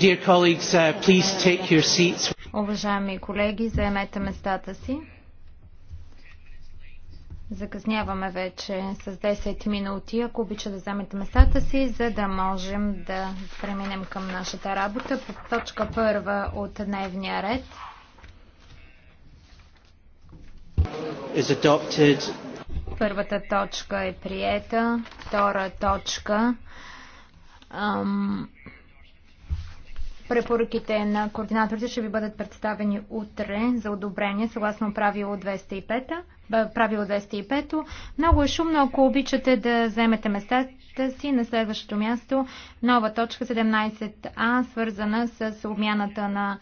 Uh, Уважаеми колеги, заемете местата си. Закъсняваме вече с 10 минути. Ако обича да вземете местата си, за да можем да преминем към нашата работа по точка първа от дневния ред. Първата точка е приета, втора точка Препоръките на координаторите ще ви бъдат представени утре за одобрение, съгласно правило 205. Правило 205. Много е шумно, ако обичате да вземете местата си на следващото място. Нова точка 17а, свързана с обмяната на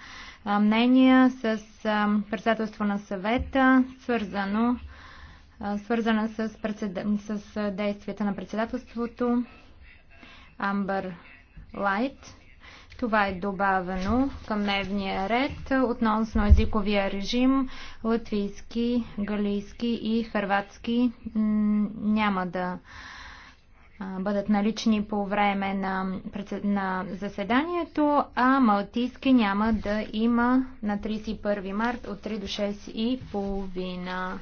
мнения, с председателство на съвета, свързано свързана с, председ... с действията на председателството Амбър Лайт. Това е добавено към дневния ред относно езиковия режим. Латвийски, галийски и хърватски няма да бъдат налични по време на, на заседанието, а малтийски няма да има на 31 март от 3 до 6 и половина.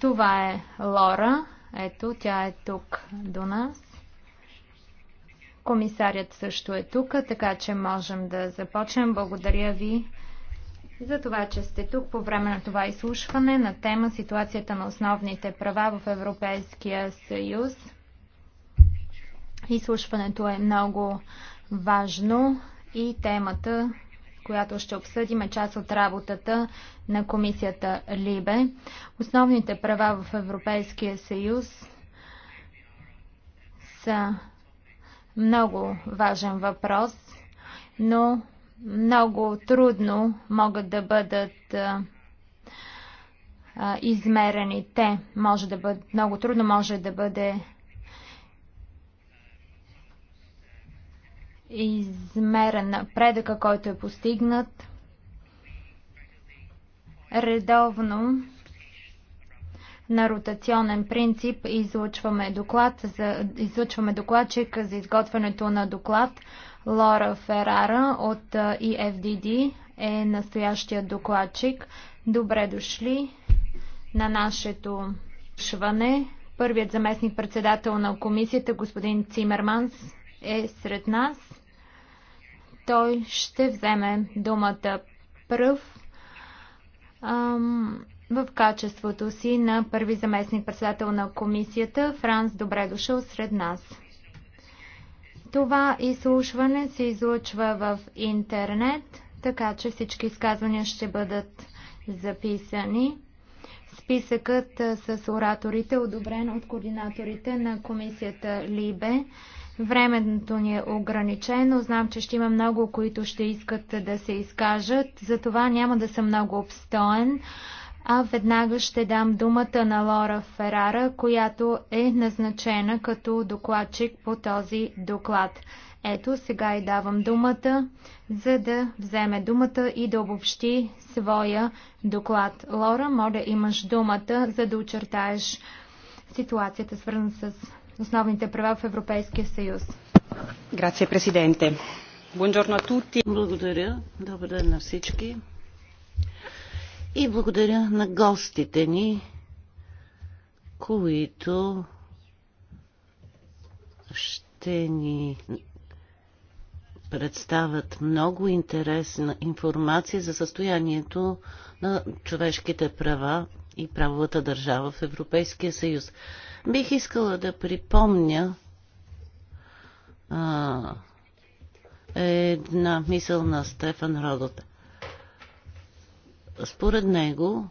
Това е Лора. Ето, тя е тук до нас. Комисарят също е тук, така че можем да започнем. Благодаря ви за това, че сте тук по време на това изслушване на тема Ситуацията на основните права в Европейския съюз. Изслушването е много важно и темата, която ще обсъдим, е част от работата на комисията Либе. Основните права в Европейския съюз са много важен въпрос, но много трудно могат да бъдат а, а, измерени. Те може да бъдат, много трудно може да бъде измерен напредъка, който е постигнат. Редовно на ротационен принцип излучваме доклад за, излучваме докладчик за изготвянето на доклад. Лора Ферара от EFDD е настоящия докладчик. Добре дошли на нашето шване. Първият заместник председател на комисията, господин Цимерманс, е сред нас. Той ще вземе думата пръв. Ам в качеството си на първи заместник председател на комисията. Франс, добре дошъл сред нас. Това изслушване се излъчва в интернет, така че всички изказвания ще бъдат записани. Списъкът с ораторите е одобрен от координаторите на комисията Либе. Времето ни е ограничено. Знам, че ще има много, които ще искат да се изкажат. Затова няма да съм много обстоен. А веднага ще дам думата на Лора Ферара, която е назначена като докладчик по този доклад. Ето, сега и давам думата, за да вземе думата и да обобщи своя доклад. Лора, моля, имаш думата, за да очертаеш ситуацията, свързана с основните права в Европейския съюз. Грация, президенте. Благодаря. Добър ден на всички. И благодаря на гостите ни, които ще ни представят много интересна информация за състоянието на човешките права и правовата държава в Европейския съюз. Бих искала да припомня а, една мисъл на Стефан Родота. Според него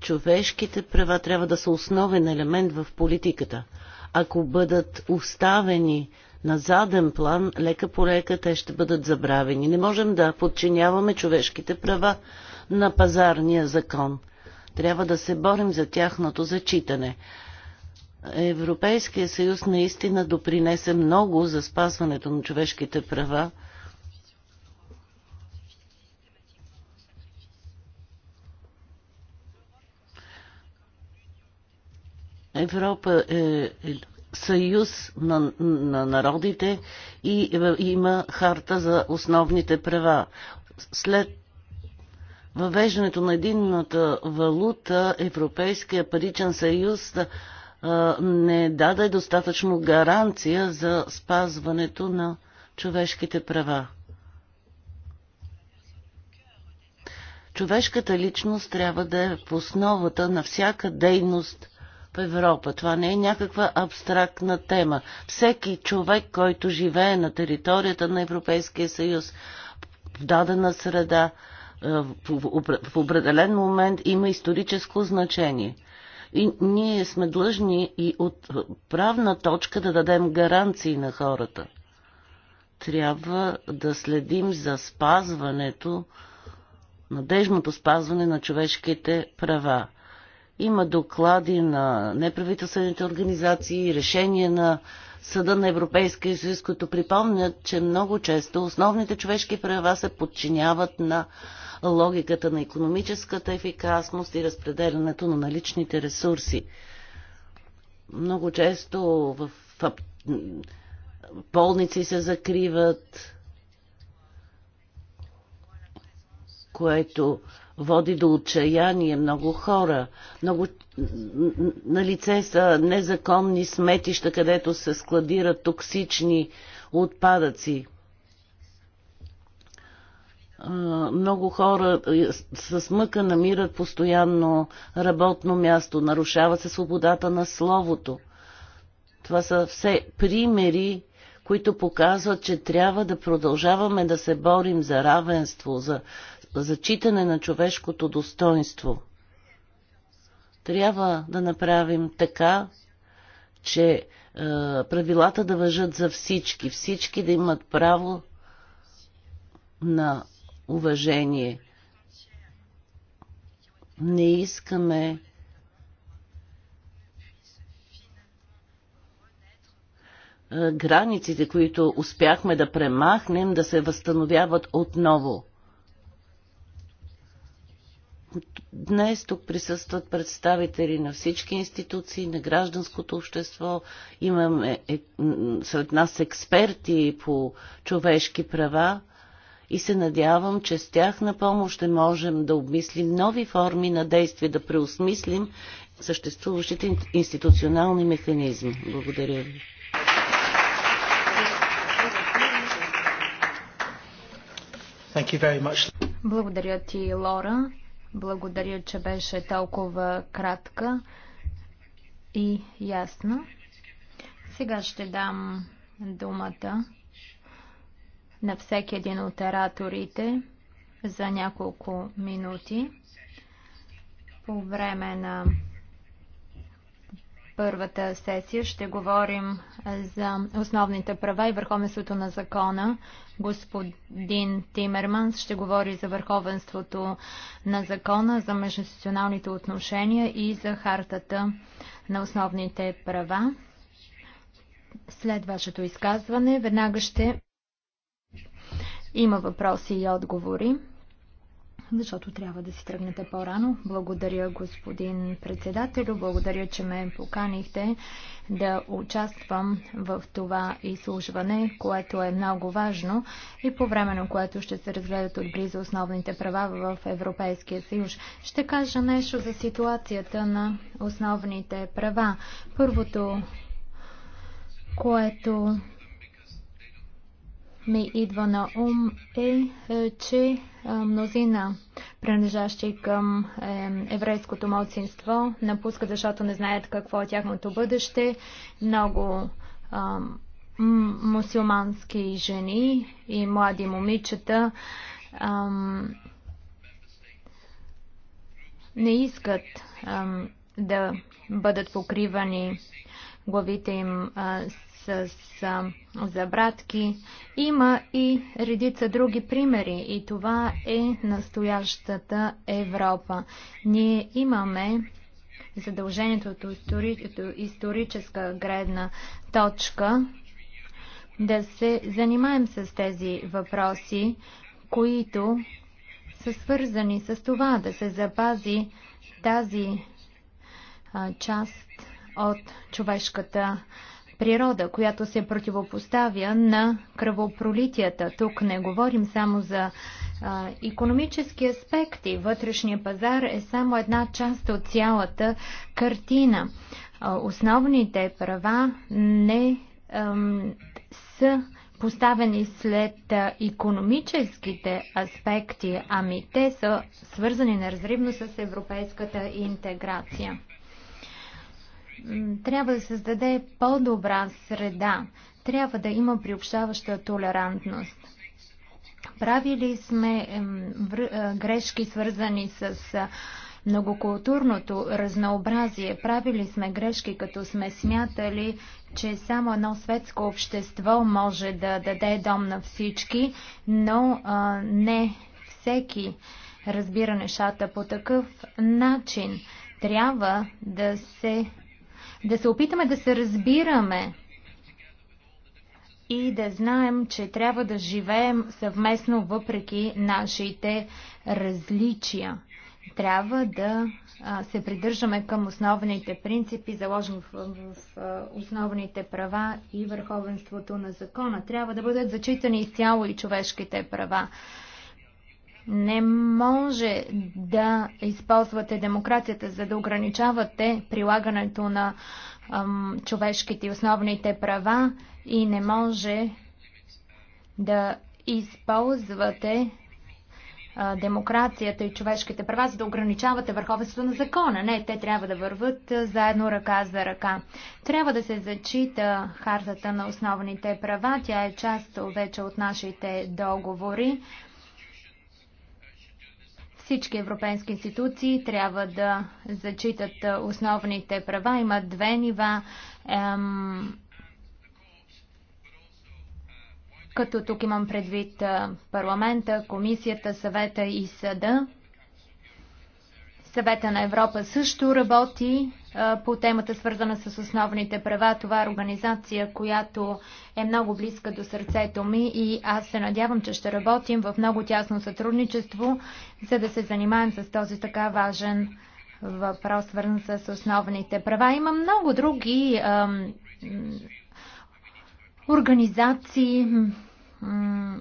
човешките права трябва да са основен елемент в политиката. Ако бъдат оставени на заден план, лека по лека те ще бъдат забравени. Не можем да подчиняваме човешките права на пазарния закон. Трябва да се борим за тяхното зачитане. Европейския съюз наистина допринесе много за спазването на човешките права. Европа е, е съюз на, на народите и е, има харта за основните права. След въвеждането на единната валута, Европейския паричен съюз да не даде достатъчно гаранция за спазването на човешките права. Човешката личност трябва да е в основата на всяка дейност в Европа. Това не е някаква абстрактна тема. Всеки човек, който живее на територията на Европейския съюз, в дадена среда, в определен момент има историческо значение – и ние сме длъжни и от правна точка да дадем гаранции на хората. Трябва да следим за спазването, надежното спазване на човешките права. Има доклади на неправителствените организации, решения на Съда на Европейския съюз, които припомнят, че много често основните човешки права се подчиняват на логиката на економическата ефикасност и разпределянето на наличните ресурси. Много често в, в болници се закриват, което води до отчаяние много хора. Много на лице са незаконни сметища, където се складират токсични отпадъци. Много хора е, с мъка намират постоянно работно място, нарушава се свободата на словото. Това са все примери, които показват, че трябва да продължаваме да се борим за равенство, за зачитане на човешкото достоинство. Трябва да направим така, че е, правилата да въжат за всички, всички да имат право на уважение. Не искаме границите, които успяхме да премахнем, да се възстановяват отново. Днес тук присъстват представители на всички институции, на гражданското общество. Имаме е, сред нас експерти по човешки права и се надявам, че с тях на помощ ще можем да обмислим нови форми на действие, да преосмислим съществуващите институционални механизми. Благодаря ви. Благодаря ти, Лора. Благодаря, че беше толкова кратка и ясна. Сега ще дам думата на всеки един от ораторите за няколко минути по време на първата сесия ще говорим за основните права и върховенството на закона. Господин Тимерманс ще говори за върховенството на закона, за междунационалните отношения и за хартата на основните права. След вашето изказване веднага ще има въпроси и отговори защото трябва да си тръгнете по-рано. Благодаря, господин председател, Благодаря, че ме поканихте да участвам в това изслужване, което е много важно и по време на което ще се разгледат отблизо основните права в Европейския съюз. Ще кажа нещо за ситуацията на основните права. Първото, което ми идва на ум е, е че е, мнозина, принадлежащи към е, еврейското младсинство, напускат, защото не знаят какво е тяхното бъдеще. Много мусулмански жени и млади момичета ам, не искат ам, да бъдат покривани главите им а, с а, забратки. Има и редица други примери и това е настоящата Европа. Ние имаме задължението от историческа гредна точка да се занимаем с тези въпроси, които са свързани с това да се запази тази а, част от човешката природа, която се противопоставя на кръвопролитията. Тук не говорим само за економически аспекти. Вътрешния пазар е само една част от цялата картина. основните права не ем, са поставени след економическите аспекти, ами те са свързани неразривно с европейската интеграция трябва да създаде по-добра среда. Трябва да има приобщаваща толерантност. Правили сме грешки, свързани с многокултурното разнообразие. Правили сме грешки, като сме смятали, че само едно светско общество може да даде дом на всички, но а, не всеки разбира нещата по такъв начин. Трябва да се да се опитаме да се разбираме и да знаем, че трябва да живеем съвместно въпреки нашите различия. Трябва да се придържаме към основните принципи, заложени в, основните права и върховенството на закона. Трябва да бъдат зачитани изцяло и човешките права. Не може да използвате демокрацията, за да ограничавате прилагането на ам, човешките и основните права и не може да използвате а, демокрацията и човешките права, за да ограничавате върховенството на закона. Не, те трябва да върват заедно ръка за ръка. Трябва да се зачита хартата на основните права. Тя е част вече от нашите договори. Всички европейски институции трябва да зачитат основните права. Има две нива. Ем, като тук имам предвид парламента, комисията, съвета и съда. Съвета на Европа също работи по темата свързана с основните права. Това е организация, която е много близка до сърцето ми и аз се надявам, че ще работим в много тясно сътрудничество, за да се занимаем с този така важен въпрос, свързан с основните права. Има много други ам, организации,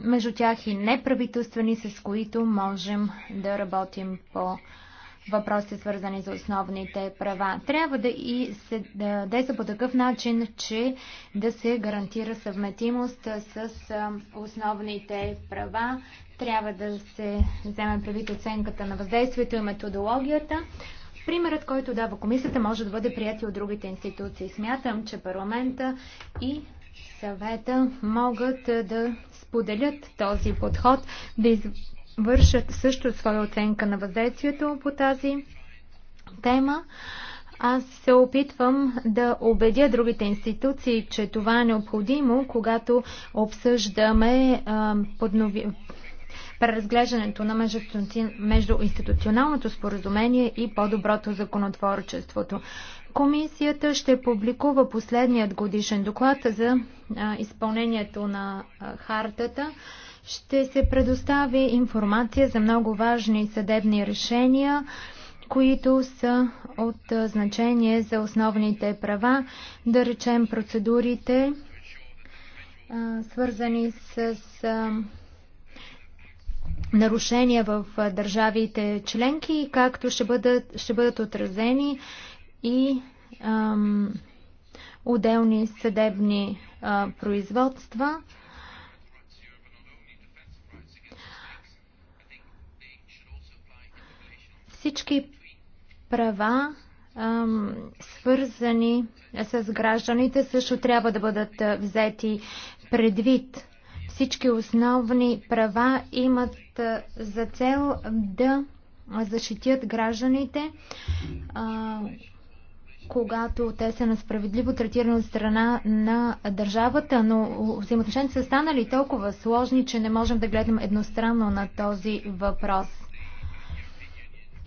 между тях и неправителствени, с които можем да работим по въпроси, свързани за основните права. Трябва да и се да действа е по такъв начин, че да се гарантира съвметимост с основните права. Трябва да се вземе предвид оценката на въздействието и методологията. Примерът, който дава комисията, може да бъде прият и от другите институции. Смятам, че парламента и съвета могат да споделят този подход, да из вършат също своя оценка на въздействието по тази тема. Аз се опитвам да убедя другите институции, че това е необходимо, когато обсъждаме поднови... преразглеждането на междуинституционалното споразумение и по-доброто законотворчеството. Комисията ще публикува последният годишен доклад за изпълнението на хартата. Ще се предостави информация за много важни съдебни решения, които са от значение за основните права, да речем процедурите, свързани с нарушения в държавите членки, както ще бъдат, ще бъдат отразени и ам, отделни съдебни а, производства. всички права, свързани с гражданите, също трябва да бъдат взети предвид. Всички основни права имат за цел да защитят гражданите, когато те са несправедливо третирани от страна на държавата, но взаимоотношенията са станали толкова сложни, че не можем да гледам едностранно на този въпрос.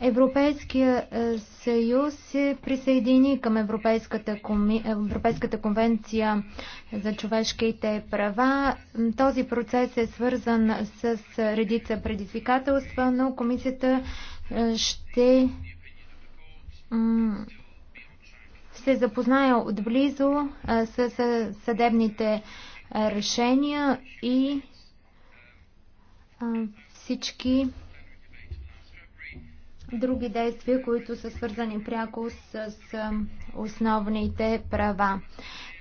Европейския е, съюз се присъедини към Европейската, коми... Е, Европейската конвенция за човешките права. Този процес е свързан с редица предизвикателства, но комисията е, ще се запозная отблизо с съдебните решения и всички други действия, които са свързани пряко с, с основните права.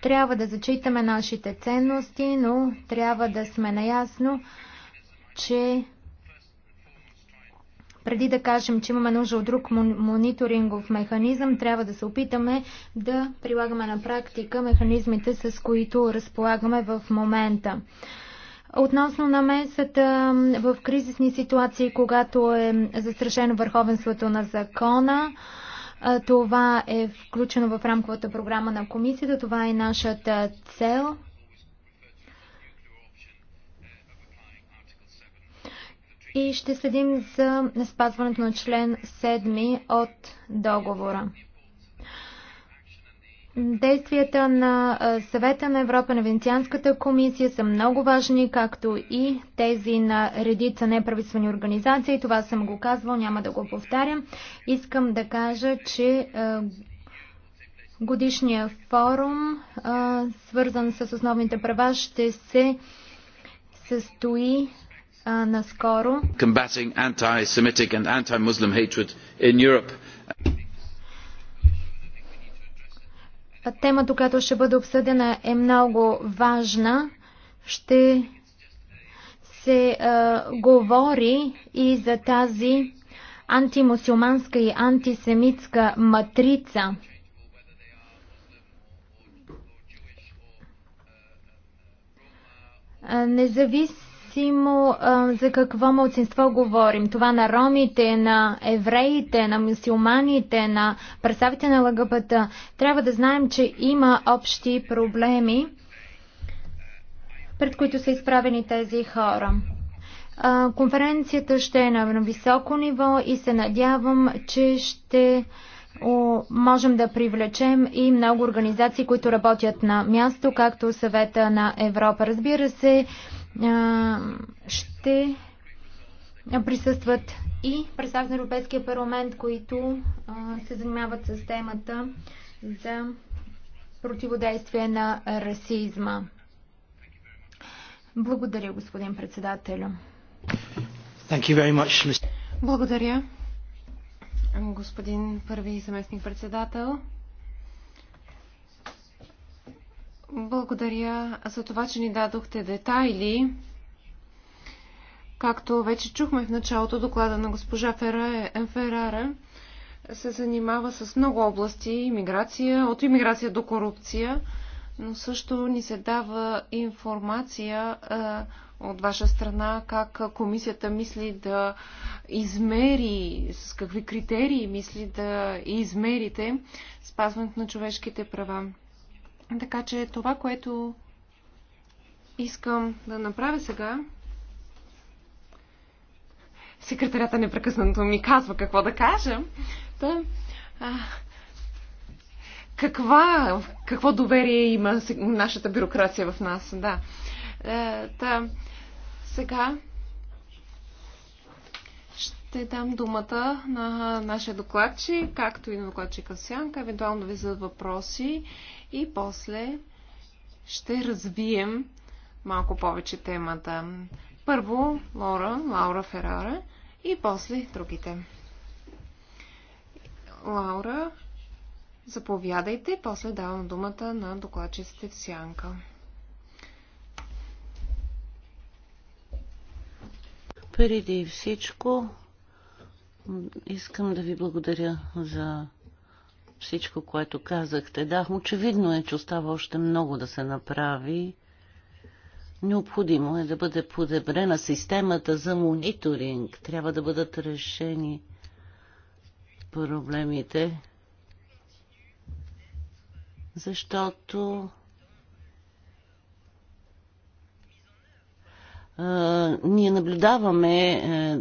Трябва да зачитаме нашите ценности, но трябва да сме наясно, че преди да кажем, че имаме нужда от друг мониторингов механизъм, трябва да се опитаме да прилагаме на практика механизмите, с които разполагаме в момента. Относно намесата в кризисни ситуации, когато е застрашено върховенството на закона, това е включено в рамковата програма на комисията. Това е нашата цел. И ще следим за спазването на член 7 от договора. Действията на Съвета на Европа, на Венецианската комисия са много важни, както и тези на редица неправителствени организации. Това съм го казвал, няма да го повтарям. Искам да кажа, че годишния форум, свързан с основните права, ще се състои наскоро. Combating anti-Semitic and anti-Muslim hatred in Europe. Темата, която ще бъде обсъдена, е много важна. Ще се е, говори и за тази антимусулманска и антисемитска матрица. Независ, независимо а, за какво младсинство говорим. Това на ромите, на евреите, на мусулманите, на представите на ЛГБТ. Трябва да знаем, че има общи проблеми, пред които са изправени тези хора. А, конференцията ще е на високо ниво и се надявам, че ще можем да привлечем и много организации, които работят на място, както съвета на Европа. Разбира се, ще присъстват и представители на Европейския парламент, които се занимават с темата за противодействие на расизма. Благодаря, господин председателю. Much, Благодаря, господин първи заместник председател. Благодаря за това, че ни дадохте детайли. Както вече чухме в началото, доклада на госпожа Ферара се занимава с много области, иммиграция, от иммиграция до корупция, но също ни се дава информация а, от ваша страна как комисията мисли да измери, с какви критерии мисли да измерите спазването на човешките права. Така че това, което искам да направя сега, секретарята непрекъснато ми казва какво да кажа. Та, а, каква, какво доверие има нашата бюрокрация в нас, да. Е, та, сега ще дам думата на нашия докладчик, както и на докладчика Сянка, евентуално ви зададат въпроси и после ще развием малко повече темата. Първо Лора, Лаура Ферара и после другите. Лаура, заповядайте, после давам думата на докладчиците в Сянка. Преди всичко Искам да ви благодаря за всичко, което казахте. Да, очевидно е, че остава още много да се направи. Необходимо е да бъде подебрена системата за мониторинг. Трябва да бъдат решени проблемите, защото ние наблюдаваме е,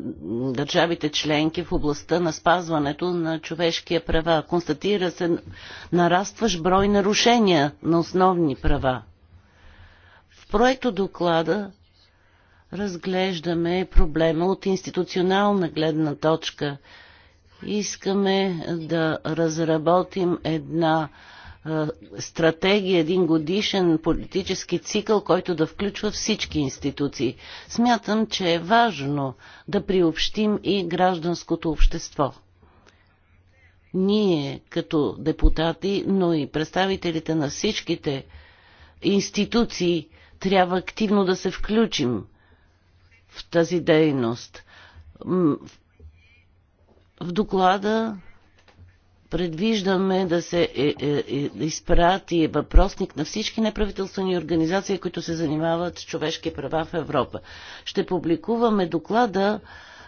държавите членки в областта на спазването на човешкия права. Констатира се нарастващ брой нарушения на основни права. В проекто доклада разглеждаме проблема от институционална гледна точка. Искаме да разработим една стратегия, един годишен политически цикъл, който да включва всички институции. Смятам, че е важно да приобщим и гражданското общество. Ние, като депутати, но и представителите на всичките институции, трябва активно да се включим в тази дейност. В доклада Предвиждаме да се е, е, е, изпрати въпросник на всички неправителствени организации, които се занимават с човешки права в Европа. Ще публикуваме доклада,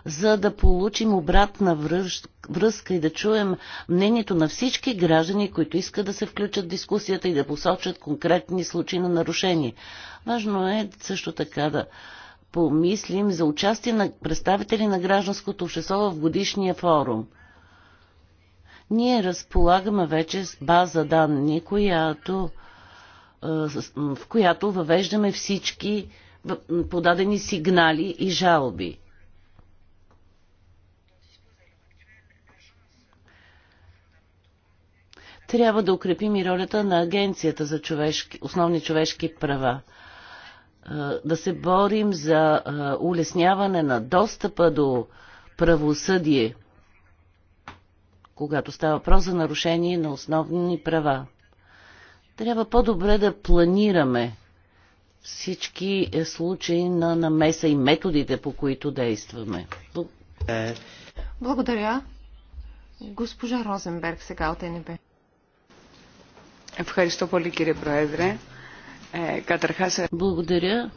за да получим обратна връзка и да чуем мнението на всички граждани, които искат да се включат в дискусията и да посочат конкретни случаи на нарушение. Важно е също така да помислим за участие на представители на гражданското общество в годишния форум – ние разполагаме вече с база данни, която, е, в която въвеждаме всички подадени сигнали и жалби. Трябва да укрепим и ролята на Агенцията за човешки, основни човешки права е, да се борим за е, улесняване на достъпа до правосъдие когато става въпрос за нарушение на основни права. Трябва по-добре да планираме всички е, случаи на намеса и методите, по които действаме. Благодаря. Госпожа Розенберг сега от НБ. Благодаря.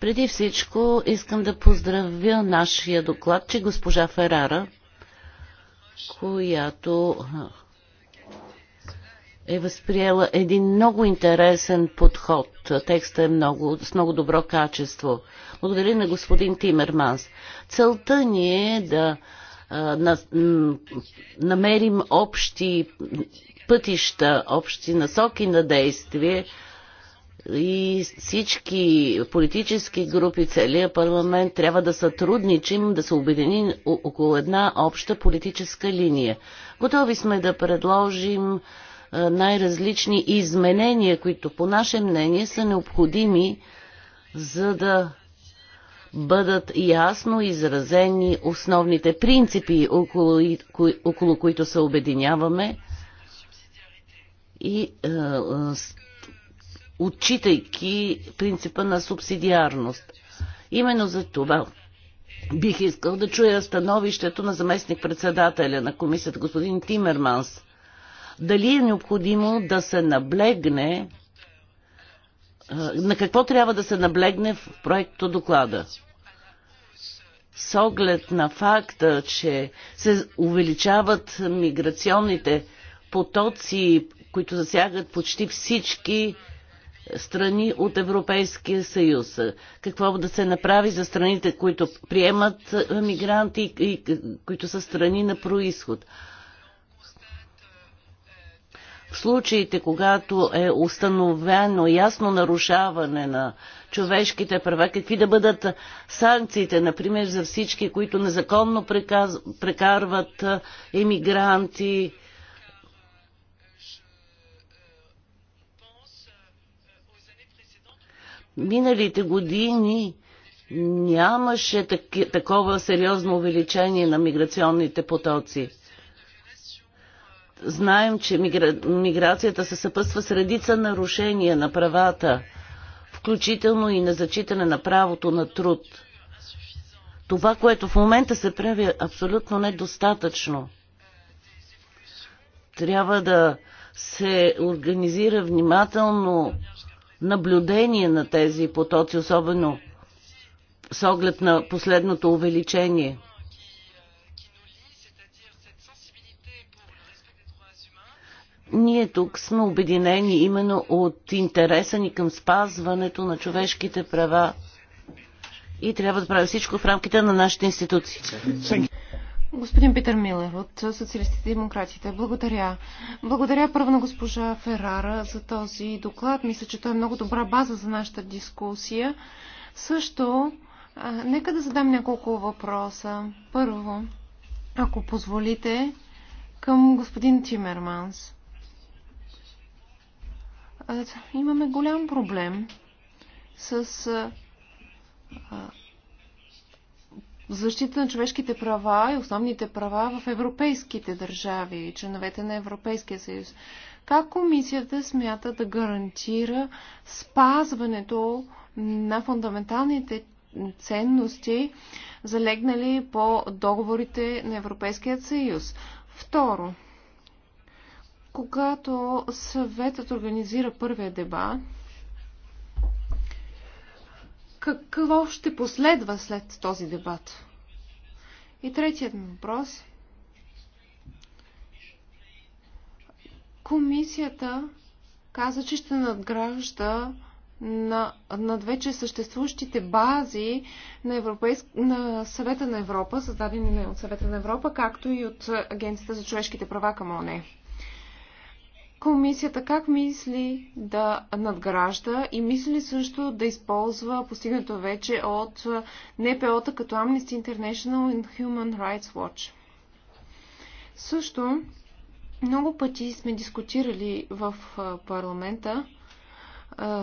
Преди всичко искам да поздравя нашия доклад, че госпожа Ферара, която е възприела един много интересен подход. Текстът е много, с много добро качество. Благодаря на господин Тимерманс. Целта ни е да а, на, намерим общи пътища, общи насоки на действие, и всички политически групи, целият парламент трябва да сътрудничим, да се обединим около една обща политическа линия. Готови сме да предложим най-различни изменения, които по наше мнение са необходими, за да бъдат ясно изразени основните принципи, около, около които се обединяваме и е, отчитайки принципа на субсидиарност. Именно за това бих искал да чуя становището на заместник-председателя на комисията, господин Тимерманс. Дали е необходимо да се наблегне на какво трябва да се наблегне в проекто доклада? С оглед на факта, че се увеличават миграционните потоци, които засягат почти всички страни от Европейския съюз. Какво да се направи за страните, които приемат е, мигранти и които са страни на происход? В случаите, когато е установено ясно нарушаване на човешките права, какви да бъдат санкциите, например, за всички, които незаконно прекарват емигранти, миналите години нямаше таки, такова сериозно увеличение на миграционните потоци. Знаем, че мигра... миграцията се съпътства с редица нарушения на правата, включително и на зачитане на правото на труд. Това, което в момента се прави, е абсолютно недостатъчно. Трябва да се организира внимателно наблюдение на тези потоци, особено с оглед на последното увеличение. Ние тук сме обединени именно от интереса ни към спазването на човешките права и трябва да правим всичко в рамките на нашите институции. Господин Питър Милер от Социалистите и демократите, благодаря. Благодаря първо на госпожа Ферара за този доклад. Мисля, че той е много добра база за нашата дискусия. Също, а, нека да задам няколко въпроса. Първо, ако позволите, към господин Тимерманс. А, имаме голям проблем с а, защита на човешките права и основните права в европейските държави и членовете на Европейския съюз. Как комисията смята да гарантира спазването на фундаменталните ценности, залегнали по договорите на Европейския съюз? Второ, когато съветът организира първия дебат, какво ще последва след този дебат? И третият ми въпрос. Е, комисията каза, че ще надгражда на, над вече съществуващите бази на, Европейск... на Съвета на Европа, създадени от Съвета на Европа, както и от Агенцията за човешките права към ОНЕ. Комисията как мисли да надгражда и мисли също да използва постигнато вече от НПО-та като Amnesty International и Human Rights Watch? Също много пъти сме дискутирали в парламента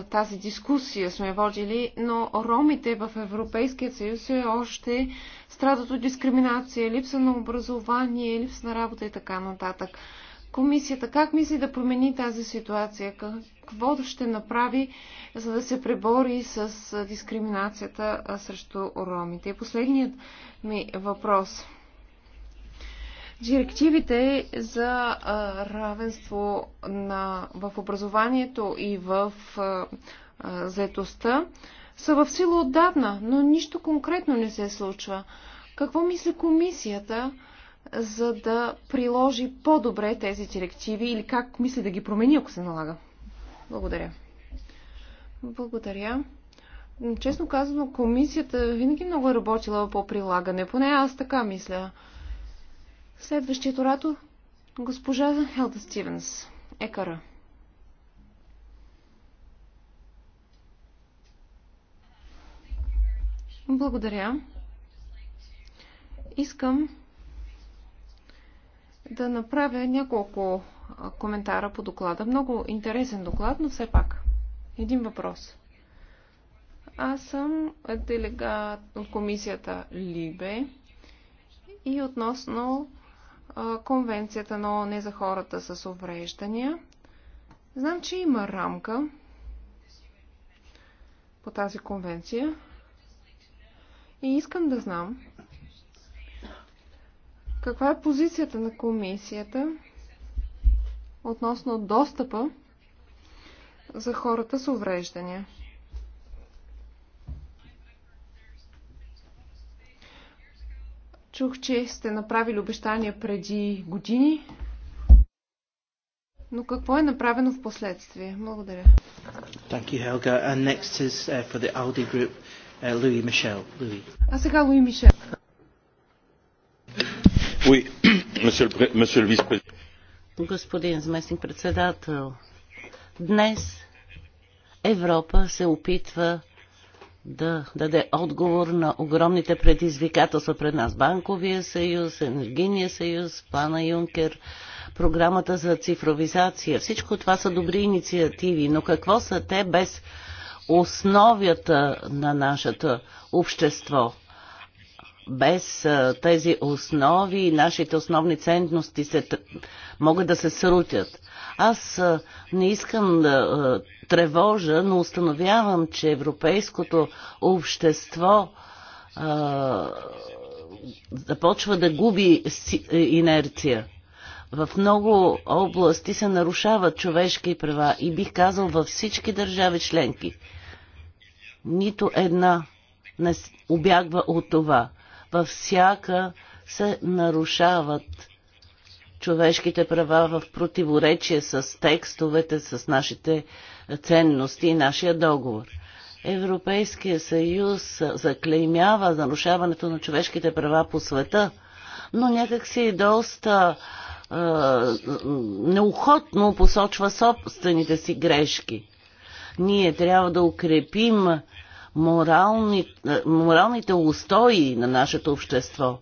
тази дискусия сме водили, но ромите в Европейския съюз е още страдат от дискриминация, липса на образование, липса на работа и така нататък. Комисията как мисли да промени тази ситуация? Какво ще направи, за да се пребори с дискриминацията срещу ромите? И последният ми въпрос. Директивите за равенство на, в образованието и в заедостта са в сила отдавна, но нищо конкретно не се случва. Какво мисли комисията? за да приложи по-добре тези директиви или как мисли да ги промени, ако се налага? Благодаря. Благодаря. Честно казано, комисията винаги много е работила по прилагане. Поне аз така мисля. Следващият оратор – госпожа Хелда Стивенс, Екара. Благодаря. Искам да направя няколко коментара по доклада. Много интересен доклад, но все пак. Един въпрос. Аз съм делегат от комисията Либе и относно Конвенцията на ООН за хората с увреждания. Знам, че има рамка по тази конвенция и искам да знам каква е позицията на комисията относно достъпа за хората с увреждания? Чух, че сте направили обещания преди години, но какво е направено в последствие? Благодаря. Thank you, Helga. And next is uh, for the Aldi group, uh, Louis Michel. Louis. А сега Луи Мишел. Господин заместник председател, днес Европа се опитва да даде отговор на огромните предизвикателства пред нас. Банковия съюз, енергийния съюз, плана Юнкер, програмата за цифровизация. Всичко това са добри инициативи, но какво са те без основията на нашето общество? без тези основи и нашите основни ценности се, могат да се срутят. Аз не искам да тревожа, но установявам, че европейското общество а, започва да губи е, инерция. В много области се нарушават човешки права и бих казал във всички държави членки. Нито една не обягва от това във всяка се нарушават човешките права в противоречие с текстовете, с нашите ценности и нашия договор. Европейския съюз заклеймява нарушаването на човешките права по света, но някак си доста е, неохотно посочва собствените си грешки. Ние трябва да укрепим морални, е, моралните устои на нашето общество.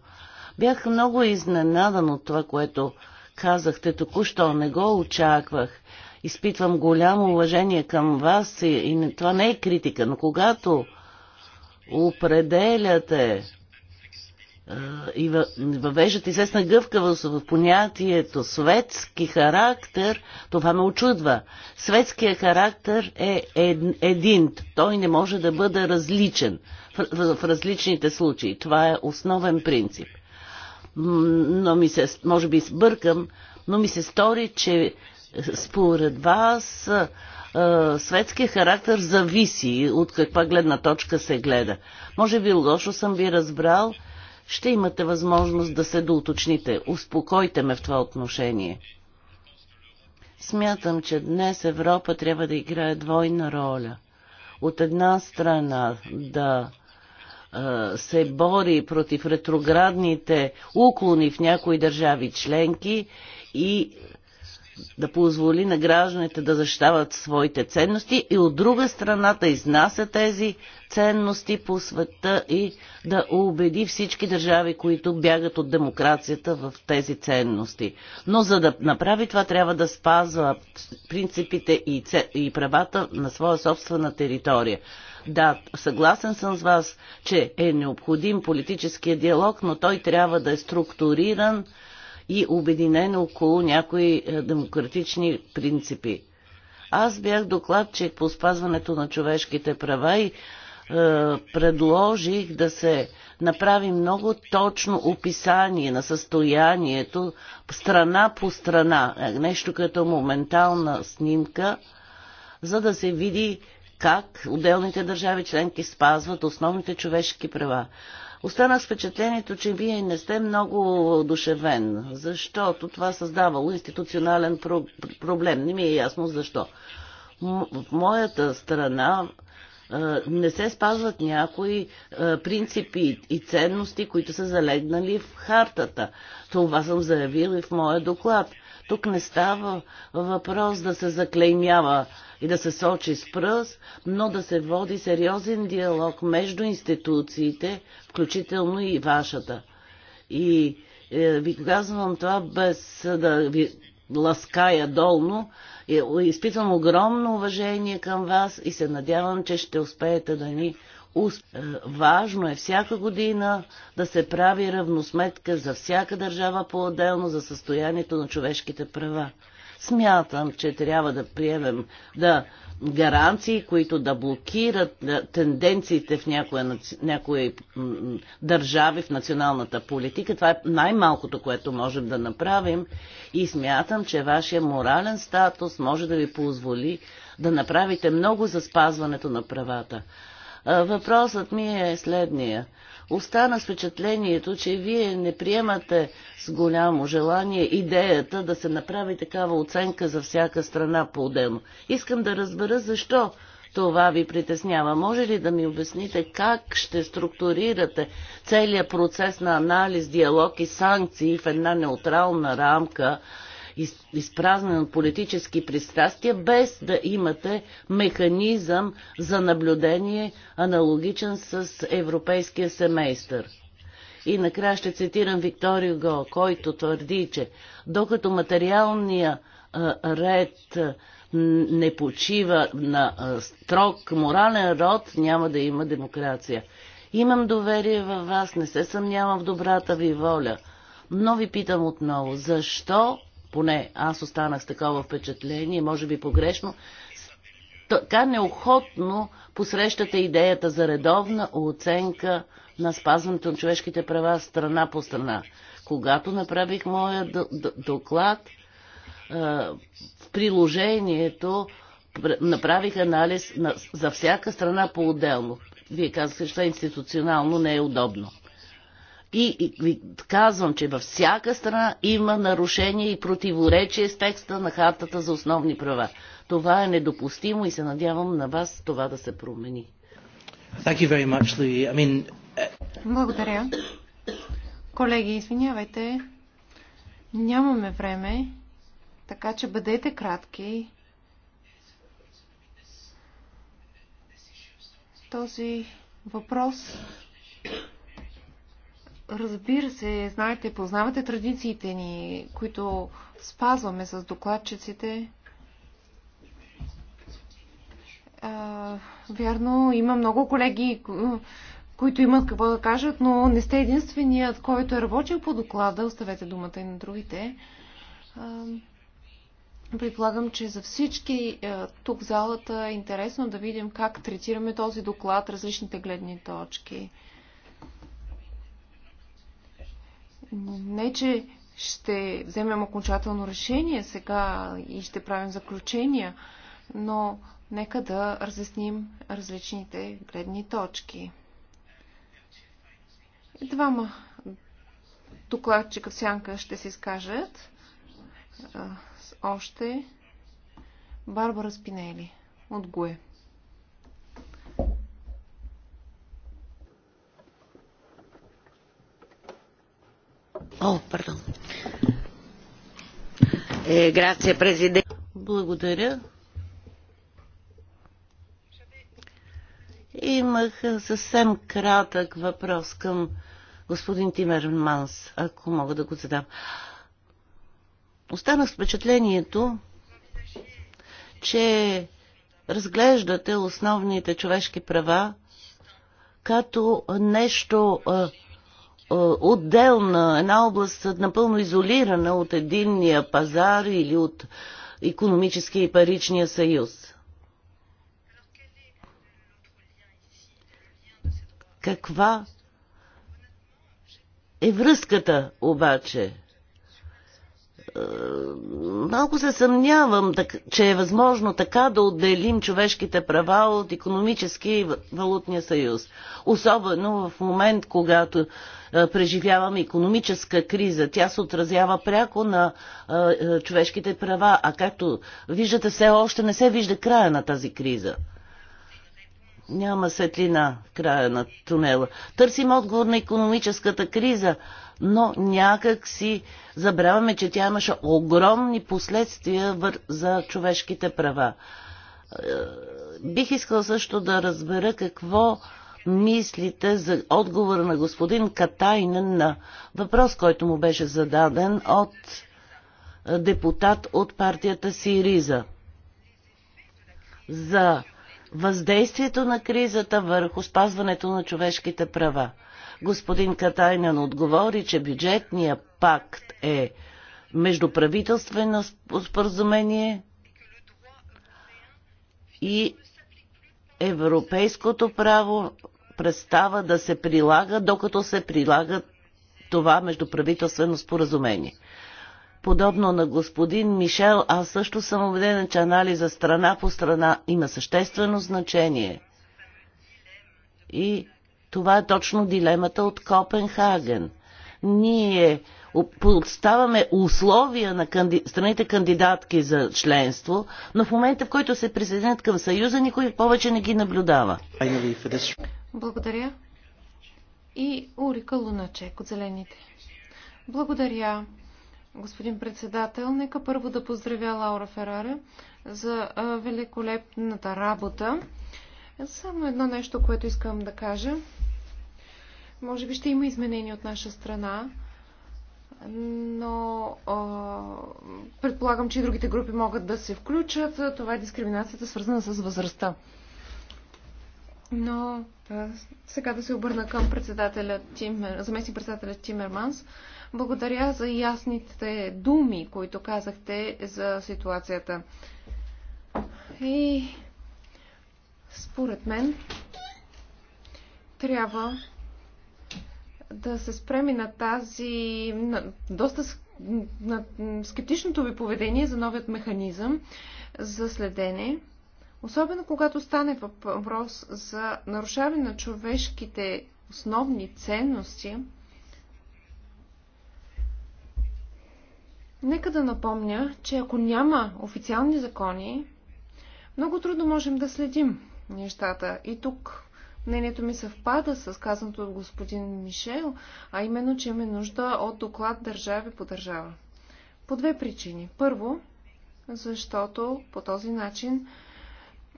Бях много изненадан от това, което казахте току-що. Не го очаквах. Изпитвам голямо уважение към вас и, и това не е критика, но когато определяте и въвеждат известна гъвкавост в понятието светски характер, това ме очудва. Светския характер е един, той не може да бъде различен в, в различните случаи. Това е основен принцип. Но ми се, може би сбъркам, но ми се стори, че според вас светския характер зависи от каква гледна точка се гледа. Може би лошо съм ви разбрал, ще имате възможност да се доуточните. Успокойте ме в това отношение. Смятам, че днес Европа трябва да играе двойна роля. От една страна да се бори против ретроградните уклони в някои държави членки и да позволи на гражданите да защитават своите ценности и от друга страна да изнася тези ценности по света и да убеди всички държави, които бягат от демокрацията в тези ценности. Но за да направи това, трябва да спазва принципите и, ц... и правата на своя собствена територия. Да, съгласен съм с вас, че е необходим политическия диалог, но той трябва да е структуриран, и обединена около някои е, демократични принципи. Аз бях докладчик по спазването на човешките права и е, предложих да се направи много точно описание на състоянието страна по страна, е, нещо като моментална снимка, за да се види как отделните държави членки спазват основните човешки права. Останах с впечатлението, че вие не сте много одушевен, защото това създавало институционален про- проблем. Не ми е ясно защо. в моята страна не се спазват някои принципи и ценности, които са залегнали в хартата. Това съм заявил и в моя доклад – тук не става въпрос да се заклеймява и да се сочи с пръст, но да се води сериозен диалог между институциите, включително и вашата. И е, ви казвам това без да ви лаская долно. Е, изпитвам огромно уважение към вас и се надявам, че ще успеете да ни е, важно е всяка година да се прави равносметка за всяка държава по-отделно за състоянието на човешките права. Смятам, че трябва да приемем да гаранции, които да блокират тенденциите в някои държави в националната политика. Това е най-малкото, което можем да направим и смятам, че вашия морален статус може да ви позволи да направите много за спазването на правата. Въпросът ми е следния. Остана с впечатлението, че вие не приемате с голямо желание идеята да се направи такава оценка за всяка страна по-отделно. Искам да разбера защо това ви притеснява. Може ли да ми обясните как ще структурирате целият процес на анализ, диалог и санкции в една неутрална рамка изпразнен от политически пристрастия, без да имате механизъм за наблюдение, аналогичен с европейския семейстър. И накрая ще цитирам Викторио Го, който твърди, че докато материалния ред не почива на строг морален род, няма да има демокрация. Имам доверие във вас, не се съмнявам в добрата ви воля. Но ви питам отново, защо поне аз останах с такова впечатление, може би погрешно, така неохотно посрещате идеята за редовна оценка на спазването на човешките права страна по страна. Когато направих моя доклад, в приложението направих анализ за всяка страна по-отделно. Вие казахте, че това институционално не е удобно. И, и, и казвам, че във всяка страна има нарушение и противоречие с текста на хартата за основни права. Това е недопустимо и се надявам на вас това да се промени. Thank you very much, Louis. I mean... Uh, Благодаря. Колеги, извинявайте. Нямаме време, така че бъдете кратки. Този въпрос Разбира се, знаете, познавате традициите ни, които спазваме с докладчиците. А, вярно, има много колеги, които имат какво да кажат, но не сте единственият, който е работил по доклада. Оставете думата и на другите. А, предполагам, че за всички тук в залата е интересно да видим как третираме този доклад, различните гледни точки. Не, че ще вземем окончателно решение сега и ще правим заключения, но нека да разясним различните гледни точки. Двама докладчика в сянка ще се изкажат. Още Барбара Спинели от ГУЕ. Е, Благодаря. Имах съвсем кратък въпрос към господин Тимерманс, ако мога да го задам. Останах с впечатлението, че разглеждате основните човешки права като нещо е, отделна, една област напълно изолирана от единния пазар или от економическия и паричния съюз. Каква е връзката обаче? Е, малко се съмнявам, че е възможно така да отделим човешките права от економически и валутния съюз. Особено в момент, когато е, преживяваме економическа криза. Тя се отразява пряко на е, човешките права, а както виждате, все още не се вижда края на тази криза. Няма светлина в края на тунела. Търсим отговор на економическата криза, но някак си забравяме, че тя имаше огромни последствия за човешките права. Е, бих искал също да разбера какво мислите за отговор на господин Катайнен на въпрос, който му беше зададен от е, депутат от партията Сириза за въздействието на кризата върху спазването на човешките права. Господин Катайнен отговори, че бюджетният пакт е междуправителствено споразумение и европейското право престава да се прилага, докато се прилага това междуправителствено споразумение. Подобно на господин Мишел, аз също съм убедена, че анализа страна по страна има съществено значение. И това е точно дилемата от Копенхаген. Ние подставаме условия на канди... страните кандидатки за членство, но в момента, в който се присъединят към Съюза, никой повече не ги наблюдава. Благодаря. И Урика Луначек от Зелените. Благодаря господин председател. Нека първо да поздравя Лаура Ферраре за великолепната работа. Само едно нещо, което искам да кажа. Може би ще има изменения от наша страна, но а, предполагам, че и другите групи могат да се включат. Това е дискриминацията, свързана с възрастта. Но а, сега да се обърна към председателя Тимер, заместник председателя Тимерманс. Благодаря за ясните думи, които казахте за ситуацията. И според мен трябва да се спреми на тази на, доста на скептичното ви поведение за новият механизъм за следене, особено когато стане въпрос за нарушаване на човешките основни ценности – Нека да напомня, че ако няма официални закони, много трудно можем да следим нещата. И тук мнението ми съвпада с казаното от господин Мишел, а именно, че имаме нужда от доклад държави по държава. По две причини. Първо, защото по този начин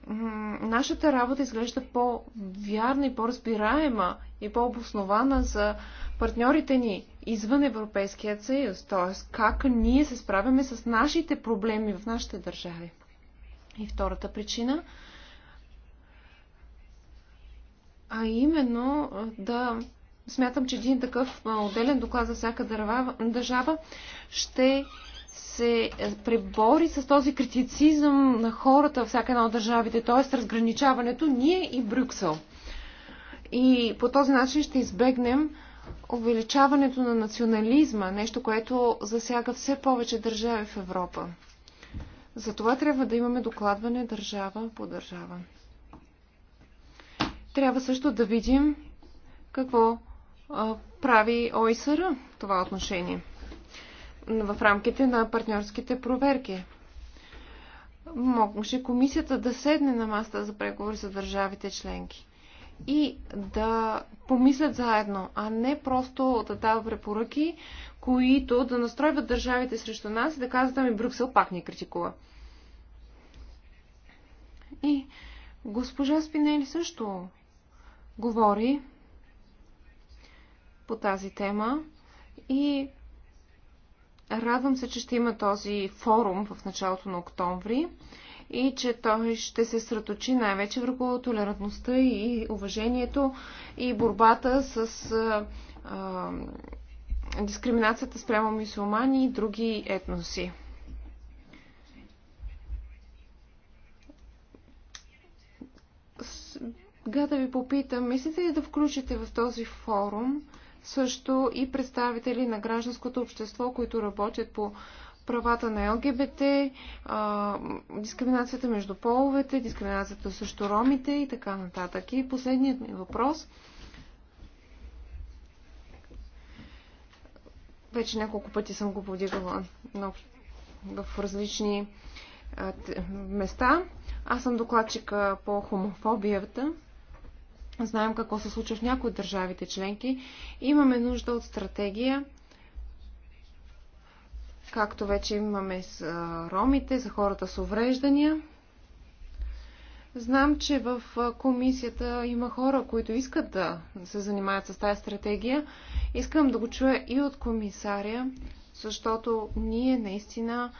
нашата работа изглежда по-вярна и по-разбираема и по-обоснована за партньорите ни извън Европейският съюз, т.е. как ние се справяме с нашите проблеми в нашите държави. И втората причина, а именно да смятам, че един такъв отделен доклад за всяка държава ще се е, пребори с този критицизъм на хората във всяка една от държавите, т.е. разграничаването ние и Брюксел. И по този начин ще избегнем увеличаването на национализма, нещо, което засяга все повече държави в Европа. Затова трябва да имаме докладване държава по държава. Трябва също да видим какво а, прави ОИСР в това отношение в рамките на партньорските проверки. Може комисията да седне на маста за преговори за държавите членки и да помислят заедно, а не просто да дава препоръки, които да настройват държавите срещу нас и да казват, ами Брюксел пак ни критикува. И госпожа Спинели също говори по тази тема и Радвам се, че ще има този форум в началото на октомври и че той ще се сръточи най-вече върху толерантността и уважението и борбата с а, а, дискриминацията спрямо мусулмани и други етноси. Сега да ви попитам, мислите ли да включите в този форум също и представители на гражданското общество, които работят по правата на ЛГБТ, а, дискриминацията между половете, дискриминацията срещу ромите и така нататък. И последният ми въпрос. Вече няколко пъти съм го подигала в различни места. Аз съм докладчика по хомофобията Знаем какво се случва в някои от държавите членки. Имаме нужда от стратегия, както вече имаме с ромите, за хората с увреждания. Знам, че в комисията има хора, които искат да се занимаят с тази стратегия. Искам да го чуя и от комисаря, защото ние наистина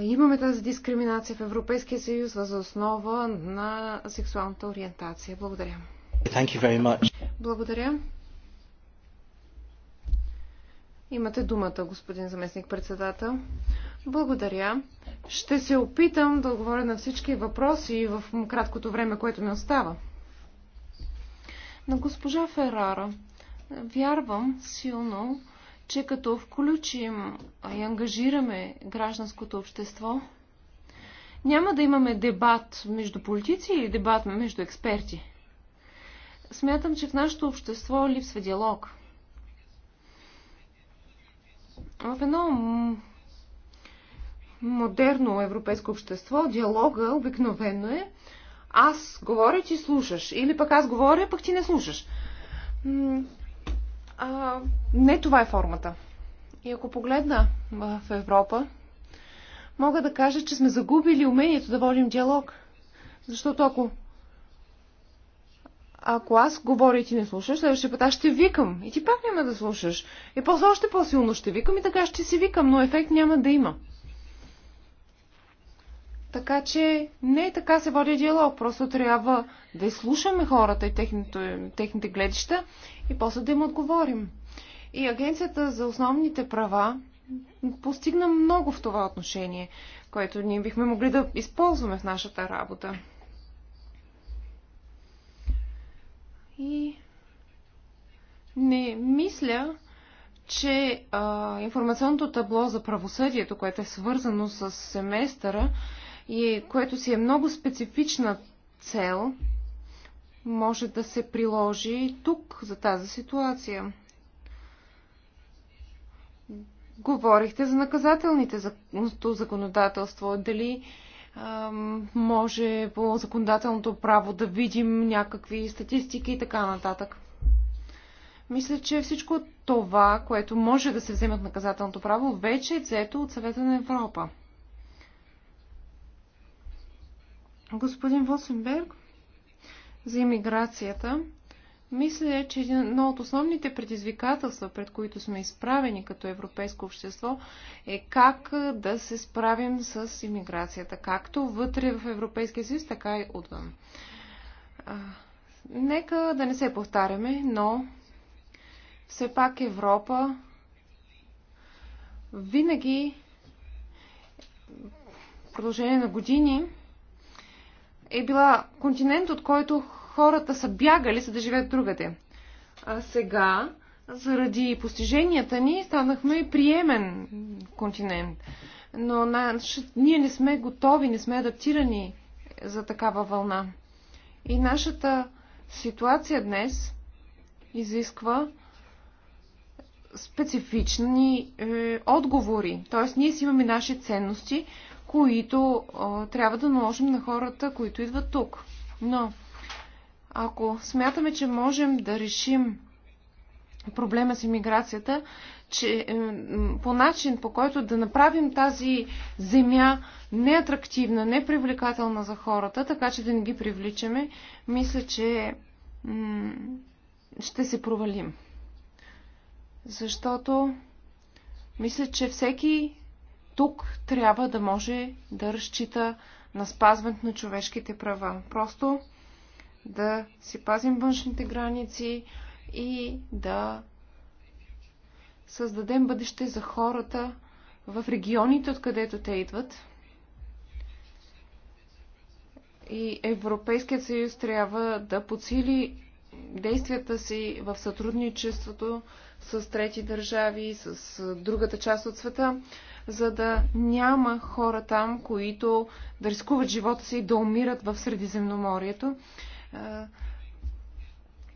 имаме тази дискриминация в Европейския съюз въз основа на сексуалната ориентация. Благодаря. Thank you very much. Благодаря. Имате думата, господин заместник-председател. Благодаря. Ще се опитам да отговоря на всички въпроси в краткото време, което ми остава. На госпожа Ферара вярвам силно, че като включим и ангажираме гражданското общество, няма да имаме дебат между политици или дебат между експерти. Смятам, че в нашето общество липсва диалог. В едно модерно европейско общество диалога обикновено е аз говоря, ти слушаш. Или пък аз говоря, пък ти не слушаш. А, не това е формата. И ако погледна в Европа, мога да кажа, че сме загубили умението да водим диалог. Защото ако ако аз говоря и ти не слушаш, следващия път аз ще викам и ти пак няма да слушаш. И после още по-силно ще викам и така ще си викам, но ефект няма да има. Така че не е така се води диалог. Просто трябва да изслушаме хората и техните, техните гледища и после да им отговорим. И Агенцията за основните права постигна много в това отношение, което ние бихме могли да използваме в нашата работа. И не мисля, че а, информационното табло за правосъдието, което е свързано с семестъра, и което си е много специфична цел, може да се приложи тук за тази ситуация. Говорихте за наказателните законодателство. Дали може по законодателното право да видим някакви статистики и така нататък. Мисля, че всичко това, което може да се вземе от наказателното право, вече е взето от съвета на Европа. господин Восенберг за иммиграцията. Мисля, че едно от основните предизвикателства, пред които сме изправени като европейско общество, е как да се справим с иммиграцията, както вътре в Европейския съюз, така и отвън. нека да не се повтаряме, но все пак Европа винаги в продължение на години е била континент, от който хората са бягали, за да живеят другаде. А сега, заради постиженията ни, станахме приемен континент. Но наш... ние не сме готови, не сме адаптирани за такава вълна. И нашата ситуация днес изисква специфични е, отговори. Тоест, ние си имаме наши ценности, които а, трябва да наложим на хората, които идват тук. Но ако смятаме, че можем да решим проблема с иммиграцията, че, е, по начин, по който да направим тази земя неатрактивна, непривлекателна за хората, така че да не ги привличаме, мисля, че ще се провалим. Защото мисля, че всеки тук трябва да може да разчита на спазването на човешките права. Просто да си пазим външните граници и да създадем бъдеще за хората в регионите, откъдето те идват. И Европейският съюз трябва да подсили действията си в сътрудничеството с трети държави, с другата част от света, за да няма хора там, които да рискуват живота си и да умират в Средиземноморието. Е,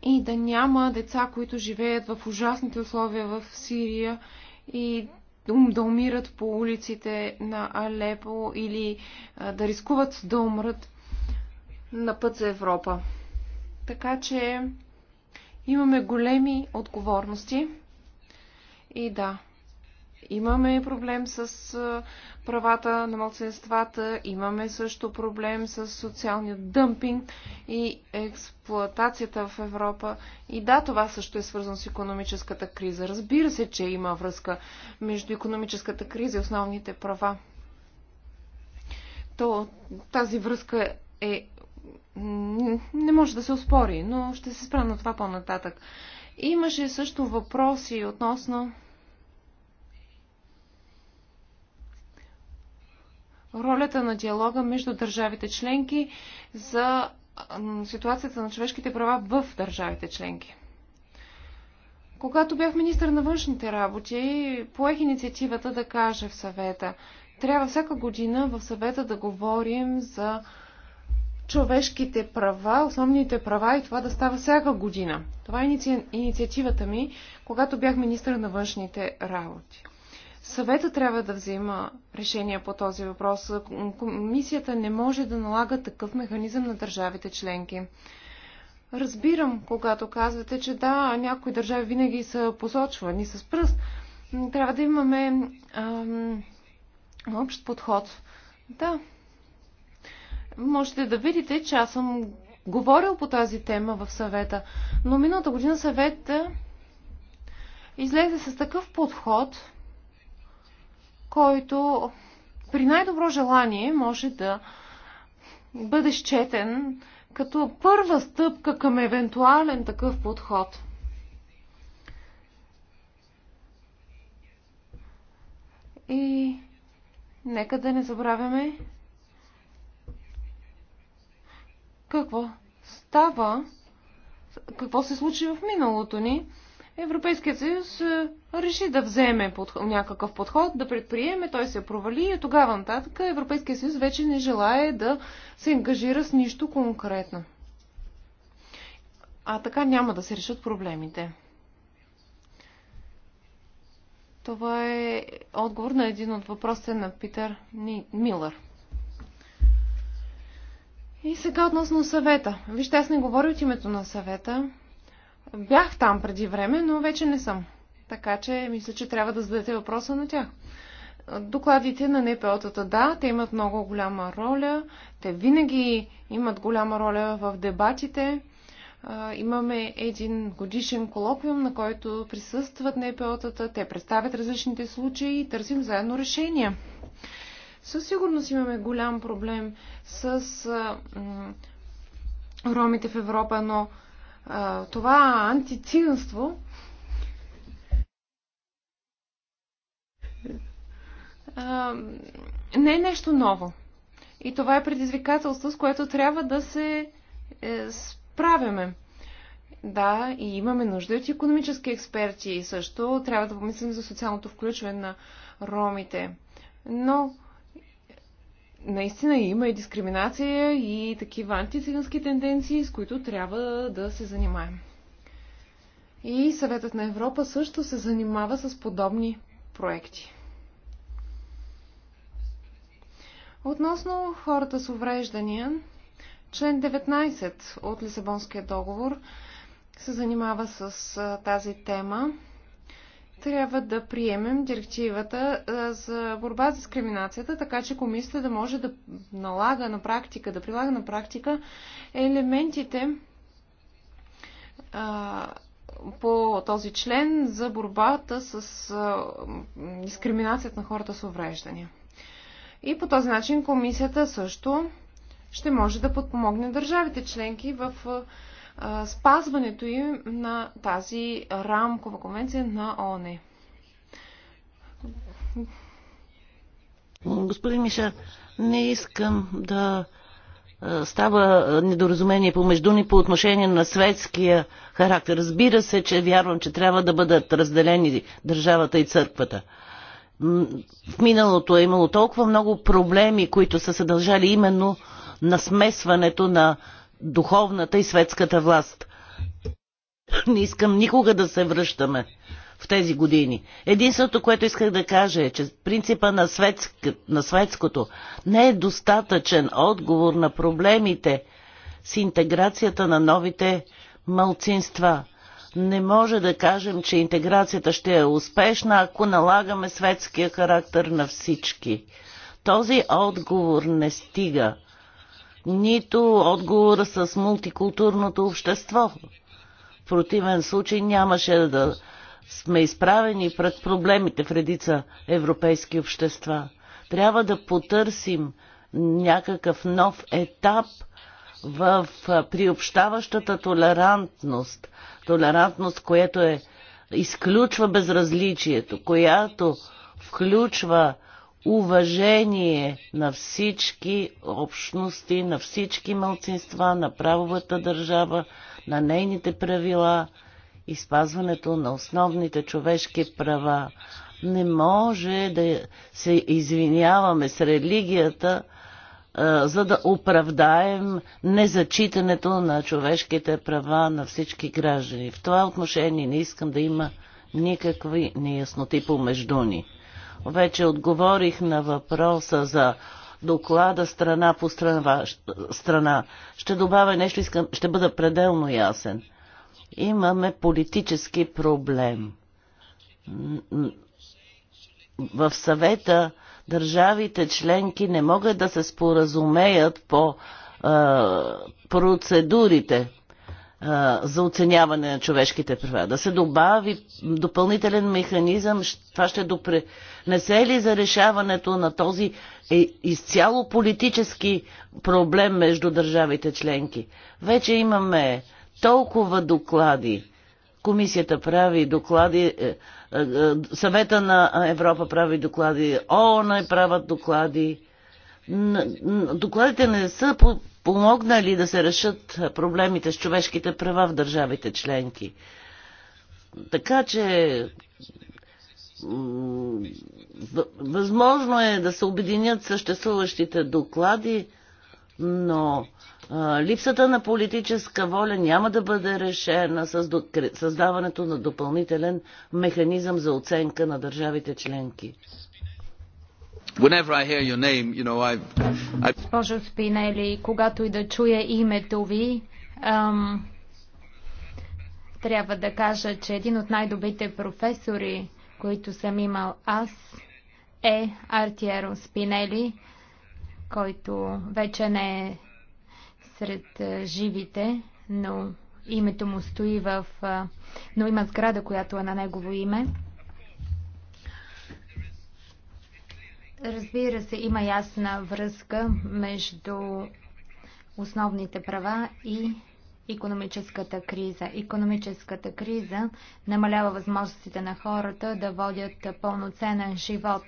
и да няма деца, които живеят в ужасните условия в Сирия и да умират по улиците на Алепо или е, да рискуват да умрат на път за Европа. Така че имаме големи отговорности. И да, Имаме проблем с правата на младсенствата, имаме също проблем с социалния дъмпинг и експлоатацията в Европа. И да, това също е свързано с економическата криза. Разбира се, че има връзка между економическата криза и основните права. То, тази връзка е не може да се оспори, но ще се спра на това по-нататък. Имаше също въпроси относно ролята на диалога между държавите членки за ситуацията на човешките права в държавите членки. Когато бях министър на външните работи, поех инициативата да кажа в съвета. Трябва всяка година в съвета да говорим за човешките права, основните права и това да става всяка година. Това е инициативата ми, когато бях министър на външните работи. Съвета трябва да взима решения по този въпрос. Комисията не може да налага такъв механизъм на държавите членки. Разбирам, когато казвате, че да, някои държави винаги са посочвани с пръст. Трябва да имаме ам, общ подход. Да. Можете да видите, че аз съм говорил по тази тема в съвета, но миналата година съвета излезе с такъв подход, който при най-добро желание може да бъде счетен като първа стъпка към евентуален такъв подход. И нека да не забравяме какво става, какво се случи в миналото ни. Европейският съюз е, реши да вземе подход, някакъв подход, да предприеме, той се провали и тогава нататък Европейския съюз вече не желае да се ангажира с нищо конкретно. А така няма да се решат проблемите. Това е отговор на един от въпросите на Питър Милър. И сега относно съвета. Вижте, аз не говоря от името на съвета. Бях там преди време, но вече не съм. Така че мисля, че трябва да зададете въпроса на тях. Докладите на НПО-тата, да, те имат много голяма роля. Те винаги имат голяма роля в дебатите. Имаме един годишен колоквиум, на който присъстват НПО-тата. Те представят различните случаи и търсим заедно решения. Със сигурност имаме голям проблем с ромите в Европа, но това антициганство а, не е нещо ново. И това е предизвикателство, с което трябва да се е, справяме. Да, и имаме нужда от економически експерти. и Също трябва да помислим за социалното включване на ромите. Но наистина има и дискриминация и такива антицигански тенденции, с които трябва да се занимаем. И Съветът на Европа също се занимава с подобни проекти. Относно хората с увреждания, член 19 от Лисабонския договор се занимава с тази тема трябва да приемем директивата за борба с дискриминацията, така че комисията да може да налага на практика, да прилага на практика елементите а, по този член за борбата с а, дискриминацията на хората с увреждания. И по този начин комисията също ще може да подпомогне държавите членки в а, спазването им на тази рамкова конвенция на ООН. Господин Миша, не искам да става недоразумение помежду ни по отношение на светския характер. Разбира се, че вярвам, че трябва да бъдат разделени държавата и църквата. В миналото е имало толкова много проблеми, които са съдържали именно на смесването на духовната и светската власт. Не искам никога да се връщаме в тези години. Единственото, което исках да кажа е, че принципа на, светск... на светското не е достатъчен отговор на проблемите с интеграцията на новите малцинства. Не може да кажем, че интеграцията ще е успешна, ако налагаме светския характер на всички. Този отговор не стига нито отговора с мултикултурното общество. В противен случай нямаше да сме изправени пред проблемите в редица европейски общества. Трябва да потърсим някакъв нов етап в приобщаващата толерантност. Толерантност, която е, изключва безразличието, която включва уважение на всички общности, на всички мълцинства, на правовата държава, на нейните правила и спазването на основните човешки права. Не може да се извиняваме с религията, за да оправдаем незачитането на човешките права на всички граждани. В това отношение не искам да има никакви неясноти помежду ни. Вече отговорих на въпроса за доклада страна по страна. страна. Ще добавя нещо, искам, ще бъда пределно ясен. Имаме политически проблем. В съвета държавите членки не могат да се споразумеят по процедурите за оценяване на човешките права. Да се добави допълнителен механизъм, това ще допренесе ли за решаването на този е, изцяло политически проблем между държавите членки? Вече имаме толкова доклади. Комисията прави доклади, е, е, съвета на Европа прави доклади, ООН правят доклади. Докладите не са помогнали да се решат проблемите с човешките права в държавите членки. Така че възможно е да се обединят съществуващите доклади, но а, липсата на политическа воля няма да бъде решена с до, създаването на допълнителен механизъм за оценка на държавите членки. Whenever I hear your name, you know, I, I... Госпожо Спинели, когато и да чуя името ви, ам, трябва да кажа, че един от най-добрите професори, които съм имал аз, е Артиеро Спинели, който вече не е сред живите, но името му стои в... но има сграда, която е на негово име. Разбира се, има ясна връзка между основните права и економическата криза. Економическата криза намалява възможностите на хората да водят пълноценен живот,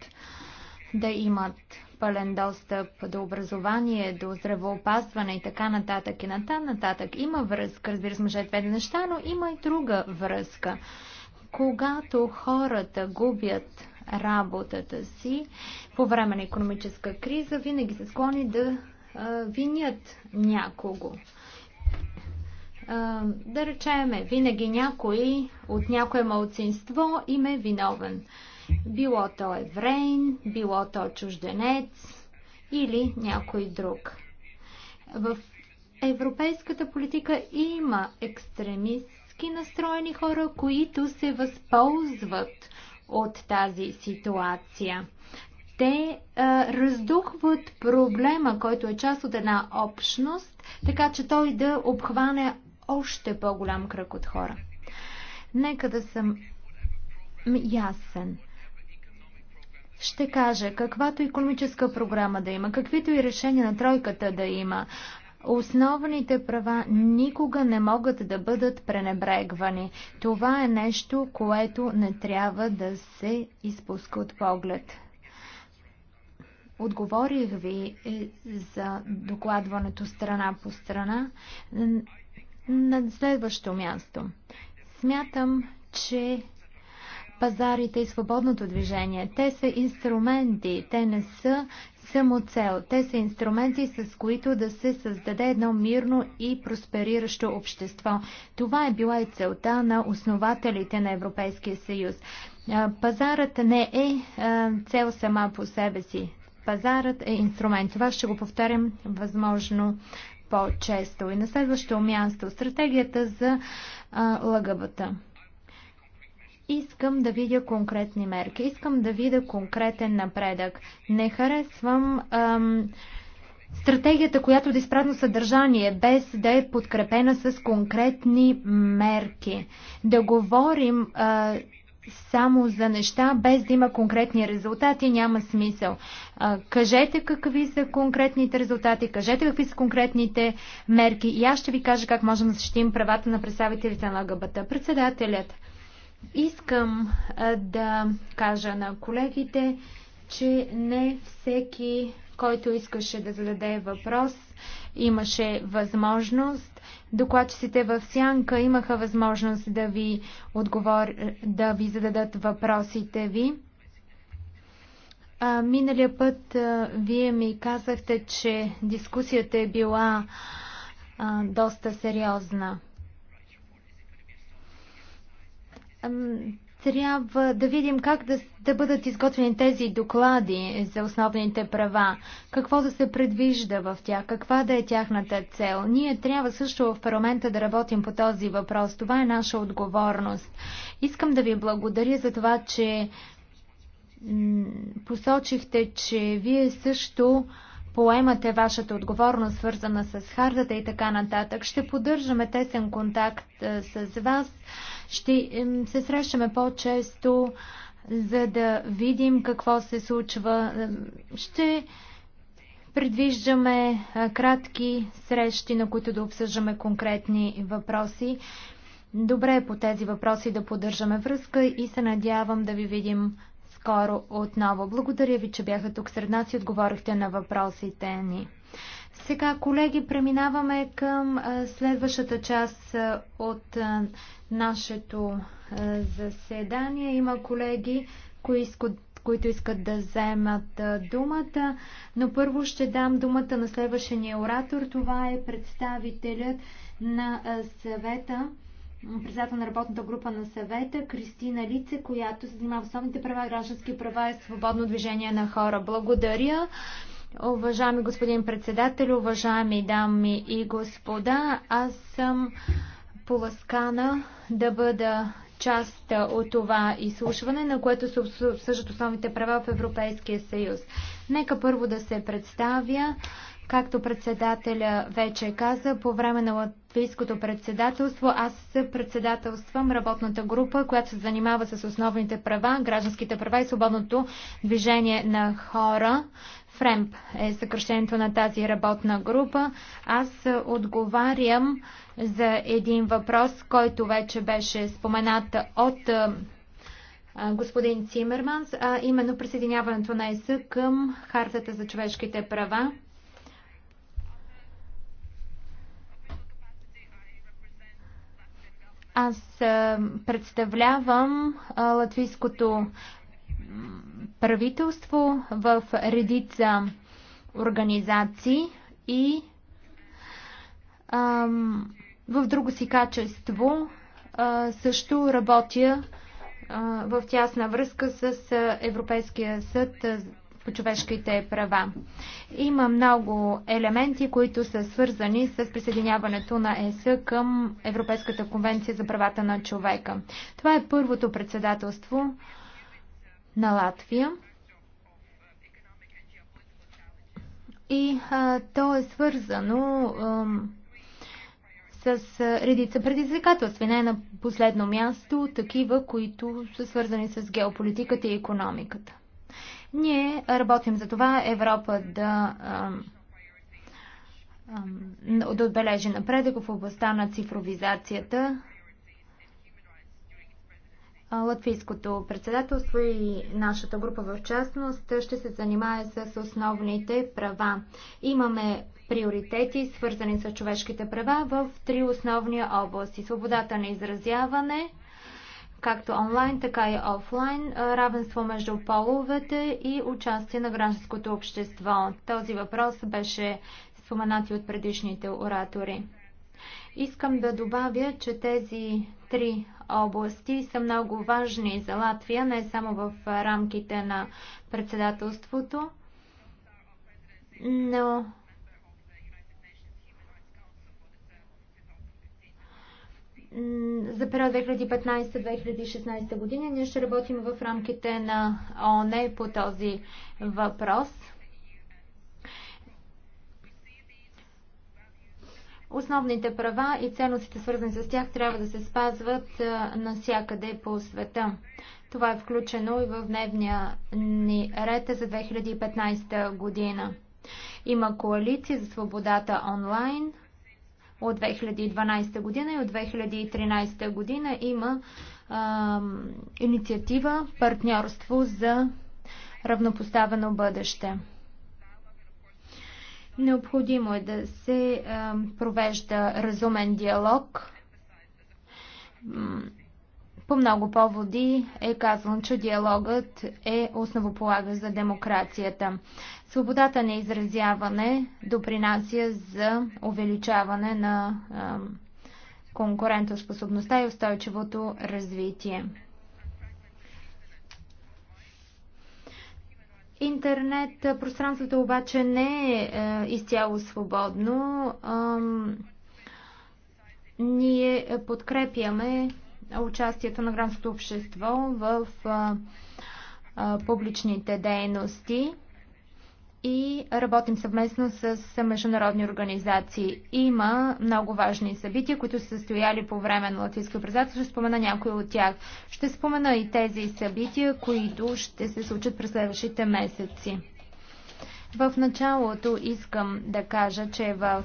да имат пълен достъп до образование, до здравеопазване и така нататък и нататък. Има връзка, разбира се, мъже две неща, но има и друга връзка. Когато хората губят работата си по време на економическа криза, винаги са склонни да винят някого. Да речеме, винаги някой от някое малцинство им е виновен. Било то еврейн, било то чужденец или някой друг. В европейската политика има екстремистски настроени хора, които се възползват от тази ситуация. Те а, раздухват проблема, който е част от една общност, така че той да обхване още по-голям кръг от хора. Нека да съм ясен. Ще кажа, каквато економическа програма да има, каквито и решения на тройката да има, Основните права никога не могат да бъдат пренебрегвани. Това е нещо, което не трябва да се изпуска от поглед. Отговорих ви е, за докладването страна по страна. На следващо място. Смятам, че пазарите и свободното движение, те са инструменти, те не са самоцел. Те са инструменти, с които да се създаде едно мирно и проспериращо общество. Това е била и целта на основателите на Европейския съюз. Пазарът не е цел сама по себе си. Пазарът е инструмент. Това ще го повторим възможно по-често. И на следващо място стратегията за лъгъбата. Искам да видя конкретни мерки, искам да видя конкретен напредък. Не харесвам ам, стратегията, която да изпратно съдържание, без да е подкрепена с конкретни мерки. Да говорим а, само за неща, без да има конкретни резултати, няма смисъл. А, кажете какви са конкретните резултати, кажете какви са конкретните мерки и аз ще ви кажа как можем да защитим правата на представителите на ЛГБТ. Председателят. Искам да кажа на колегите, че не всеки, който искаше да зададе въпрос, имаше възможност. Докладчиците в Сянка имаха възможност да ви, отговор... да ви зададат въпросите ви. А, миналия път а, вие ми казахте, че дискусията е била а, доста сериозна. трябва да видим как да, да бъдат изготвени тези доклади за основните права, какво да се предвижда в тях, каква да е тяхната цел. Ние трябва също в парламента да работим по този въпрос. Това е наша отговорност. Искам да ви благодаря за това, че посочихте, че вие също поемате вашата отговорност, свързана с хардата и така нататък. Ще поддържаме тесен контакт с вас ще се срещаме по-често, за да видим какво се случва. Ще предвиждаме кратки срещи, на които да обсъждаме конкретни въпроси. Добре е по тези въпроси да поддържаме връзка и се надявам да ви видим скоро отново. Благодаря ви, че бяха тук сред нас и отговорихте на въпросите ни. Сега, колеги, преминаваме към следващата част от нашето заседание. Има колеги, които искат да вземат думата, но първо ще дам думата на следващия оратор. Това е представителят на съвета председател на работната група на съвета Кристина Лице, която се занимава с основните права, граждански права и свободно движение на хора. Благодаря. Уважаеми господин председател, уважаеми дами и господа, аз съм поласкана да бъда част от това изслушване, на което се обсъждат основните права в Европейския съюз. Нека първо да се представя. Както председателя вече каза, по време на латвийското председателство аз председателствам работната група, която се занимава с основните права, гражданските права и свободното движение на хора. ФРЕМП е съкрещението на тази работна група. Аз отговарям за един въпрос, който вече беше споменат от господин Цимерманс, а именно присъединяването на ЕС към Хартата за човешките права. Аз представлявам латвийското правителство в редица организации и в друго си качество също работя в тясна връзка с Европейския съд по човешките права. Има много елементи, които са свързани с присъединяването на ЕС към Европейската конвенция за правата на човека. Това е първото председателство на Латвия. И а, то е свързано а, с редица предизвикателства. Не е на последно място такива, които са свързани с геополитиката и економиката. Ние работим за това Европа да да отбележи напредък в областта на цифровизацията. Латвийското председателство и нашата група в частност ще се занимае с основните права. Имаме приоритети, свързани с човешките права в три основни области. Свободата на изразяване, както онлайн, така и офлайн, равенство между половете и участие на гражданското общество. Този въпрос беше споменати от предишните оратори. Искам да добавя, че тези три области са много важни за Латвия, не само в рамките на председателството, но за период 2015-2016 година. Ние ще работим в рамките на ОНЕ по този въпрос. Основните права и ценностите, свързани с тях, трябва да се спазват навсякъде по света. Това е включено и в дневния ни ред за 2015 година. Има коалиции за свободата онлайн, от 2012 година и от 2013 година има а, инициатива Партньорство за равнопоставено бъдеще. Необходимо е да се а, провежда разумен диалог по много поводи е казано, че диалогът е основополага за демокрацията. Свободата на изразяване допринася за увеличаване на конкурентоспособността и устойчивото развитие. Интернет пространството обаче не е, е изцяло свободно. Е, ние подкрепяме участието на гражданското общество в а, а, публичните дейности и работим съвместно с международни организации. Има много важни събития, които са състояли по време на латвийско председателство. Ще спомена някои от тях. Ще спомена и тези събития, които ще се случат през следващите месеци. В началото искам да кажа, че в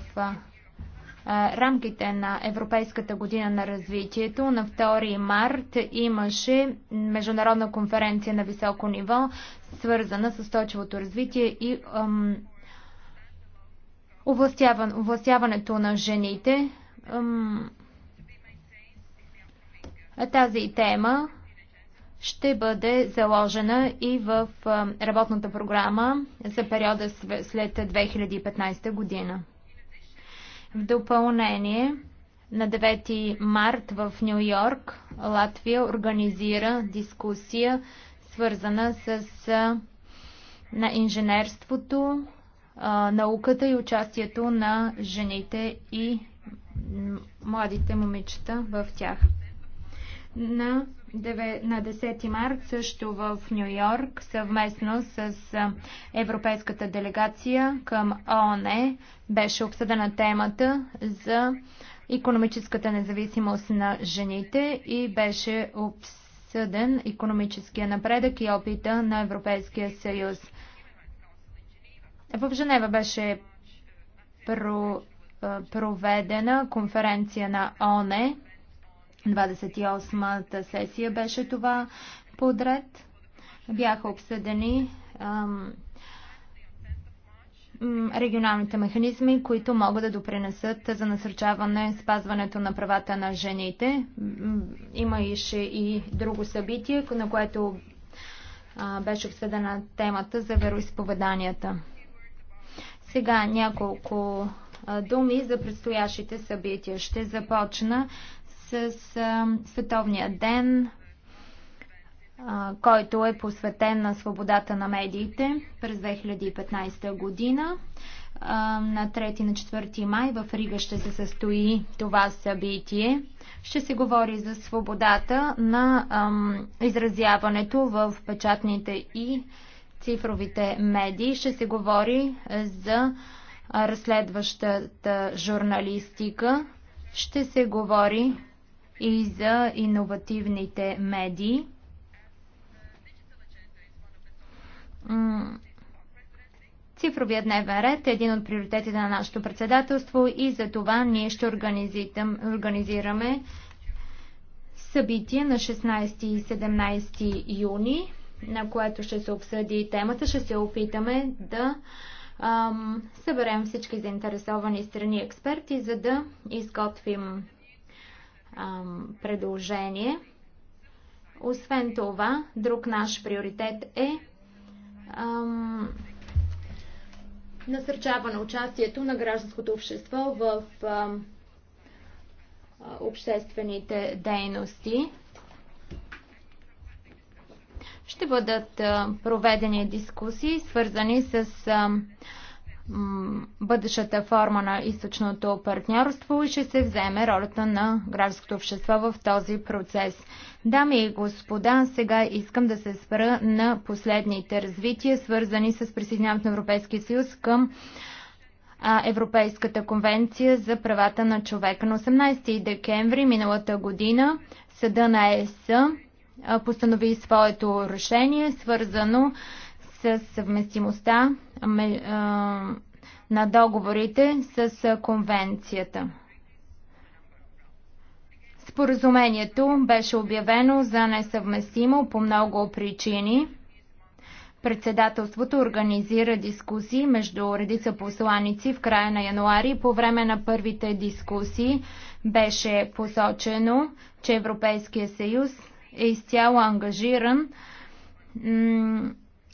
рамките на Европейската година на развитието. На 2 март имаше международна конференция на високо ниво, свързана с точевото развитие и ам, овластяването на жените. Ам, тази тема ще бъде заложена и в работната програма за периода след 2015 година. В допълнение, на 9 март в Нью Йорк Латвия организира дискусия, свързана с на инженерството, науката и участието на жените и младите момичета в тях на 10 март също в Нью Йорк съвместно с Европейската делегация към ООН беше обсъдена темата за економическата независимост на жените и беше обсъден економическия напредък и опита на Европейския съюз. В Женева беше проведена конференция на ОНЕ 28-та сесия беше това подред. Бяха обсъдени регионалните механизми, които могат да допринесат за насърчаване спазването на правата на жените. Има и друго събитие, на което беше обсъдена темата за вероисповеданията. Сега няколко думи за предстоящите събития. Ще започна с Световния ден, който е посветен на свободата на медиите през 2015 година. На 3 на 4 май в Рига ще се състои това събитие. Ще се говори за свободата на изразяването в печатните и цифровите медии. Ще се говори за разследващата журналистика. Ще се говори и за иновативните медии. Цифровия дневен ред е един от приоритетите на нашето председателство и за това ние ще организираме събитие на 16 и 17 юни, на което ще се обсъди темата. Ще се опитаме да ам, съберем всички заинтересовани страни експерти, за да изготвим предложение. Освен това, друг наш приоритет е ам, насърчаване участието на гражданското общество в ам, обществените дейности. Ще бъдат проведени дискусии, свързани с ам, бъдещата форма на източното партньорство и ще се вземе ролята на гражданското общество в този процес. Дами и господа, сега искам да се спра на последните развития, свързани с присъединяването на Европейския съюз към Европейската конвенция за правата на човека. На 18 декември миналата година Съда на ЕС постанови своето решение, свързано с съвместимостта на договорите с конвенцията. Споразумението беше обявено за несъвместимо по много причини. Председателството организира дискусии между редица посланици в края на януари. По време на първите дискусии беше посочено, че Европейския съюз е изцяло ангажиран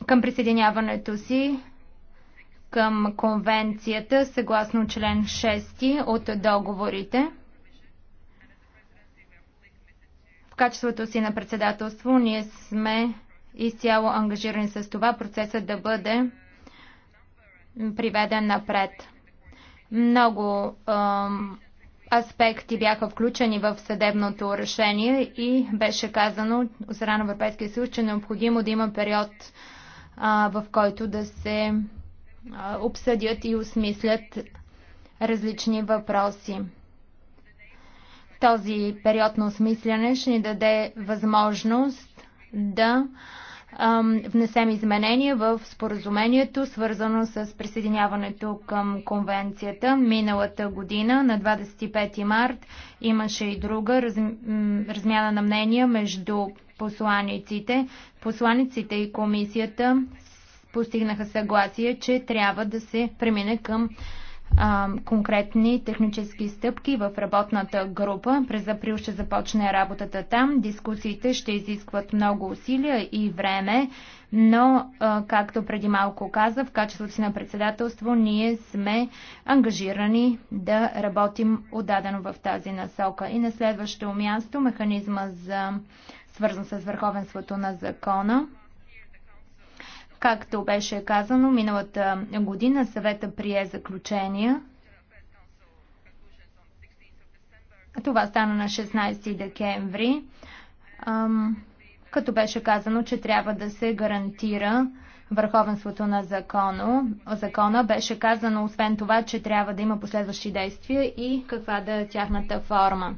към присъединяването си към конвенцията съгласно член 6 от договорите. В качеството си на председателство ние сме изцяло ангажирани с това процесът да бъде приведен напред. Много ам, аспекти бяха включени в съдебното решение и беше казано от страна на Европейския съюз, че е необходимо да има период в който да се обсъдят и осмислят различни въпроси. Този период на осмисляне ще ни даде възможност да внесем изменения в споразумението, свързано с присъединяването към конвенцията. Миналата година, на 25 март, имаше и друга размяна на мнения между посланиците. Посланиците и комисията постигнаха съгласие, че трябва да се премине към а, конкретни технически стъпки в работната група. През април ще започне работата там. Дискусиите ще изискват много усилия и време, но, а, както преди малко каза, в качеството си на председателство ние сме ангажирани да работим отдадено в тази насока. И на следващо място механизма за свързан с върховенството на закона. Както беше казано, миналата година съвета прие заключения. Това стана на 16 декември, като беше казано, че трябва да се гарантира върховенството на закона. закона. Беше казано освен това, че трябва да има последващи действия и каква да е тяхната форма.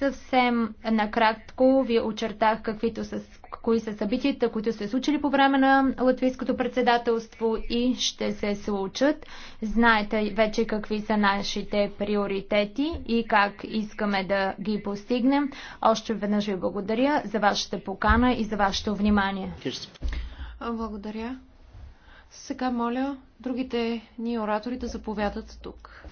Съвсем накратко ви очертах каквито са, кои са събитията, които се случили по време на латвийското председателство и ще се случат. Знаете вече какви са нашите приоритети и как искаме да ги постигнем. Още веднъж ви благодаря за вашата покана и за вашето внимание. Благодаря. Сега моля другите ни оратори да заповядат тук.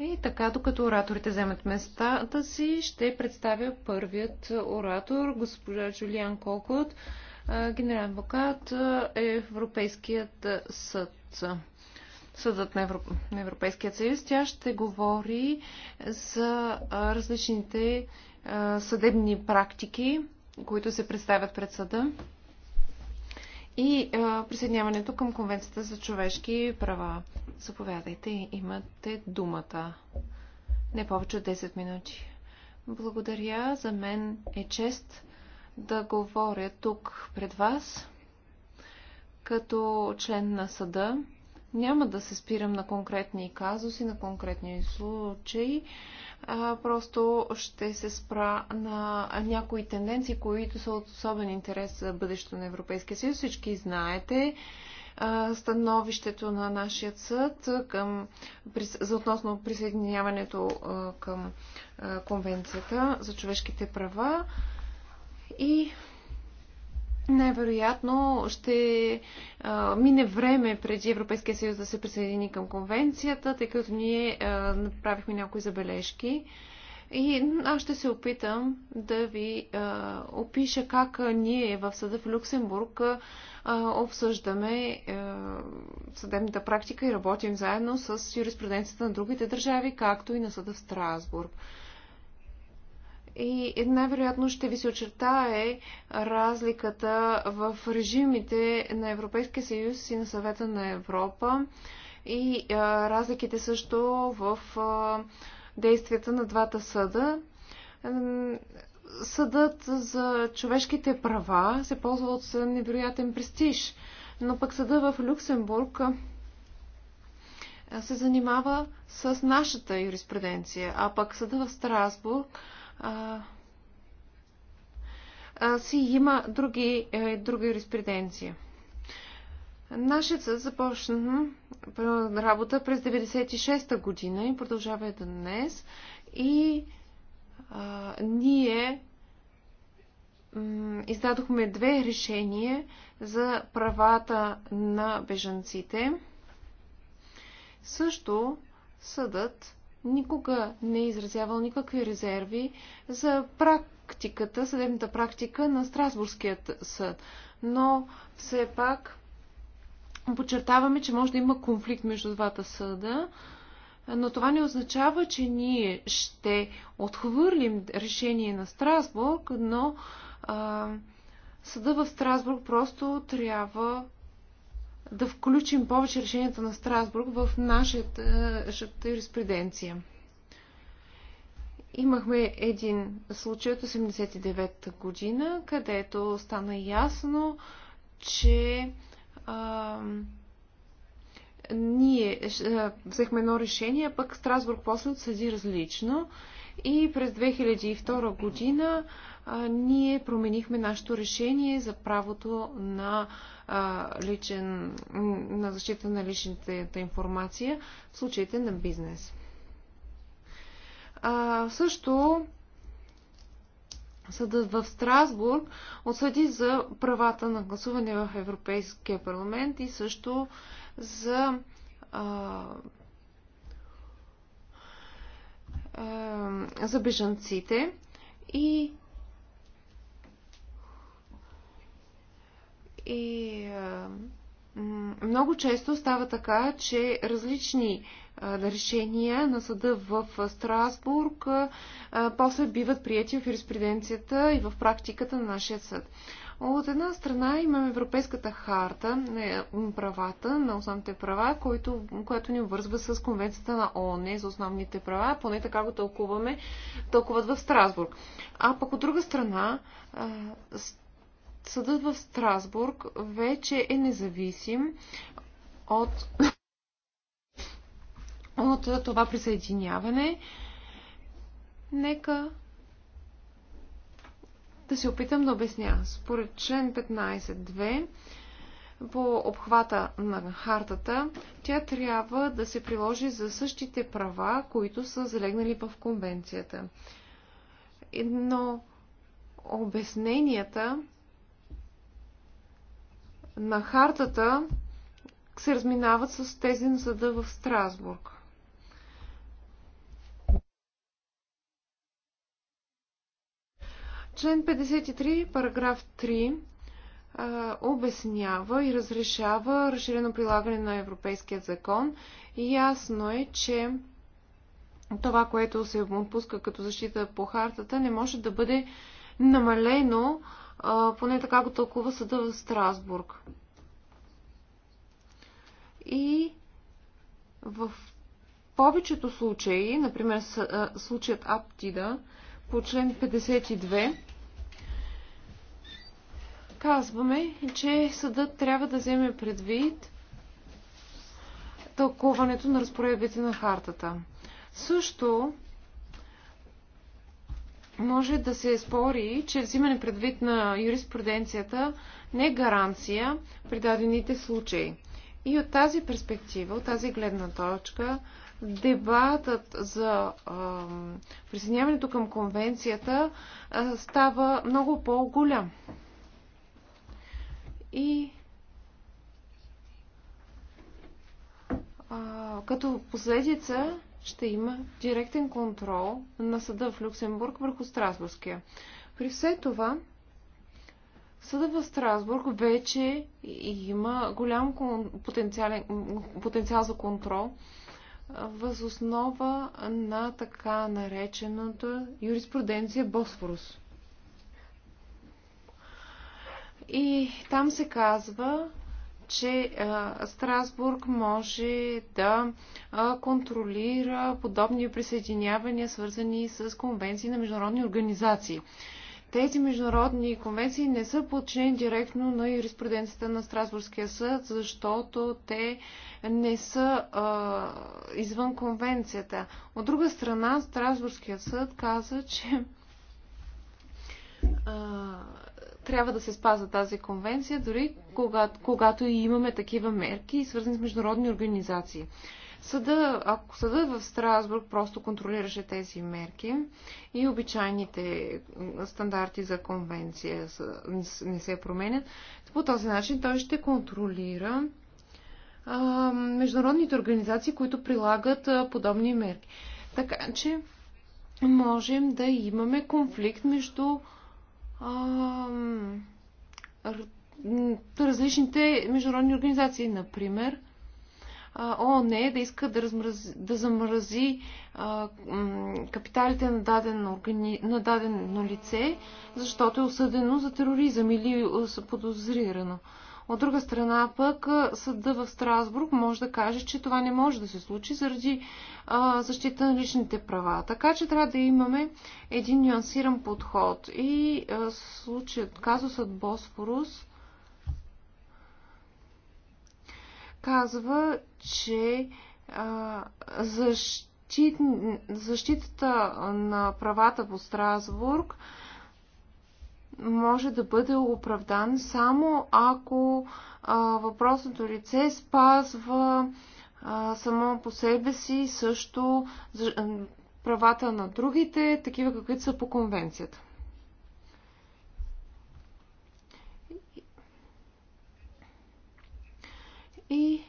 и така, докато ораторите вземат местата си, ще представя първият оратор, госпожа Джулиан Кокот, генерален адвокат е Европейският съд. Съдът на, Европ... на Европейският съюз. Тя ще говори за различните съдебни практики, които се представят пред съда и а, присъединяването към Конвенцията за човешки права. Заповядайте, имате думата. Не повече от 10 минути. Благодаря. За мен е чест да говоря тук пред вас като член на съда няма да се спирам на конкретни казуси, на конкретни случаи. А, просто ще се спра на някои тенденции, които са от особен интерес за бъдещето на Европейския съюз. Всички знаете а, становището на нашия съд към, за относно присъединяването а, към а, Конвенцията за човешките права. И най-вероятно ще а, мине време преди Европейския съюз да се присъедини към конвенцията, тъй като ние а, направихме някои забележки. И аз ще се опитам да ви а, опиша как ние в съда в Люксембург а, обсъждаме а, съдебната практика и работим заедно с юриспруденцията на другите държави, както и на съда в Страсбург. А, и най-вероятно ще ви се очертае разликата в режимите на Европейския съюз и на съвета на Европа и а, разликите също в а, действията на двата съда. Съдът за човешките права се ползва от невероятен престиж, но пък съда в Люксембург се занимава с нашата юриспруденция, а пък съда в Страсбург а, а, си има други, е, друга юриспруденция. Нашият съд започна работа през 96-та година и продължава и днес. И а, ние издадохме две решения за правата на бежанците. Също съдът никога не е изразявал никакви резерви за практиката, съдебната практика на Страсбургският съд. Но все пак подчертаваме, че може да има конфликт между двата съда, но това не означава, че ние ще отхвърлим решение на Страсбург, но а, съда в Страсбург просто трябва да включим повече решенията на Страсбург в нашата е, юриспруденция. Имахме един случай от 89-та година, където стана ясно, че а, ние а, е, е, взехме едно решение, пък Страсбург после отсъди различно. И през 2002 година а, ние променихме нашето решение за правото на а, личен, на защита на личната информация в случаите на бизнес. А, също съдът в Страсбург отсъди за правата на гласуване в Европейския парламент и също за а, а, за бежанците и И а, много често става така, че различни решения на съда в Страсбург а, после биват прияти в юриспруденцията и в практиката на нашия съд. От една страна имаме Европейската харта на правата, на основните права, който, която ни обвързва с Конвенцията на ООН за основните права, поне така го тълкуваме, тълкуват в Страсбург. А пък от друга страна съдът в Страсбург вече е независим от, от това присъединяване. Нека да се опитам да обясня. Според член 15.2 по обхвата на хартата, тя трябва да се приложи за същите права, които са залегнали в конвенцията. Но обясненията на хартата се разминават с тези на съда в Страсбург. Член 53, параграф 3 обяснява и разрешава разширено прилагане на Европейския закон. И ясно е, че това, което се отпуска като защита по хартата, не може да бъде намалено а, поне така го тълкува съда в Страсбург. И в повечето случаи, например случаят Аптида по член 52, казваме, че съдът трябва да вземе предвид тълкуването на разпоредбите на хартата. Също може да се спори, че взимане предвид на юриспруденцията не е гаранция при дадените случаи. И от тази перспектива, от тази гледна точка, дебатът за а, присъединяването към конвенцията а, става много по-голям. И а, като последица ще има директен контрол на съда в Люксембург върху Страсбургския. При все това, съда в Страсбург вече има голям потенциал, за контрол възоснова на така наречената юриспруденция Босфорус. И там се казва, че Страсбург може да контролира подобни присъединявания, свързани с конвенции на международни организации. Тези международни конвенции не са подчинени директно на юриспруденцията на Страсбургския съд, защото те не са а, извън конвенцията. От друга страна, Страсбургския съд каза, че а, трябва да се спазва тази конвенция, дори когато, когато и имаме такива мерки, свързани с международни организации. Съда, ако съдът в Страсбург просто контролираше тези мерки и обичайните стандарти за конвенция не се променят, по този начин той ще контролира а, международните организации, които прилагат а, подобни мерки. Така че можем да имаме конфликт между а, различните международни организации, например, ООН е да иска да, размрази, да замрази а, капиталите на дадено, органи... на дадено лице, защото е осъдено за тероризъм или е подозрирано. От друга страна пък съда в Страсбург може да каже, че това не може да се случи заради а, защита на личните права. Така че трябва да имаме един нюансиран подход. И а, случаят, казусът Босфорус казва, че а, защит, защитата на правата по Страсбург а, може да бъде оправдан само ако а, въпросното лице спазва а, само по себе си също за, а, правата на другите, такива каквито са по конвенцията. И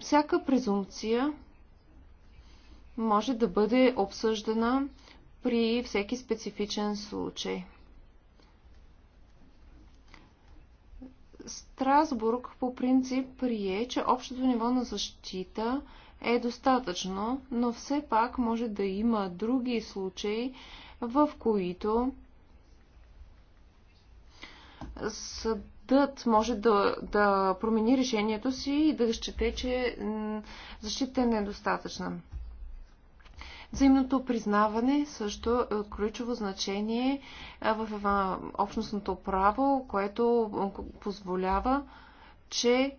всяка презумпция може да бъде обсъждана при всеки специфичен случай. Страсбург по принцип прие, че общото ниво на защита е достатъчно, но все пак може да има други случаи, в които съдът може да, да промени решението си и да счете, че защита е недостатъчна. Взаимното признаване също е от ключово значение в общностното право, което позволява, че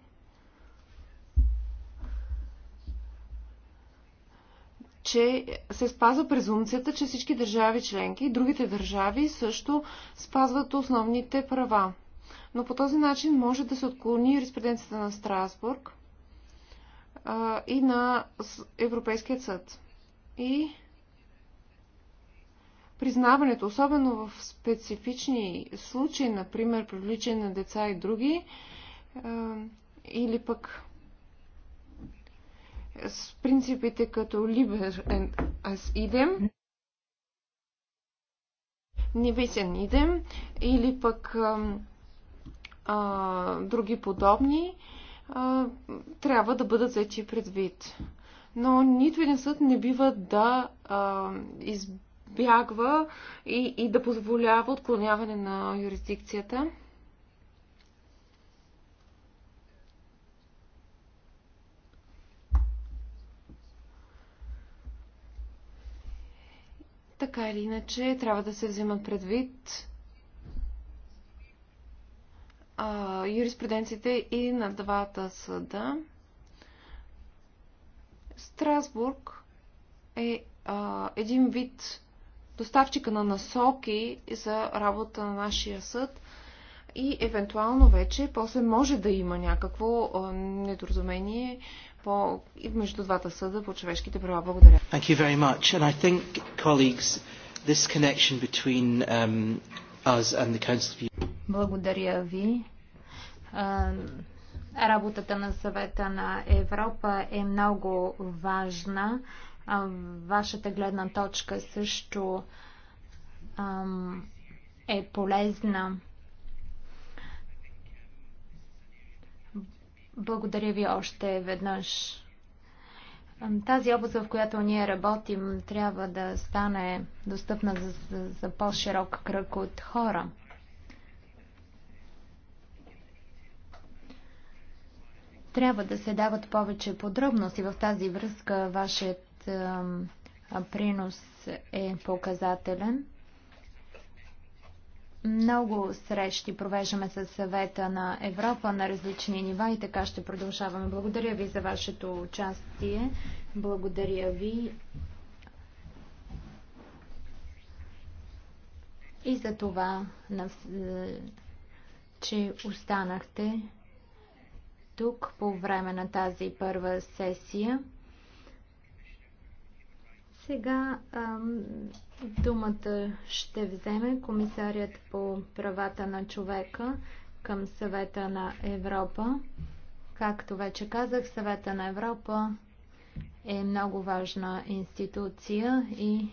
че се спазва презумцията, че всички държави членки и другите държави също спазват основните права. Но по този начин може да се отклони юриспруденцията на Страсбург а, и на Европейския съд и признаването, особено в специфични случаи, например привличане на деца и други, или пък с принципите като liber and as idem, невесен идем, или пък а, а, други подобни, а, трябва да бъдат взети предвид но нито един съд не бива да а, избягва и, и да позволява отклоняване на юрисдикцията. Така или иначе, трябва да се взимат предвид а, юриспруденците и на двата съда. Страсбург е а, един вид доставчика на насоки за работа на нашия съд и евентуално вече после може да има някакво а, недоразумение по, и между двата съда по човешките права. Благодаря. Thank you very much. And I think, colleagues, this connection between um, us and the Council of Europe. Благодаря ви. Um... Работата на съвета на Европа е много важна. Вашата гледна точка също е полезна. Благодаря ви още веднъж. Тази област, в която ние работим, трябва да стане достъпна за, за, за по-широк кръг от хора. трябва да се дават повече подробности. В тази връзка вашият принос е показателен. Много срещи провеждаме със съвета на Европа на различни нива и така ще продължаваме. Благодаря ви за вашето участие. Благодаря ви и за това, че останахте тук по време на тази първа сесия. Сега ам, думата ще вземе комисарият по правата на човека към съвета на Европа. Както вече казах, съвета на Европа е много важна институция и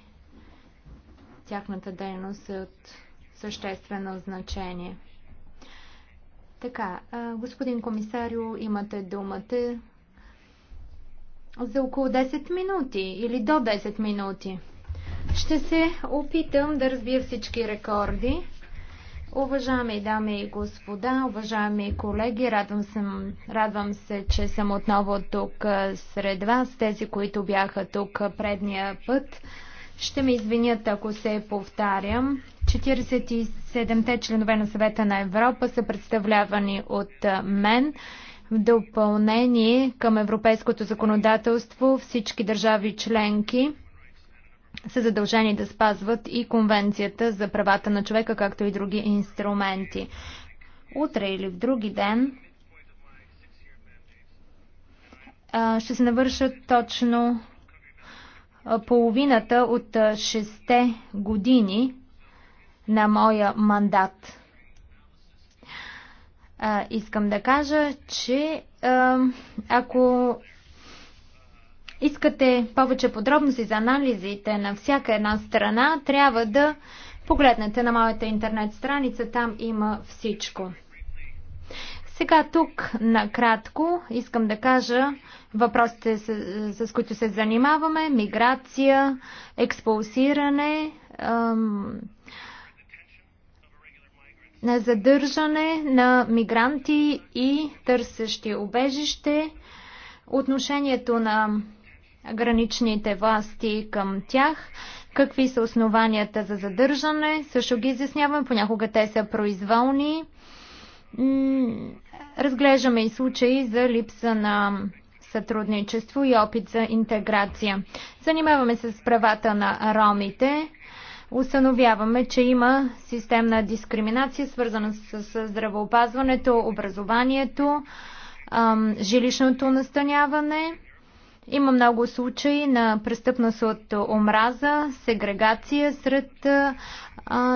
тяхната дейност е от съществено значение. Така, господин комисарио, имате думата за около 10 минути или до 10 минути. Ще се опитам да разбия всички рекорди. Уважаеми дами и господа, уважаеми колеги, радвам се, радвам се, че съм отново тук сред вас, тези, които бяха тук предния път. Ще ме извинят, ако се повтарям. 47-те членове на съвета на Европа са представлявани от мен. В допълнение към европейското законодателство всички държави членки са задължени да спазват и Конвенцията за правата на човека, както и други инструменти. Утре или в други ден ще се навършат точно половината от шесте години на моя мандат. А, искам да кажа, че а, ако искате повече подробности за анализите на всяка една страна, трябва да погледнете на моята интернет страница. Там има всичко. Сега тук накратко искам да кажа въпросите, с, с които се занимаваме миграция, експулсиране, ам, на задържане на мигранти и търсещи обежище, отношението на граничните власти към тях, какви са основанията за задържане, също ги изясняваме, понякога те са произволни. Разглеждаме и случаи за липса на сътрудничество и опит за интеграция. Занимаваме се с правата на ромите. Установяваме, че има системна дискриминация, свързана с здравеопазването, образованието, жилищното настаняване има много случаи на престъпност от омраза, сегрегация сред а,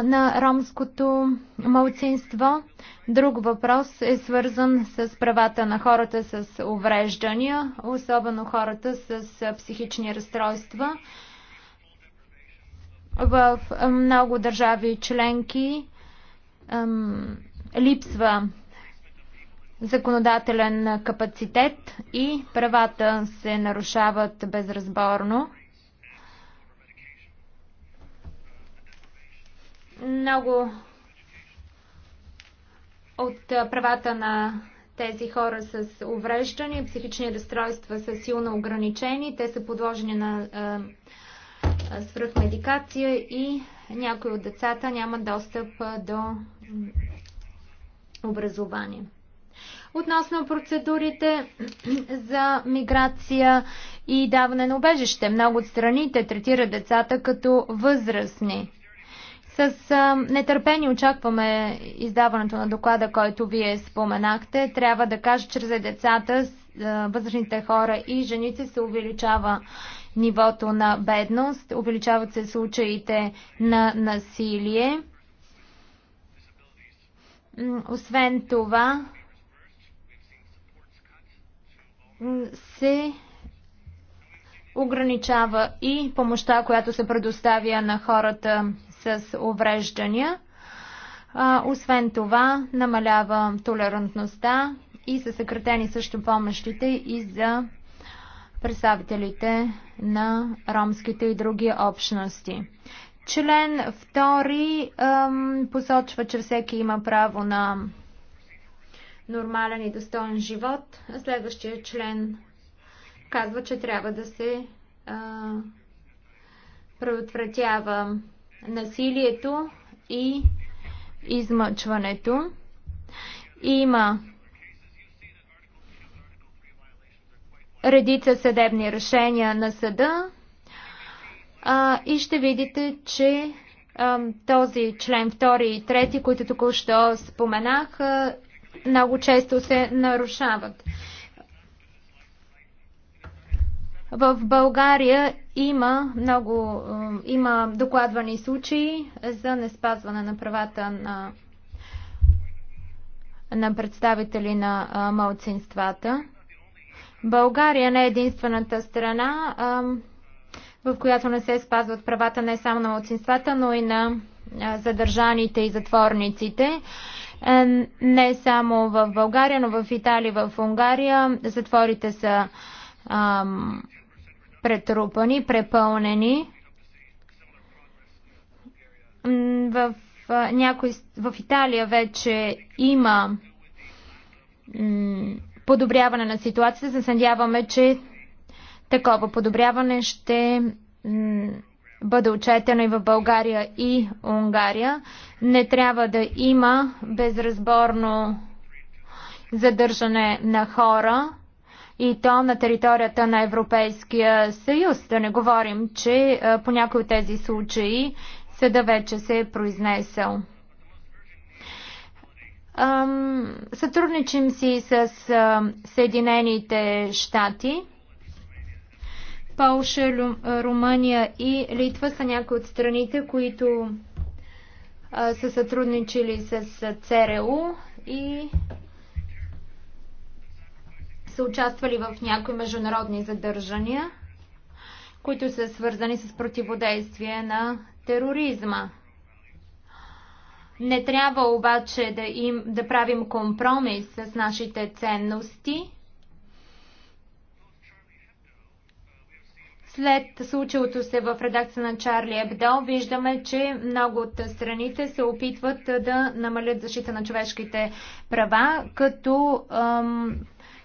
на ромското малцинство. Друг въпрос е свързан с правата на хората с увреждания, особено хората с психични разстройства. В много държави членки ам, липсва законодателен капацитет и правата се нарушават безразборно. Много от правата на тези хора с увреждани, психични разстройства са силно ограничени, те са подложени на е, свръхмедикация и някои от децата нямат достъп до образование. Относно процедурите за миграция и даване на убежище, много от страните третират децата като възрастни. С нетърпение очакваме издаването на доклада, който вие споменахте. Трябва да кажа, че за децата, възрастните хора и жените се увеличава нивото на бедност, увеличават се случаите на насилие. Освен това, се ограничава и помощта, която се предоставя на хората с увреждания. Освен това, намалява толерантността и са съкратени също помощите и за представителите на ромските и други общности. Член 2 посочва, че всеки има право на нормален и достоен живот. Следващия член казва, че трябва да се а, предотвратява насилието и измъчването. Има редица съдебни решения на съда а, и ще видите, че а, този член 2 и 3, които току-що споменах, много често се нарушават. В България има много е, има докладвани случаи за неспазване на правата на, на представители на е, малцинствата. България не е единствената страна, е, в която не се спазват правата не само на младсинствата, но и на задържаните и затворниците. Е, не само в България, но в Италия, в Унгария. Затворите са ам, претрупани, препълнени. В, някой, в Италия вече има подобряване на ситуацията. Се надяваме, че такова подобряване ще бъде отчетено и в България и Унгария. Не трябва да има безразборно задържане на хора и то на територията на Европейския съюз. Да не говорим, че по някои от тези случаи съда вече се е произнесъл. Сътрудничим си с Съединените щати Полша, Румъния и Литва са някои от страните, които са сътрудничили с ЦРУ и са участвали в някои международни задържания, които са свързани с противодействие на тероризма. Не трябва обаче да, им, да правим компромис с нашите ценности След случилото се в редакция на Чарли Ебдо, виждаме, че много от страните се опитват да намалят защита на човешките права, като ам,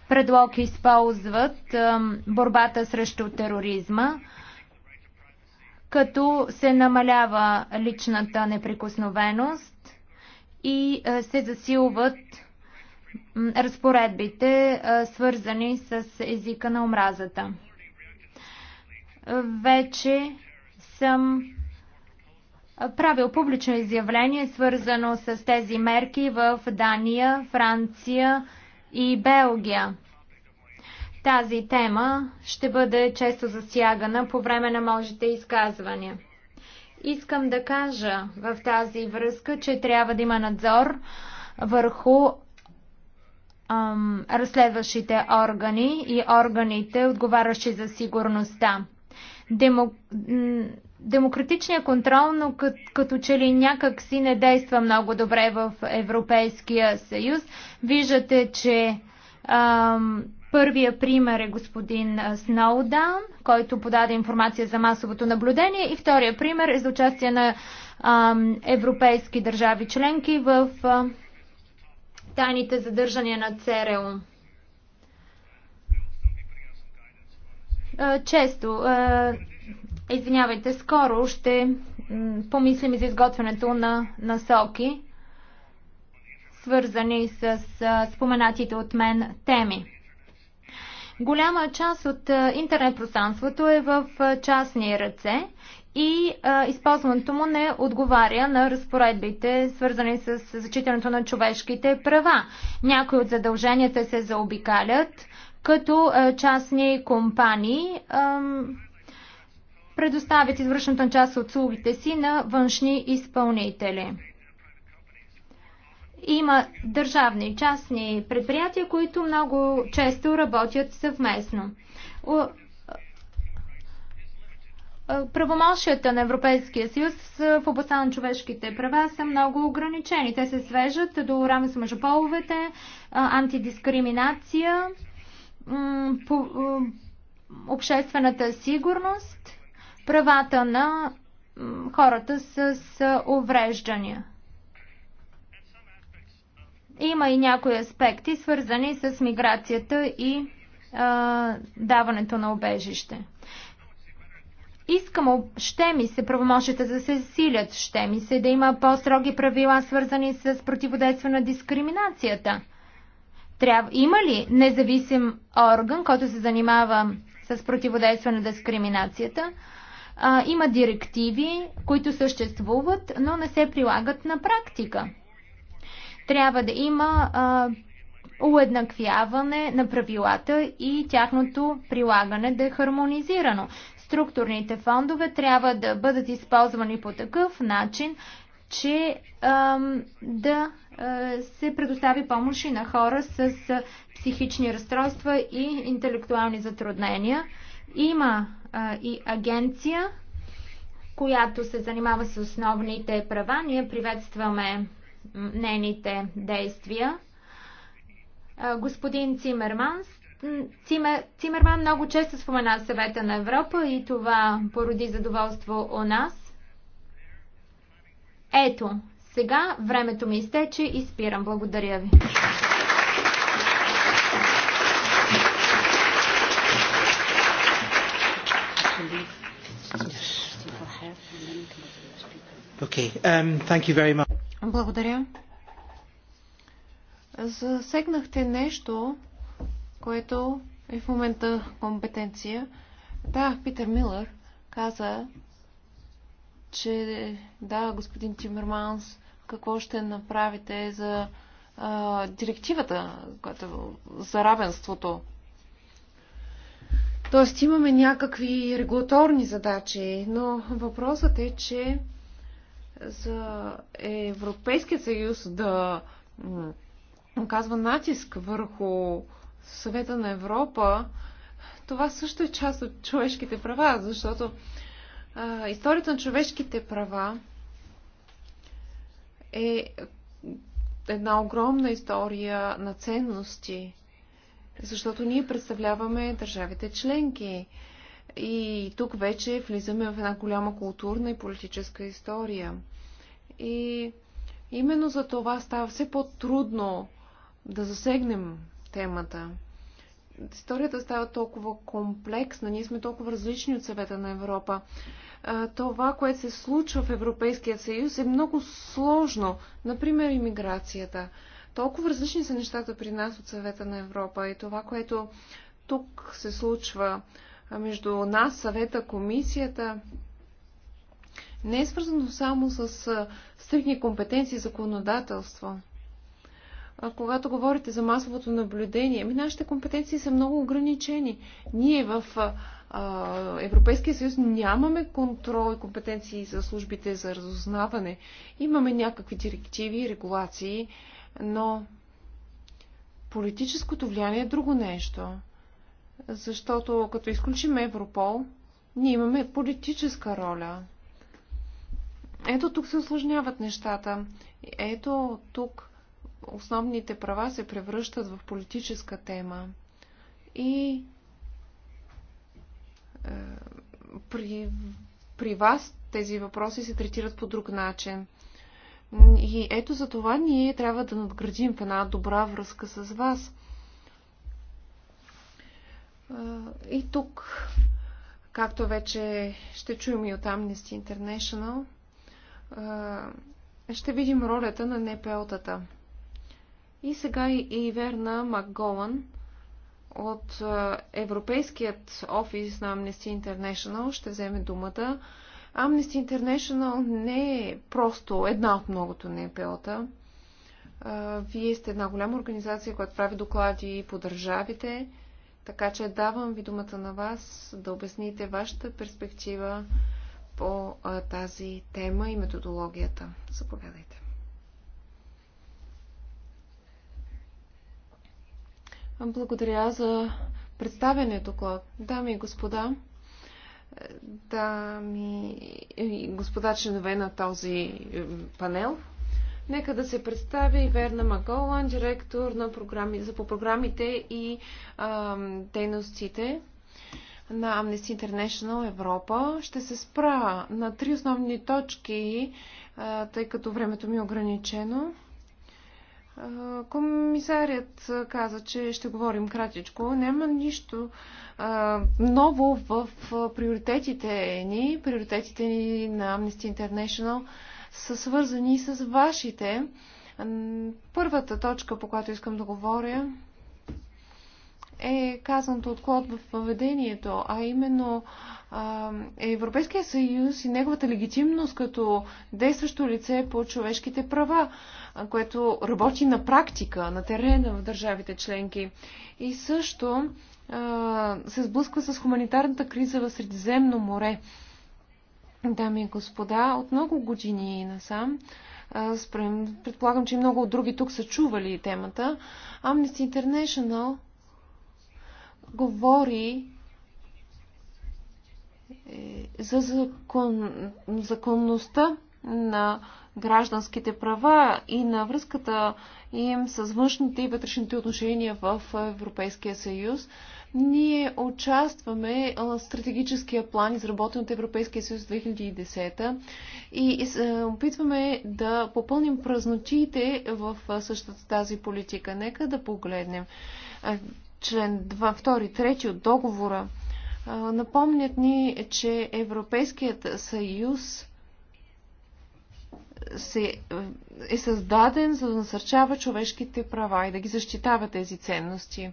предлог използват ам, борбата срещу тероризма, като се намалява личната неприкосновеност и а, се засилват разпоредбите, свързани с езика на омразата вече съм правил публично изявление, свързано с тези мерки в Дания, Франция и Белгия. Тази тема ще бъде често засягана по време на можете изказвания. Искам да кажа в тази връзка, че трябва да има надзор върху ам, разследващите органи и органите, отговарящи за сигурността демо, демократичния контрол, но като, като че ли някак си не действа много добре в Европейския съюз. Виждате, че ам, първия пример е господин Сноудаун, който подаде информация за масовото наблюдение и втория пример е за участие на ам, европейски държави членки в ам, тайните задържания на ЦРУ. Е, често, е, извинявайте, скоро ще помислим за изготвянето на насоки, свързани с е, споменатите от мен теми. Голяма част от интернет пространството е в частни ръце и а, използването му не отговаря на разпоредбите, свързани с зачитането на човешките права. Някои от задълженията се заобикалят, като е, частни компании предоставят извършната част от услугите си на външни изпълнители. Има държавни и частни предприятия, които много често работят съвместно. Е, правомощията на Европейския съюз в областта на човешките права са много ограничени. Те се свежат до рамес между половете, антидискриминация, по, обществената сигурност, правата на хората с увреждания. Има и някои аспекти, свързани с миграцията и а, даването на обежище. Искам, ще ми се правомощите да се силят, ще ми се да има по-строги правила, свързани с противодействие на дискриминацията – трябва, има ли независим орган, който се занимава с противодействие на дискриминацията? А, има директиви, които съществуват, но не се прилагат на практика. Трябва да има а, уеднаквяване на правилата и тяхното прилагане да е хармонизирано. Структурните фондове трябва да бъдат използвани по такъв начин, че да се предостави помощ и на хора с психични разстройства и интелектуални затруднения. Има и агенция, която се занимава с основните права. Ние приветстваме нейните действия. Господин Цимерманс Цимер, Цимерман много често спомена съвета на Европа и това породи задоволство у нас. Ето, сега времето ми изтече и спирам. Благодаря ви. Okay. Um, thank you very much. Благодаря. Засегнахте нещо, което е в момента компетенция. Да, Питер Милър каза, че да, господин Тимерманс, какво ще направите за а, директивата която, за равенството? Тоест имаме някакви регулаторни задачи, но въпросът е, че за Европейския съюз да оказва натиск върху съвета на Европа, това също е част от човешките права, защото историята на човешките права е една огромна история на ценности, защото ние представляваме държавите членки. И тук вече влизаме в една голяма културна и политическа история. И именно за това става все по-трудно да засегнем темата. Историята става толкова комплексна, ние сме толкова различни от съвета на Европа това, което се случва в Европейския съюз е много сложно. Например, иммиграцията. Толкова различни са нещата при нас от съвета на Европа и това, което тук се случва между нас, съвета, комисията, не е свързано само с стрихни компетенции и законодателство. А когато говорите за масовото наблюдение, ми нашите компетенции са много ограничени. Ние в Европейския съюз нямаме контрол и компетенции за службите за разузнаване. Имаме някакви директиви, регулации, но политическото влияние е друго нещо. Защото като изключим Европол, ние имаме политическа роля. Ето тук се осложняват нещата. Ето тук основните права се превръщат в политическа тема. И е, при, при вас тези въпроси се третират по друг начин. И ето за това ние трябва да надградим в една добра връзка с вас. Е, и тук, както вече ще чуем и от Amnesty International, е, ще видим ролята на НПО-тата. И сега и Верна Макголан – от е, Европейският офис на Amnesty International ще вземе думата. Amnesty International не е просто една от многото НПО-та. Е, вие сте една голяма организация, която прави доклади по държавите, така че давам ви думата на вас да обясните вашата перспектива по е, тази тема и методологията. Заповядайте. Благодаря за представянето, Клод. Дами и господа, дами и господа членове на този е, панел, нека да се представи Верна Маголан, директор на програми, за по програмите и а, дейностите на Amnesty International Европа. Ще се спра на три основни точки, а, тъй като времето ми е ограничено. Комисарят каза, че ще говорим кратичко. Няма нищо ново в приоритетите ни. Приоритетите ни на Amnesty International са свързани с вашите. Първата точка, по която искам да говоря, е казаното от Клод в поведението, а именно а, Европейския съюз и неговата легитимност като действащо лице по човешките права, което работи на практика, на терена в държавите членки. И също а, се сблъсква с хуманитарната криза в Средиземно море. Дами и господа, от много години насам, предполагам, че и много от други тук са чували темата, Amnesty International говори е, за закон, законността на гражданските права и на връзката им с външните и вътрешните отношения в Европейския съюз. Ние участваме в стратегическия план, изработен от Европейския съюз 2010 и опитваме да попълним празнотиите в същата тази политика. Нека да погледнем член 2, 3 от договора напомнят ни, че Европейският съюз се, е създаден за да насърчава човешките права и да ги защитава тези ценности.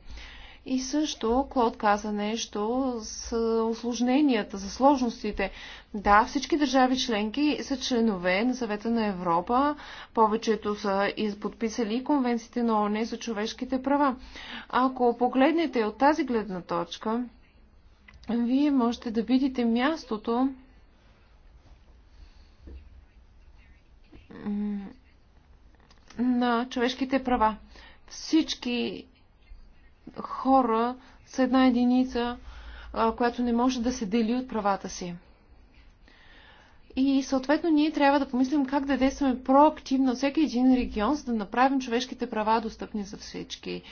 И също Клод каза нещо с осложненията, за сложностите. Да, всички държави членки са членове на съвета на Европа. Повечето са подписали конвенциите на ОНЕ за човешките права. Ако погледнете от тази гледна точка, вие можете да видите мястото на човешките права. Всички хора са една единица, която не може да се дели от правата си. И съответно ние трябва да помислим как да действаме проактивно всеки един регион, за да направим човешките права достъпни за всички.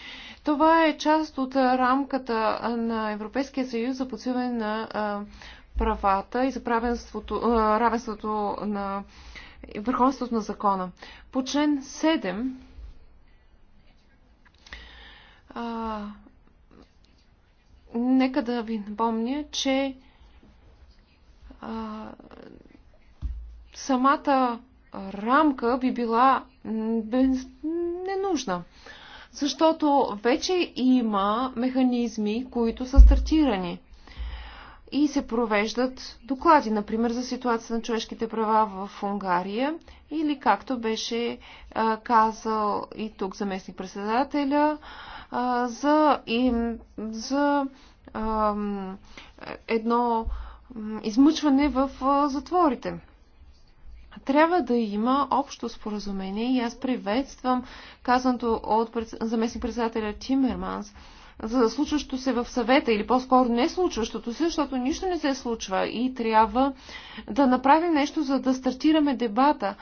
Това е част от рамката на Европейския съюз за подсилване на правата и за равенството на върховенството на закона. По член 7 а, нека да ви напомня, че а, самата рамка би била ненужна. Защото вече има механизми, които са стартирани и се провеждат доклади, например за ситуация на човешките права в Унгария или както беше а, казал и тук заместник председателя, а, за, и, за а, едно измъчване в затворите. Трябва да има общо споразумение и аз приветствам казаното от заместник председателя Тимерманс за случващо се в съвета или по-скоро не случващото се, защото нищо не се случва и трябва да направим нещо, за да стартираме дебата.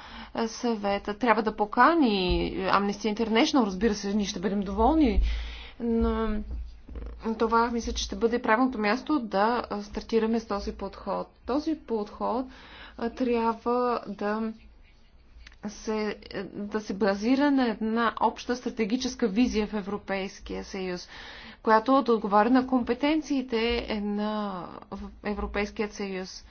Съвета трябва да покани Amnesty International, разбира се, ние ще бъдем доволни, но това мисля, че ще бъде правилното място да стартираме с този подход. Този подход трябва да се, е, да се базира на една обща стратегическа визия в Европейския съюз, която да отговаря на компетенциите на Европейския съюз.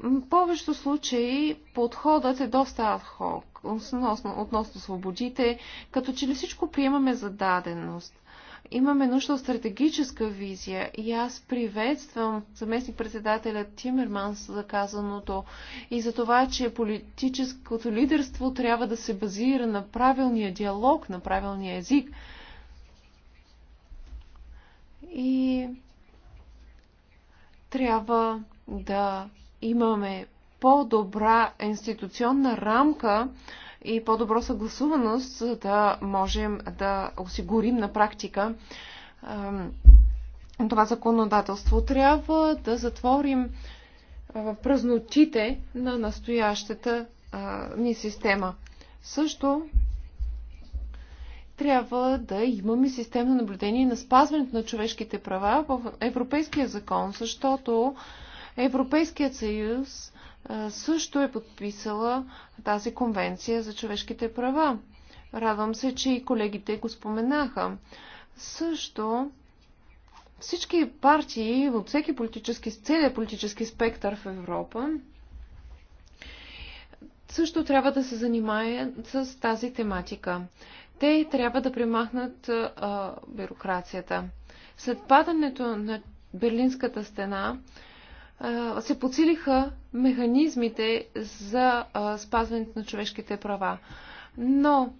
В повечето случаи подходът е доста адхок относно, относно свободите, като че ли всичко приемаме за даденост имаме нужда от стратегическа визия и аз приветствам заместник председателя Тимерманс за казаното и за това, че политическото лидерство трябва да се базира на правилния диалог, на правилния език. И трябва да имаме по-добра институционна рамка, и по-добро съгласуваност, за да можем да осигурим на практика това законодателство. Трябва да затворим празнотите на настоящата ни система. Също трябва да имаме системно наблюдение на спазването на човешките права в Европейския закон, защото Европейският съюз също е подписала тази конвенция за човешките права. Радвам се, че и колегите го споменаха. Също всички партии от всеки политически, целият политически спектър в Европа също трябва да се занимаят с тази тематика. Те трябва да примахнат а, бюрокрацията. След падането на Берлинската стена, се подсилиха механизмите за спазването на човешките права. Но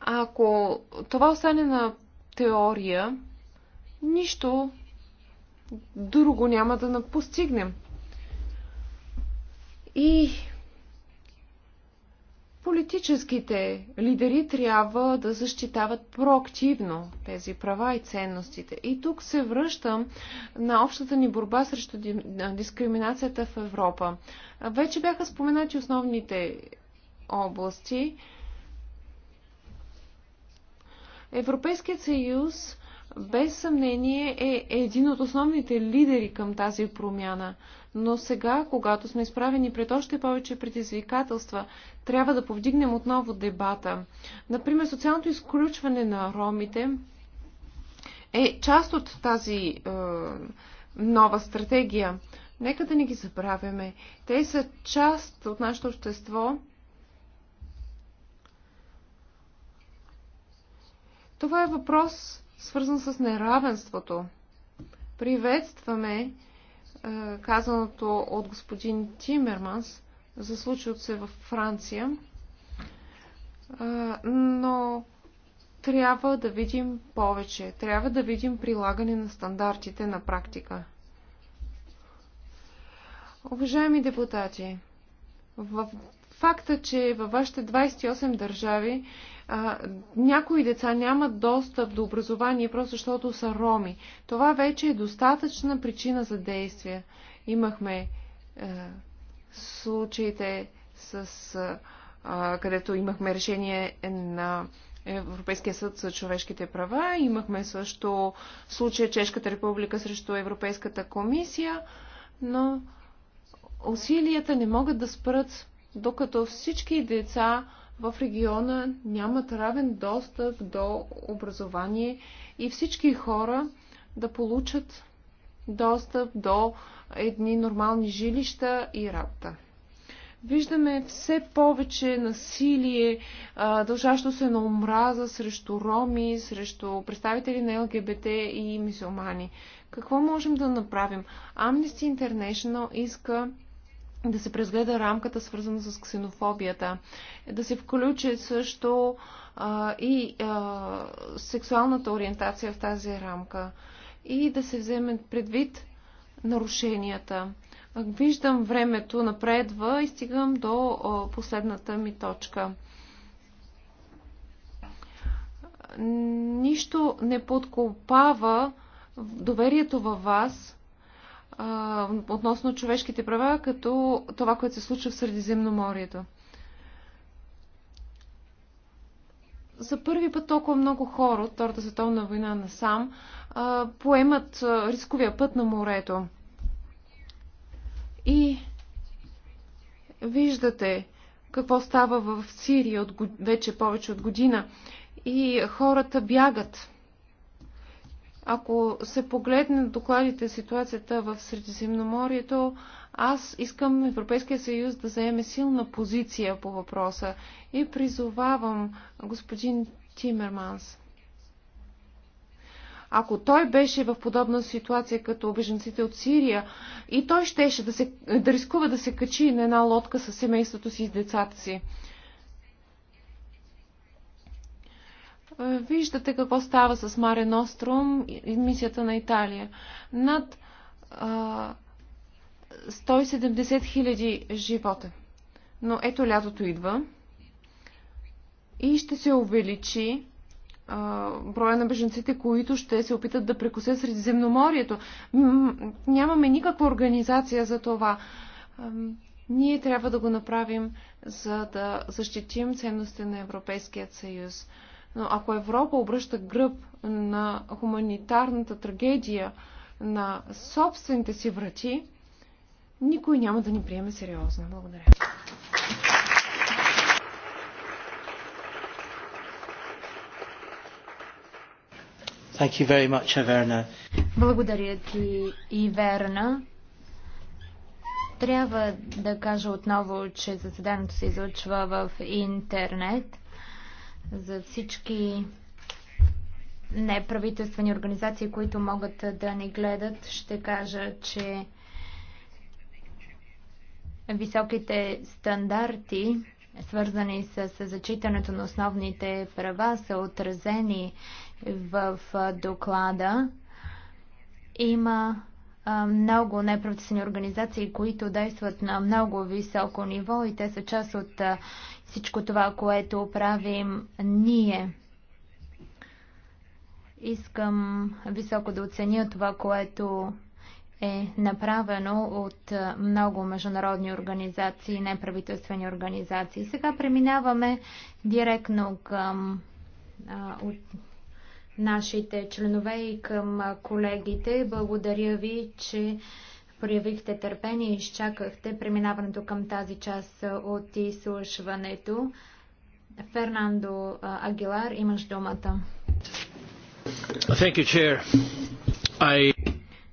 ако това остане на теория, нищо друго няма да постигнем. И Политическите лидери трябва да защитават проактивно тези права и ценностите. И тук се връщам на общата ни борба срещу дискриминацията в Европа. Вече бяха споменати основните области. Европейският съюз без съмнение е един от основните лидери към тази промяна. Но сега, когато сме изправени пред още повече предизвикателства, трябва да повдигнем отново дебата. Например, социалното изключване на ромите е част от тази е, нова стратегия. Нека да не ги забравяме. Те са част от нашето общество. Това е въпрос, свързан с неравенството. Приветстваме е, казаното от господин Тимерманс за случилото се във Франция, е, но трябва да видим повече. Трябва да видим прилагане на стандартите на практика. Уважаеми депутати, в факта, че във вашите 28 държави а, някои деца нямат достъп до образование просто защото са роми. Това вече е достатъчна причина за действие. Имахме а, е, случаите с. Е, а, където имахме решение на Европейския съд за човешките права. Имахме също случая Чешката република срещу Европейската комисия, но усилията не могат да спрат, докато всички деца в региона нямат равен достъп до образование и всички хора да получат достъп до едни нормални жилища и работа. Виждаме все повече насилие, дължащо се на омраза срещу роми, срещу представители на ЛГБТ и мисиомани. Какво можем да направим? Amnesty International иска да се презгледа рамката, свързана с ксенофобията, да се включи също а, и а, сексуалната ориентация в тази рамка и да се вземе предвид нарушенията. Виждам времето напредва и стигам до а, последната ми точка. Нищо не подкопава доверието във вас – а, относно човешките права, като това, което се случва в Средиземноморието. За първи път толкова много хора от Втората световна война насам а, поемат а, рисковия път на морето. И виждате какво става в Сирия от, вече повече от година. И хората бягат ако се погледне докладите ситуацията в Средиземноморието, аз искам Европейския съюз да заеме силна позиция по въпроса и призовавам господин Тимерманс. Ако той беше в подобна ситуация като беженците от Сирия и той щеше да, се, да рискува да се качи на една лодка с семейството си и с децата си, Е, виждате какво става с Маре Ностром и мисията на Италия. Над а, 170 хиляди живота. Но ето лятото идва и ще се увеличи а, броя на беженците, които ще се опитат да прекусят Средиземноморието. Нямаме никаква организация за това. А, ние трябва да го направим, за да защитим ценностите на Европейският съюз. Но ако Европа обръща гръб на хуманитарната трагедия на собствените си врати, никой няма да ни приеме сериозно. Благодаря. Thank you very much, Аверна. Благодаря ти, Иверна. Трябва да кажа отново, че заседанието се излъчва в интернет за всички неправителствени организации, които могат да ни гледат, ще кажа, че високите стандарти, свързани с зачитането на основните права, са отразени в доклада. Има много неправителствени организации, които действат на много високо ниво и те са част от всичко това, което правим ние. Искам високо да оценя това, което е направено от много международни организации и неправителствени организации. Сега преминаваме директно към а, от нашите членове и към колегите. Благодаря ви, че проявихте търпение и изчакахте преминаването към тази част от изслушването. Фернандо Агилар, имаш думата. Thank you, chair. I...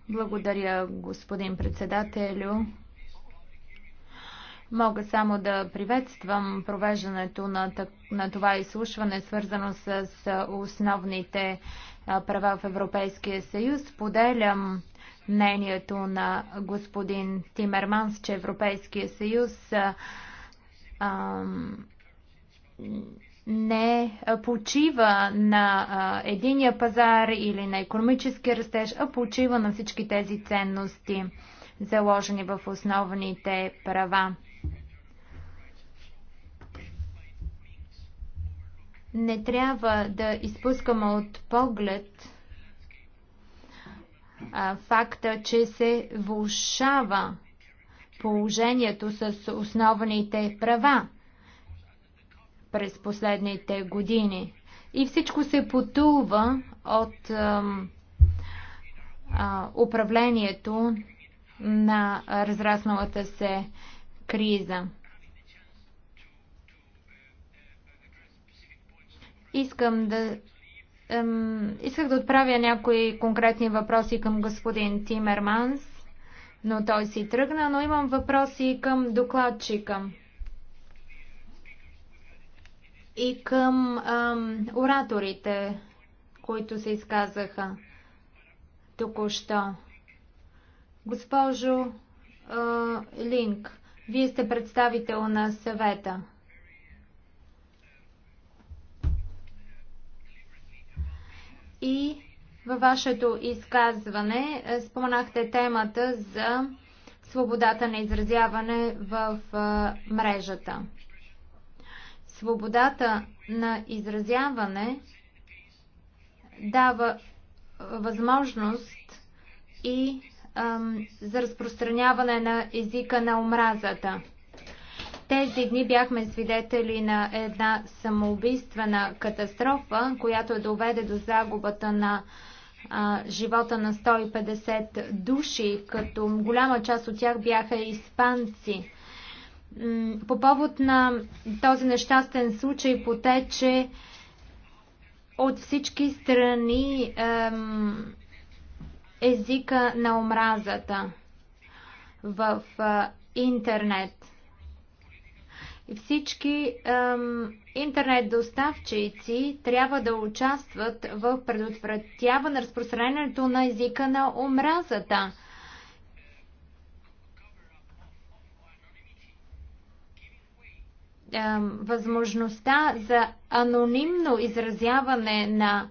Благодаря, господин председателю. Мога само да приветствам провеждането на, на това изслушване, свързано с основните права в Европейския съюз. Поделям мнението на господин Тимерманс, че Европейския съюз а, не почива на а, единия пазар или на економически растеж, а почива на всички тези ценности, заложени в основните права. Не трябва да изпускаме от поглед а, факта, че се влушава положението с основните права през последните години. И всичко се потулва от а, а, управлението на разрасналата се криза. Искам да исках да отправя някои конкретни въпроси към господин Тимерманс, но той си тръгна, но имам въпроси към докладчика и към ам, ораторите, които се изказаха току-що. Госпожо а, е, Линк, вие сте представител на съвета. И във вашето изказване е, споменахте темата за свободата на изразяване в е, мрежата. Свободата на изразяване дава възможност и ам, за разпространяване на езика на омразата. Тези дни бяхме свидетели на една самоубийствена катастрофа, която е доведе до загубата на а, живота на 150 души, като голяма част от тях бяха испанци. По повод на този нещастен случай потече от всички страни ем, езика на омразата в интернет. Всички ем, интернет доставчици трябва да участват в предотвратяване разпространението на езика на омразата. възможността за анонимно изразяване на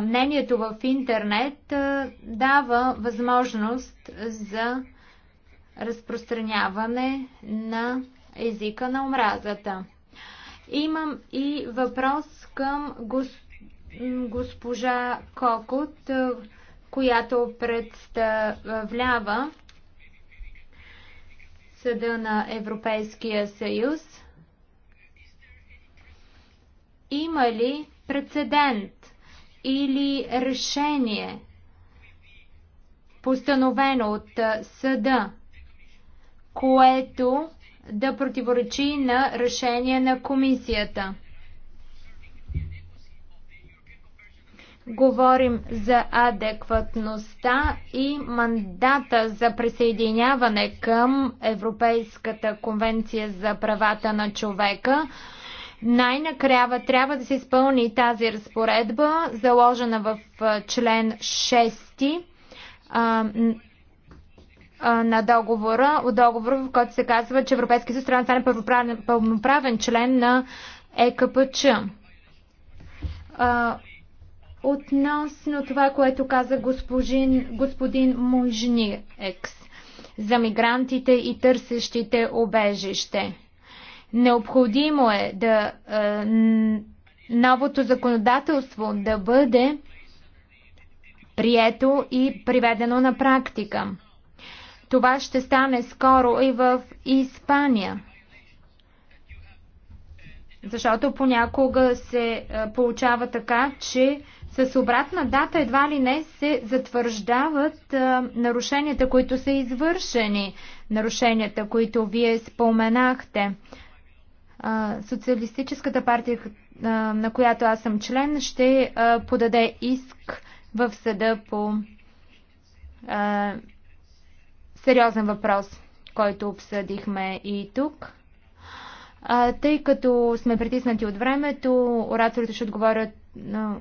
мнението в интернет дава възможност за разпространяване на езика на омразата. Имам и въпрос към гос... госпожа Кокот, е, която представлява Съда на Европейския съюз. Има ли прецедент или решение, постановено от е, съда, което да противоречи на решение на комисията. Говорим за адекватността и мандата за присъединяване към Европейската конвенция за правата на човека. Най-накрая трябва да се изпълни тази разпоредба, заложена в член 6 на договора, от договора, в който се казва, че Европейския съюз трябва да стане пълноправен, член на ЕКПЧ. Относно това, което каза господин, господин Екс за мигрантите и търсещите обежище. Необходимо е да е, новото законодателство да бъде прието и приведено на практика. Това ще стане скоро и в Испания. Защото понякога се е, получава така, че с обратна дата едва ли не се затвърждават е, нарушенията, които са извършени, нарушенията, които вие споменахте. Е, социалистическата партия, на която аз съм член, ще подаде иск в съда по сериозен въпрос, който обсъдихме и тук. А, тъй като сме притиснати от времето, ораторите ще отговорят на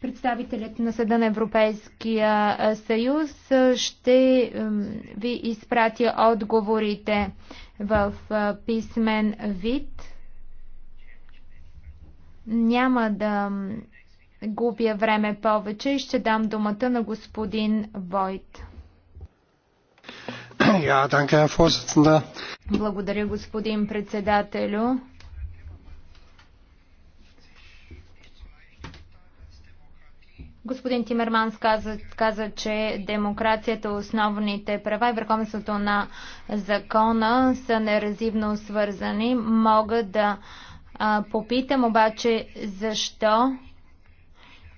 представителят на Съда на Европейския съюз. Ще ви изпратя отговорите в писмен вид. Няма да губя време повече и ще дам думата на господин Войт. Ja, danke, Herr Vorsitzender. Благодаря, господин председателю. Господин Тимерманс каза, каза, че демокрацията, основните права и върховенството на закона са неразивно свързани. Мога да а, попитам обаче защо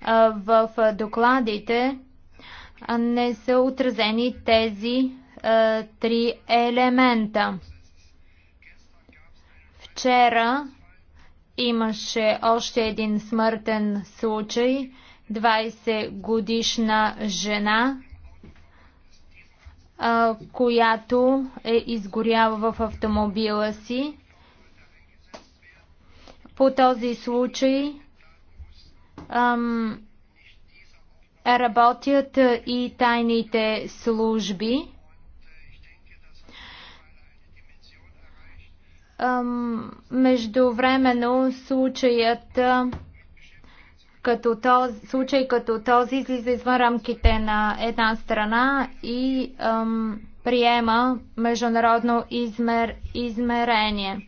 а, в докладите не са отразени тези е, три елемента. Вчера имаше още един смъртен случай. 20 годишна жена, е, която е изгоряла в автомобила си. По този случай работят и тайните служби. Междувременно случаят като този, случай като този излиза извън рамките на една страна и ам, приема международно измер, измерение.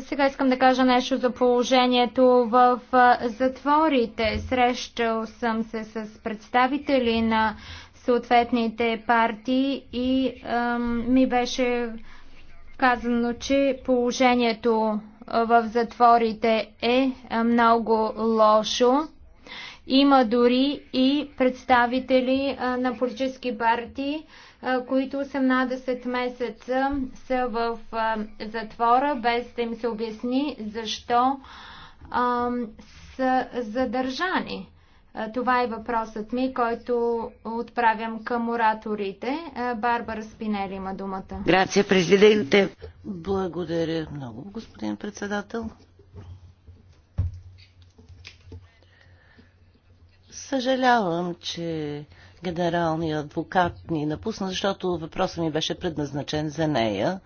Сега искам да кажа нещо за положението в затворите. Срещал съм се с представители на съответните партии и а, ми беше казано, че положението в затворите е много лошо. Има дори и представители на политически партии, които 18 месеца са в затвора, без да им се обясни защо са задържани. Това е въпросът ми, който отправям към ораторите. Барбара Спинели има думата. Грация, президенте. Благодаря много, господин председател. Съжалявам, че генералният адвокат ни напусна, защото въпросът ми беше предназначен за нея.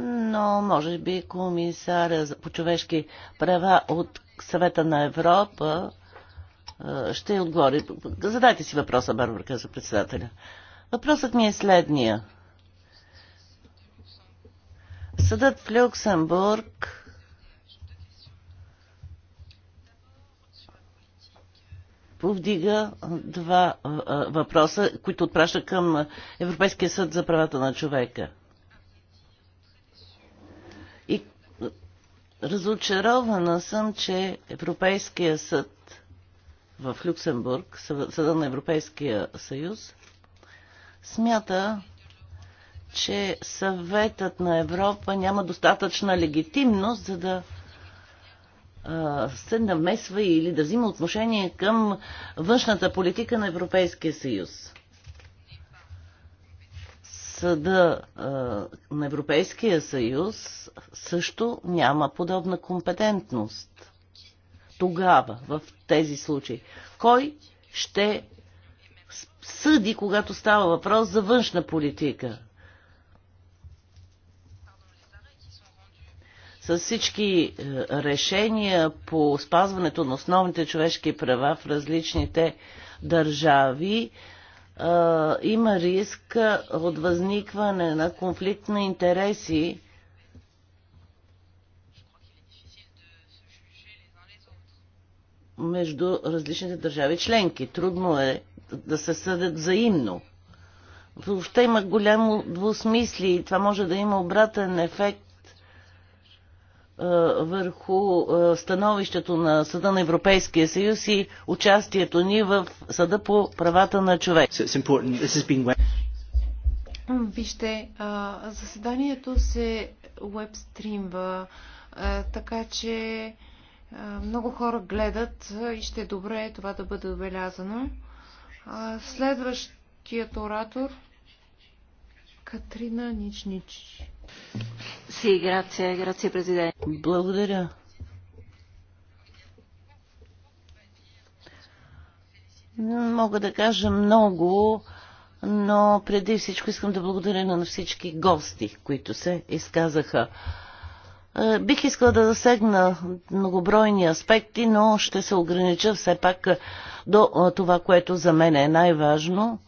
Но, може би, комисаря по човешки права от Съвета на Европа ще отгоре. Задайте си въпроса, Барбара, каза председателя. Въпросът ми е следния. Съдът в Люксембург повдига два въпроса, които отпраща към Европейския съд за правата на човека. И разочарована съм, че Европейския съд в Люксембург, Съда на Европейския съюз, смята, че съветът на Европа няма достатъчна легитимност, за да се намесва или да взима отношение към външната политика на Европейския съюз. Съда на Европейския съюз също няма подобна компетентност тогава, в тези случаи? Кой ще съди, когато става въпрос за външна политика? С всички е, решения по спазването на основните човешки права в различните държави, е, има риск от възникване на конфликт на интереси между различните държави членки. Трудно е да се съдят взаимно. Въобще има голямо двусмисли и това може да има обратен ефект е, върху е, становището на Съда на Европейския съюз и участието ни в Съда по правата на човек. Вижте, заседанието се вебстримва, така че много хора гледат и ще е добре това да бъде отбелязано. Следващият оратор Катрина Ничнич. Си, грация, грация, президент. Благодаря. Мога да кажа много, но преди всичко искам да благодаря на всички гости, които се изказаха. Бих искала да засегна многобройни аспекти, но ще се огранича все пак до това, което за мен е най-важно.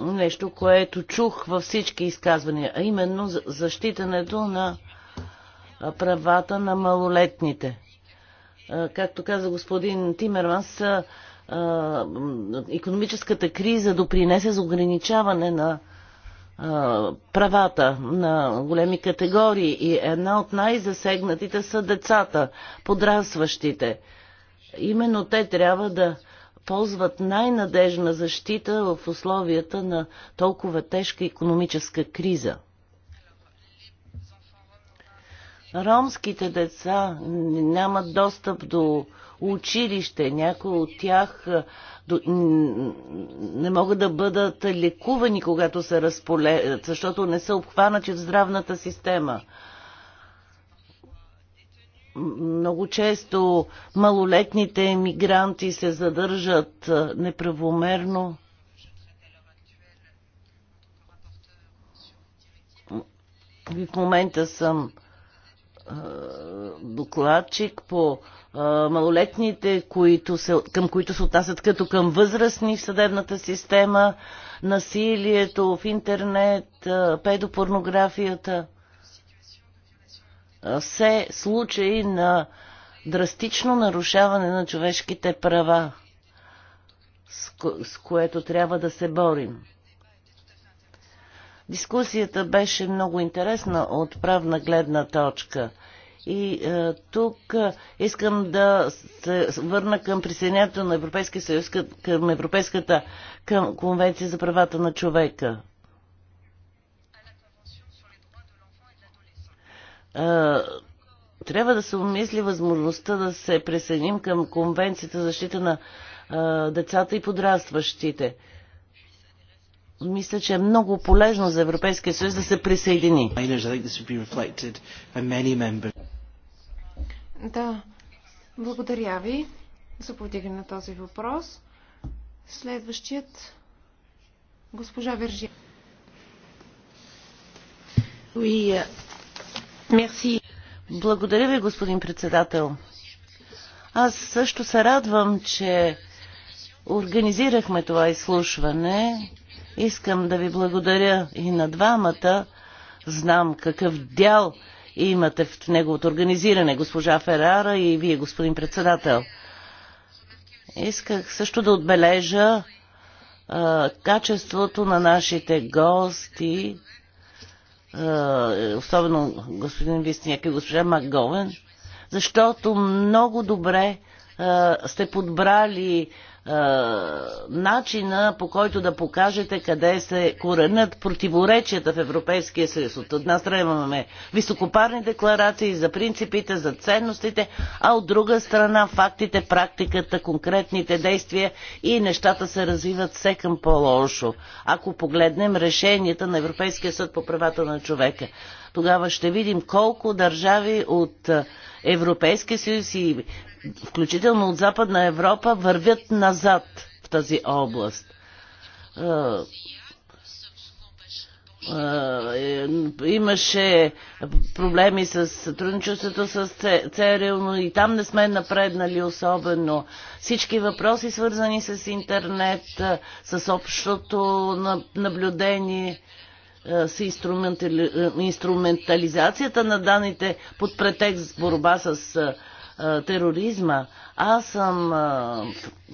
Нещо, което чух във всички изказвания, а именно защитането на правата на малолетните. Както каза господин Тимерманс, економическата криза допринесе за ограничаване на правата на големи категории и една от най-засегнатите са децата, подрастващите. Именно те трябва да ползват най-надежна защита в условията на толкова тежка економическа криза. Ромските деца нямат достъп до училище. Някои от тях не могат да бъдат лекувани, когато се разполеят, защото не са обхванати в здравната система. Много често малолетните емигранти се задържат неправомерно. В момента съм докладчик по малолетните, които се, към които се отнасят като към възрастни в съдебната система, насилието в интернет, педопорнографията. Все случаи на драстично нарушаване на човешките права, с, ко- с което трябва да се борим. Дискусията беше много интересна от правна гледна точка – и а, е, тук а, е, искам да се върна към присъединяването на Европейския съюз към Европейската към конвенция за правата на човека. А, е, трябва да се умисли възможността да се присъединим към Конвенцията за защита на а, децата и подрастващите. Мисля, че е много полезно за Европейския съюз да се присъедини. Да, благодаря ви за повдигане на този въпрос. Следващият госпожа Вержи. Oui, merci. Благодаря ви, господин председател. Аз също се радвам, че организирахме това изслушване. Искам да ви благодаря и на двамата. Знам какъв дял имате в неговото организиране, госпожа Ферара и вие, господин председател. Исках също да отбележа а, качеството на нашите гости, а, особено господин Вистиняк и госпожа Макговен, защото много добре а, сте подбрали е, начина по който да покажете къде се коренят противоречията в Европейския съюз. От една страна имаме високопарни декларации за принципите, за ценностите, а от друга страна фактите, практиката, конкретните действия и нещата се развиват все към по-лошо. Ако погледнем решенията на Европейския съд по правата на човека тогава ще видим колко държави от е, Европейския съюз и включително от Западна Европа вървят назад в тази област. Е, е, имаше проблеми с сътрудничеството с ЦРУ, и там не сме напреднали особено. Всички въпроси, свързани с интернет, с общото наблюдение, се е, инструментализацията на данните под претекст борба с е, е, тероризма. Аз съм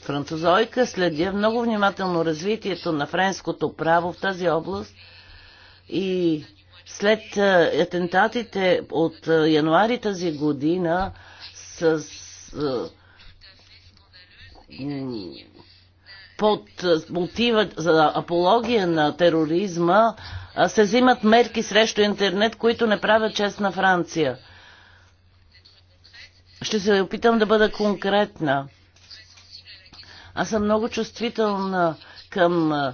французойка, следя много внимателно развитието на френското право в тази област и след атентатите от януари тази година с под мотива за апология на тероризма се взимат мерки срещу интернет, които не правят чест на Франция. Ще се опитам да бъда конкретна. Аз съм много чувствителна към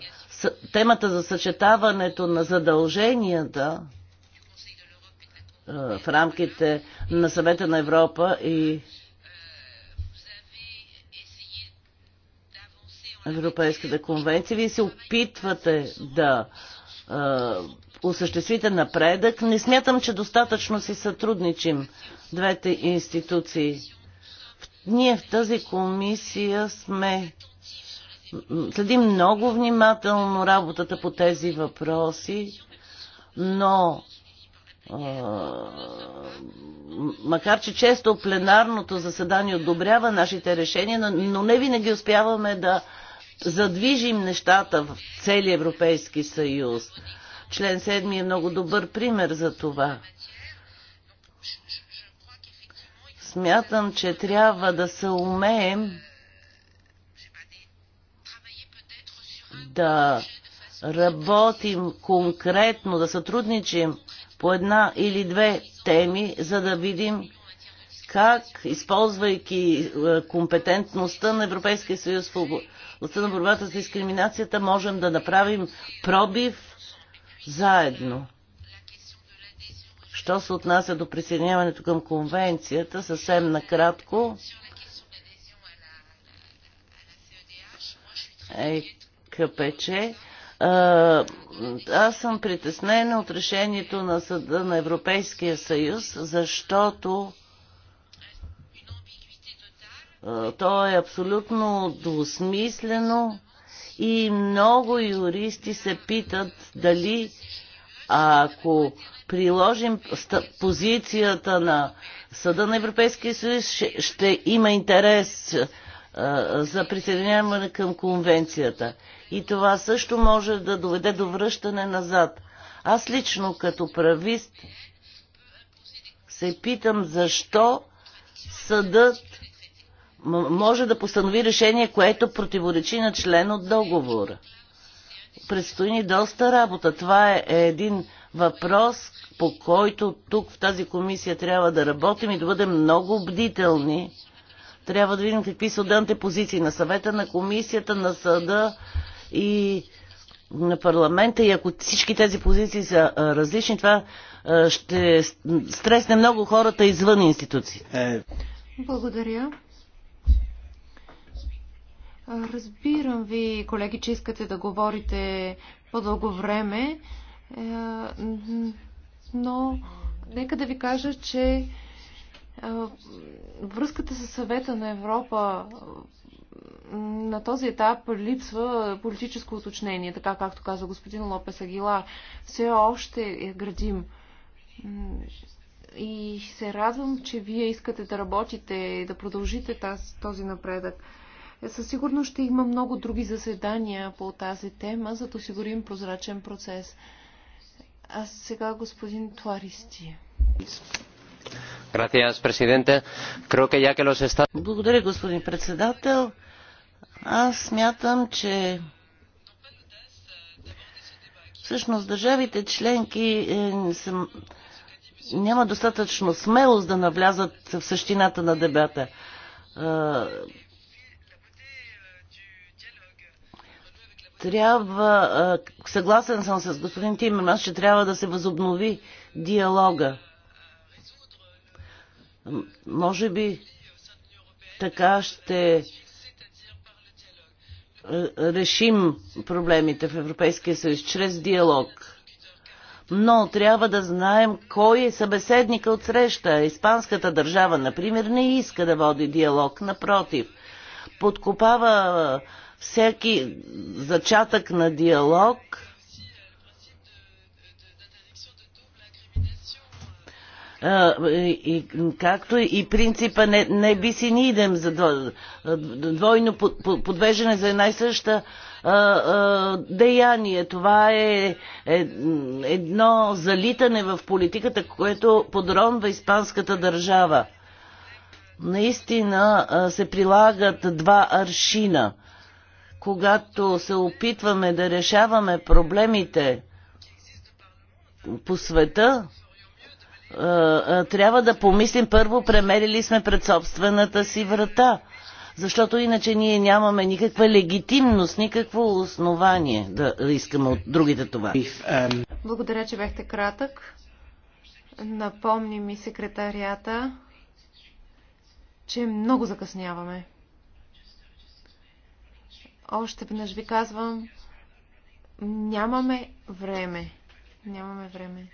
темата за съчетаването на задълженията в рамките на съвета на Европа и Европейската конвенция. Вие се опитвате да осъществите напредък. Не смятам, че достатъчно си сътрудничим двете институции. Ние в тази комисия сме следим много внимателно работата по тези въпроси, но макар че често пленарното заседание одобрява нашите решения, но не винаги успяваме да задвижим нещата в целия Европейски съюз. Член 7 е много добър пример за това. Смятам, че трябва да се умеем да работим конкретно, да сътрудничим по една или две теми, за да видим как, използвайки е, компетентността на Европейския съюз в областта на борбата с дискриминацията можем да направим пробив заедно. Що се отнася до присъединяването към конвенцията, съвсем накратко, е КПЧ, аз съм притеснена от решението на Съда на Европейския съюз, защото то е абсолютно двусмислено и много юристи се питат дали ако приложим позицията на Съда на Европейския съюз, ще, има интерес за присъединяване към конвенцията. И това също може да доведе до връщане назад. Аз лично като правист се питам защо съдът може да постанови решение, което противоречи на член от договора. Предстои ни доста работа. Това е, е един въпрос, по който тук в тази комисия трябва да работим и да бъдем много бдителни. Трябва да видим какви са отделните позиции на съвета, на комисията, на съда и на парламента. И ако всички тези позиции са различни, това ще стресне много хората извън институции. Е. Благодаря. Разбирам ви, колеги, че искате да говорите по-дълго време, е, но нека да ви кажа, че е, връзката с съвета на Европа е, на този етап липсва политическо уточнение, така както каза господин Лопес Агила. Все още я градим. И се радвам, че вие искате да работите и да продължите този напредък. Със сигурност ще има много други заседания по тази тема, за да осигурим прозрачен процес. А сега господин Туаристи. Благодаря, господин председател. Аз смятам, че всъщност държавите членки е, съм, няма достатъчно смелост да навлязат в същината на дебата. Е, трябва, съгласен съм с господин Тимерман, че трябва да се възобнови диалога. Може би така ще решим проблемите в Европейския съюз чрез диалог. Но трябва да знаем кой е събеседника от среща. Испанската държава, например, не иска да води диалог. Напротив, подкопава всеки зачатък на диалог и, както и принципа не, не би си ни идем за двойно подвеждане за една и съща деяние. Това е, е едно залитане в политиката, което подронва испанската държава. Наистина се прилагат два аршина – когато се опитваме да решаваме проблемите по света, трябва да помислим първо, премерили сме пред собствената си врата, защото иначе ние нямаме никаква легитимност, никакво основание да искаме от другите това. Um, Благодаря, че бяхте кратък. Напомни ми секретарията, че много закъсняваме. Още веднъж ви казвам, нямаме време. Нямаме време.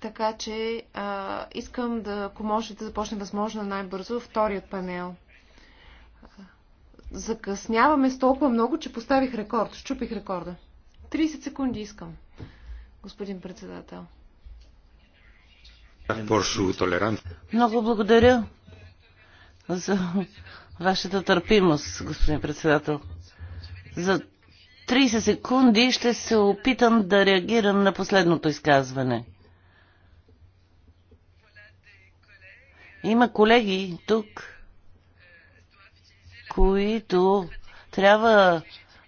Така че а, искам да, ако можете, да започне възможно най-бързо вторият панел. Закъсняваме с толкова много, че поставих рекорд. Щупих рекорда. 30 секунди искам, господин председател. Много благодаря за вашата търпимост, господин председател. За 30 секунди ще се опитам да реагирам на последното изказване. Има колеги тук, които трябва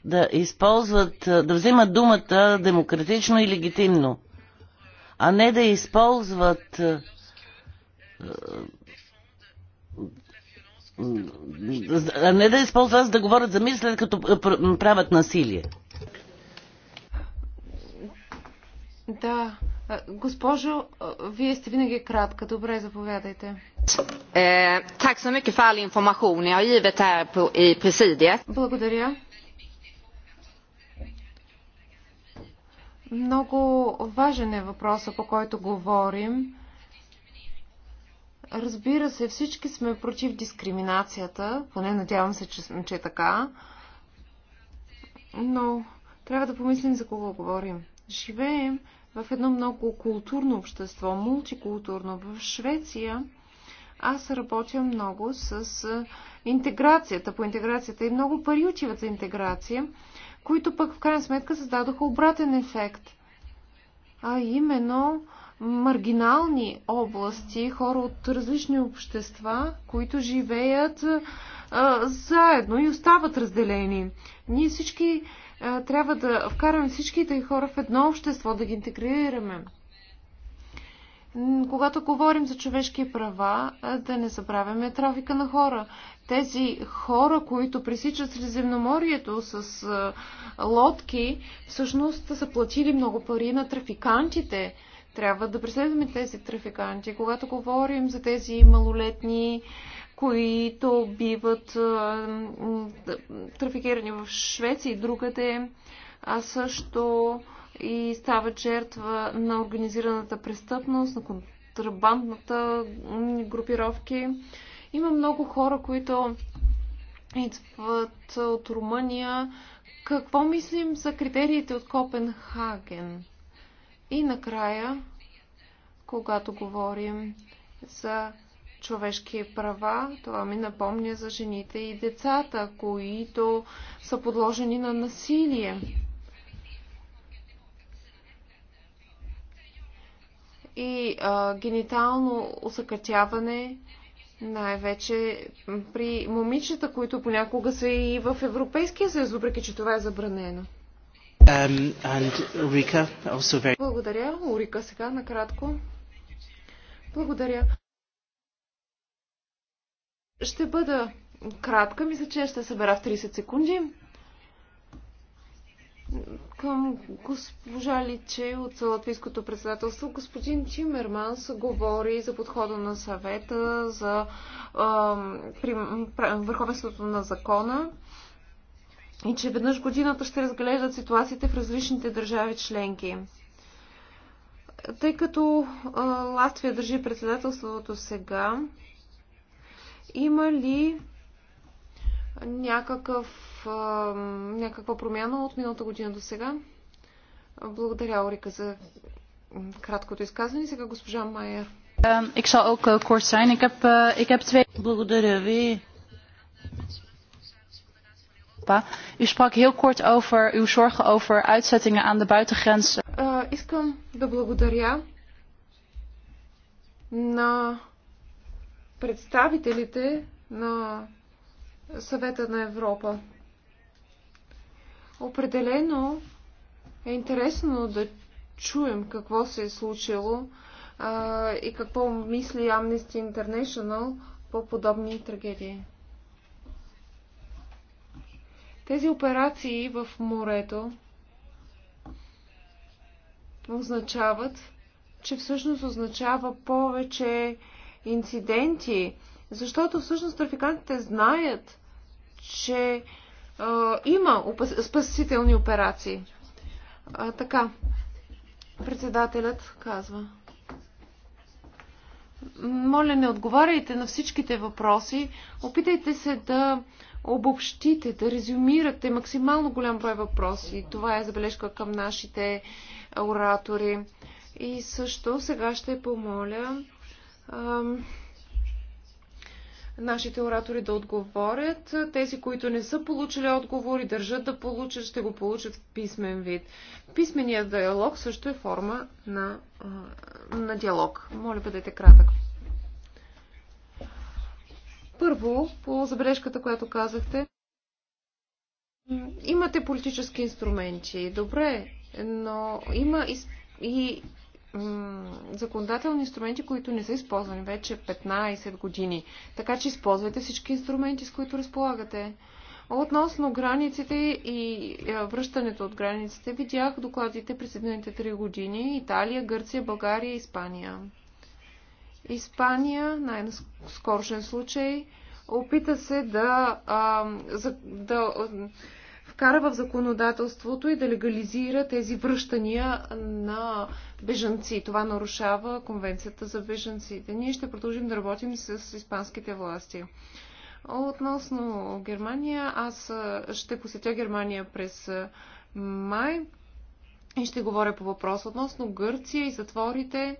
да използват, да взимат думата демократично и легитимно, а не да използват а не да използва аз да говорят за мир, след като правят насилие. Да. Госпожо, вие сте винаги кратка. Добре, заповядайте. Е, так så mycket för all information ni har givit här i presidiet. Благодаря. Много важен е въпросът, по който говорим. Разбира се, всички сме против дискриминацията, поне надявам се, че, че е така. Но трябва да помислим за кого говорим. Живеем в едно много културно общество, мултикултурно. В Швеция аз работя много с интеграцията, по интеграцията и много пари отиват за интеграция, които пък в крайна сметка създадоха обратен ефект. А именно маргинални области, хора от различни общества, които живеят а, заедно и остават разделени. Ние всички а, трябва да вкараме всичките хора в едно общество, да ги интегрираме. Когато говорим за човешки права, да не забравяме трафика на хора. Тези хора, които пресичат Средиземноморието с лодки, всъщност са платили много пари на трафикантите трябва да преследваме тези трафиканти. Когато говорим за тези малолетни, които биват трафикирани в Швеция и другаде, а също и стават жертва на организираната престъпност, на контрабандната групировки. Има много хора, които идват от Румъния. Какво мислим за критериите от Копенхаген? И накрая, когато говорим за човешки права, това ми напомня за жените и децата, които са подложени на насилие. И а, генитално усъкътяване, най-вече при момичета, които понякога са и в Европейския съюз, въпреки че това е забранено. Um, Благодаря. Урика сега накратко. Благодаря. Ще бъда кратка. Мисля, че ще събера в 30 секунди. Към госпожа Личе от Латвийското председателство, господин Тимерманс говори за подхода на съвета, за е, върховенството на закона и че веднъж годината ще разглеждат ситуациите в различните държави членки. Тъй като Латвия държи председателството сега, има ли някакъв, някаква промяна от миналата година до сега? Благодаря, Орика, за краткото изказване. Сега госпожа Майер. Е, е, Благодаря ви. Europa. U sprak heel kort over uw zorgen over uitzettingen aan de buitengrenzen. Uh, искам да благодаря на представителите на Съвета на Европа. Определено е интересно да чуем какво се е случило а, и какво мисли Amnesty International по подобни трагедии. Тези операции в морето означават, че всъщност означава повече инциденти, защото всъщност трафикантите знаят, че а, има спасителни операции. А, така, председателят казва. Моля, не отговаряйте на всичките въпроси. Опитайте се да обобщите, да резюмирате максимално голям брой въпроси. Това е забележка към нашите оратори. И също сега ще помоля ам, нашите оратори да отговорят. Тези, които не са получили отговори, държат да получат, ще го получат в писмен вид. Писменият диалог също е форма на, а, на диалог. Моля, бъдете кратък. Първо, по забележката, която казахте, имате политически инструменти, добре, но има и, и законодателни инструменти, които не са използвани вече 15 години. Така че използвайте всички инструменти, с които разполагате. Относно границите и е, връщането от границите, видях докладите през следните 3 години Италия, Гърция, България и Испания. Испания, най-скорошен случай, опита се да, а, за, да вкара в законодателството и да легализира тези връщания на бежанци. Това нарушава конвенцията за бежанците. Ние ще продължим да работим с испанските власти. Относно Германия, аз ще посетя Германия през май и ще говоря по въпрос относно Гърция и затворите.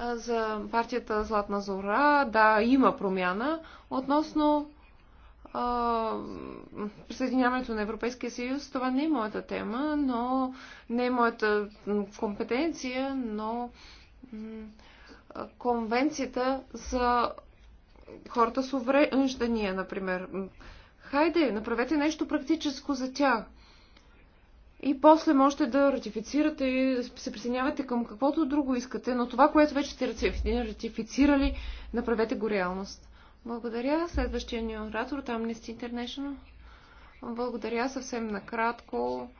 за партията Златна Зора, да, има промяна относно а, присъединяването на Европейския съюз. Това не е моята тема, но не е моята компетенция, но конвенцията за хората с увреждания, например. Хайде, направете нещо практическо за тях и после можете да ратифицирате и се присъединявате към каквото друго искате, но това, което вече сте ратифицирали, направете го реалност. Благодаря. Следващия ни оратор от Amnesty International. Благодаря съвсем накратко.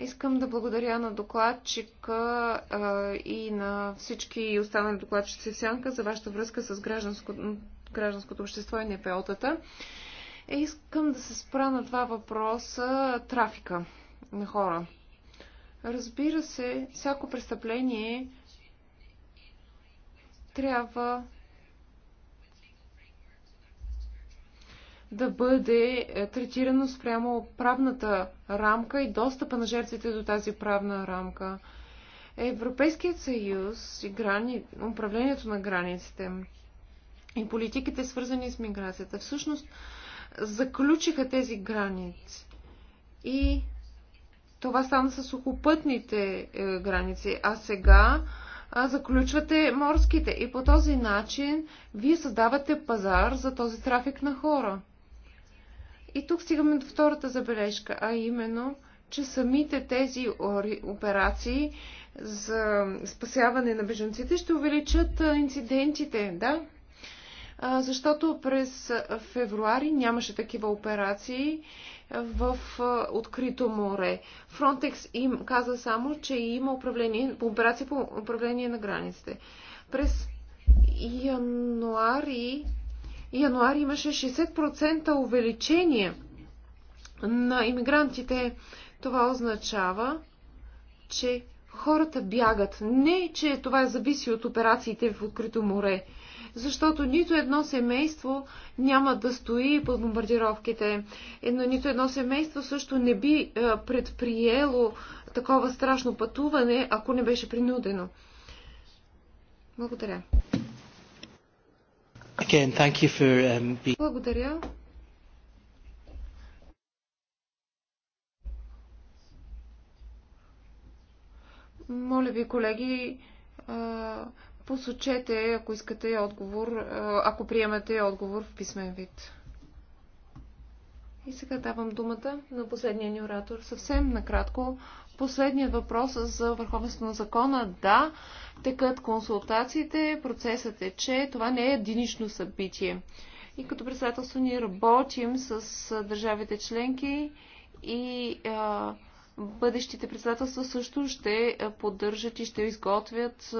Искам да благодаря на докладчика а, и на всички останали докладчици в Сянка за вашата връзка с гражданско, гражданското общество и НПО-тата. Е, искам да се спра на два въпроса. Трафика на хора. Разбира се, всяко престъпление трябва да бъде е, третирано спрямо правната рамка и достъпа на жертвите до тази правна рамка. Европейският съюз и грани... управлението на границите и политиките свързани с миграцията всъщност заключиха тези граници. И това стана с сухопътните е, граници, а сега заключвате морските. И по този начин вие създавате пазар за този трафик на хора. И тук стигаме до втората забележка, а именно, че самите тези операции за спасяване на беженците ще увеличат инцидентите. Да, защото през февруари нямаше такива операции в открито море. Фронтекс им каза само, че има управление, операции по управление на границите. През януари, януари имаше 60% увеличение на иммигрантите. Това означава, че хората бягат. Не, че това зависи от операциите в открито море защото нито едно семейство няма да стои под бомбардировките. Едно, нито едно семейство също не би е, предприело такова страшно пътуване, ако не беше принудено. Благодаря. Again, thank you for, um, being... Благодаря. Моля ви, колеги, Посочете, ако искате отговор, ако приемате отговор в писмен вид. И сега давам думата на последния ни оратор. Съвсем накратко, последният въпрос за върховенство на закона. Да, текат консултациите, процесът е, че това не е единично събитие. И като председателство ние работим с държавите членки и а, бъдещите председателства също ще поддържат и ще изготвят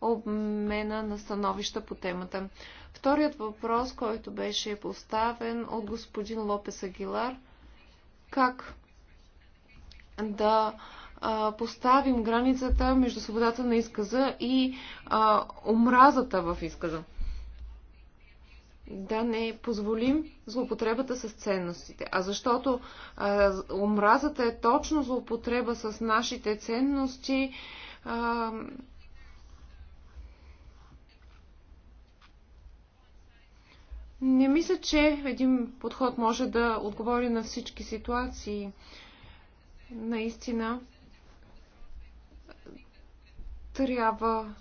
обмена на становища по темата. Вторият въпрос, който беше поставен от господин Лопес Агилар, как да поставим границата между свободата на изказа и омразата в изказа да не позволим злоупотребата с ценностите. А защото а, омразата е точно злоупотреба с нашите ценности. А, не мисля, че един подход може да отговори на всички ситуации. Наистина трябва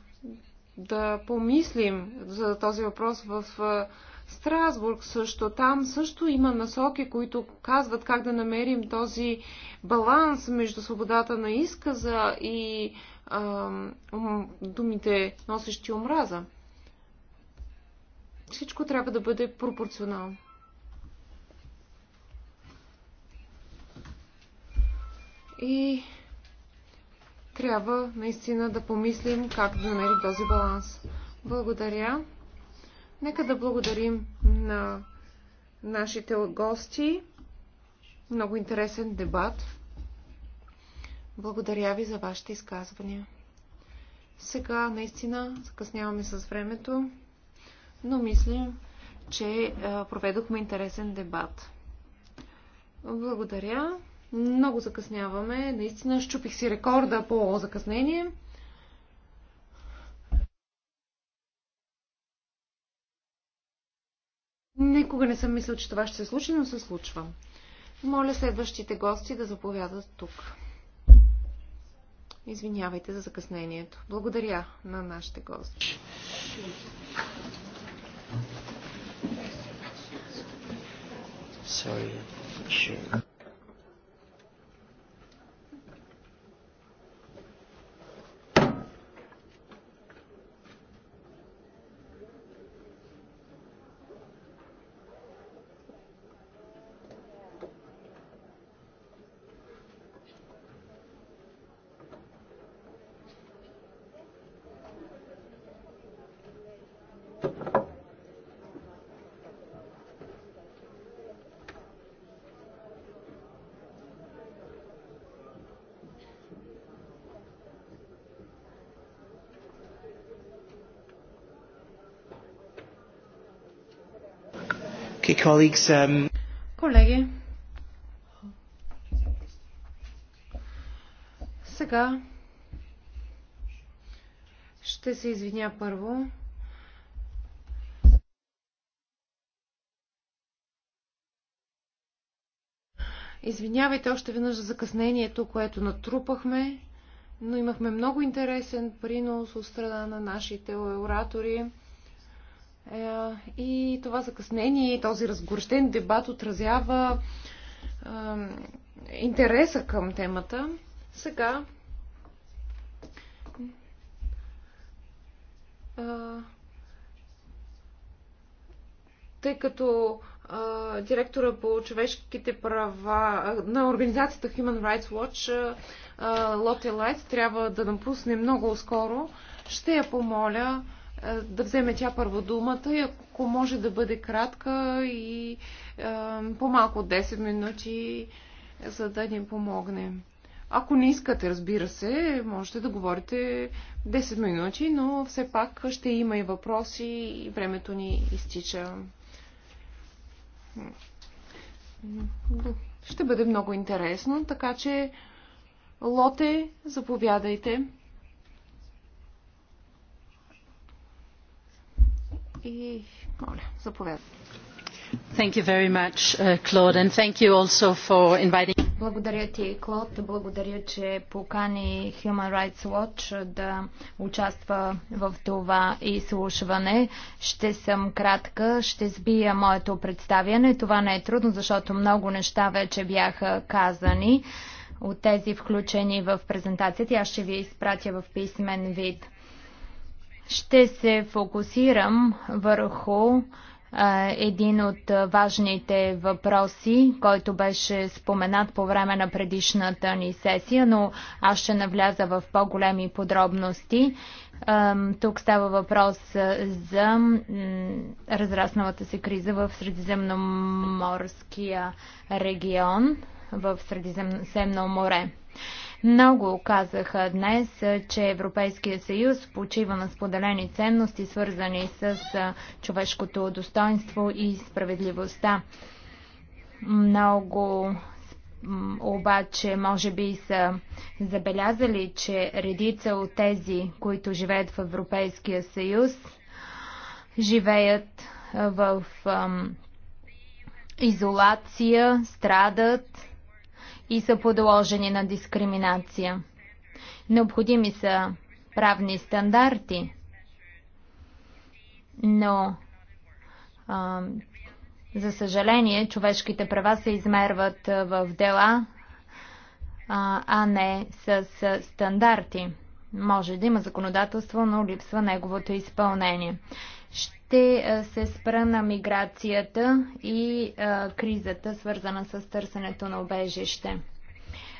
да помислим за този въпрос в Страсбург също. Там също има насоки, които казват как да намерим този баланс между свободата на изказа и ам, думите, носещи омраза. Всичко трябва да бъде пропорционално. И трябва наистина да помислим как да намерим този баланс. Благодаря. Нека да благодарим на нашите гости. Много интересен дебат. Благодаря ви за вашите изказвания. Сега наистина закъсняваме с времето, но мисля, че проведохме интересен дебат. Благодаря. Много закъсняваме. Наистина щупих си рекорда по закъснение. Никога не съм мислил, че това ще се случи, но се случва. Моля следващите гости да заповядат тук. Извинявайте за закъснението. Благодаря на нашите гости. Sorry. Sure. Um, Колеги, сега ще се извиня първо. Извинявайте още веднъж за закъснението, което натрупахме, но имахме много интересен принос от страна на нашите оратори. Е, и това закъснение, този разгорещен дебат отразява интереса към темата. Сега тъй като а, директора по човешките права на организацията Human Rights Watch Лоте Лайт трябва да напусне много скоро, ще я помоля е, да вземе тя първо думата и ако може да бъде кратка и е, по-малко от 10 минути, за да ни помогне. Ако не искате, разбира се, можете да говорите 10 минути, но все пак ще има и въпроси и времето ни изтича. Ще бъде много интересно, така че Лоте, заповядайте. и моля, заповядайте. Thank you very much, uh, Claude, and thank you also for inviting... Благодаря ти, Клод. Благодаря, че покани Human Rights Watch да участва в това изслушване. Ще съм кратка, ще сбия моето представяне. Това не е трудно, защото много неща вече бяха казани от тези включени в презентацията. Аз ще ви изпратя в писмен вид. Ще се фокусирам върху един от важните въпроси, който беше споменат по време на предишната ни сесия, но аз ще навляза в по-големи подробности. Тук става въпрос за разрасналата се криза в Средиземноморския регион, в Средиземно море. Много казаха днес, че Европейския съюз почива на споделени ценности, свързани с човешкото достоинство и справедливостта. Много обаче може би са забелязали, че редица от тези, които живеят в Европейския съюз, живеят в изолация, страдат и са подложени на дискриминация. Необходими са правни стандарти, но а, за съжаление човешките права се измерват в дела, а, а не с стандарти. Може да има законодателство, но липсва неговото изпълнение. Ще се спра на миграцията и кризата, свързана с търсенето на обежище.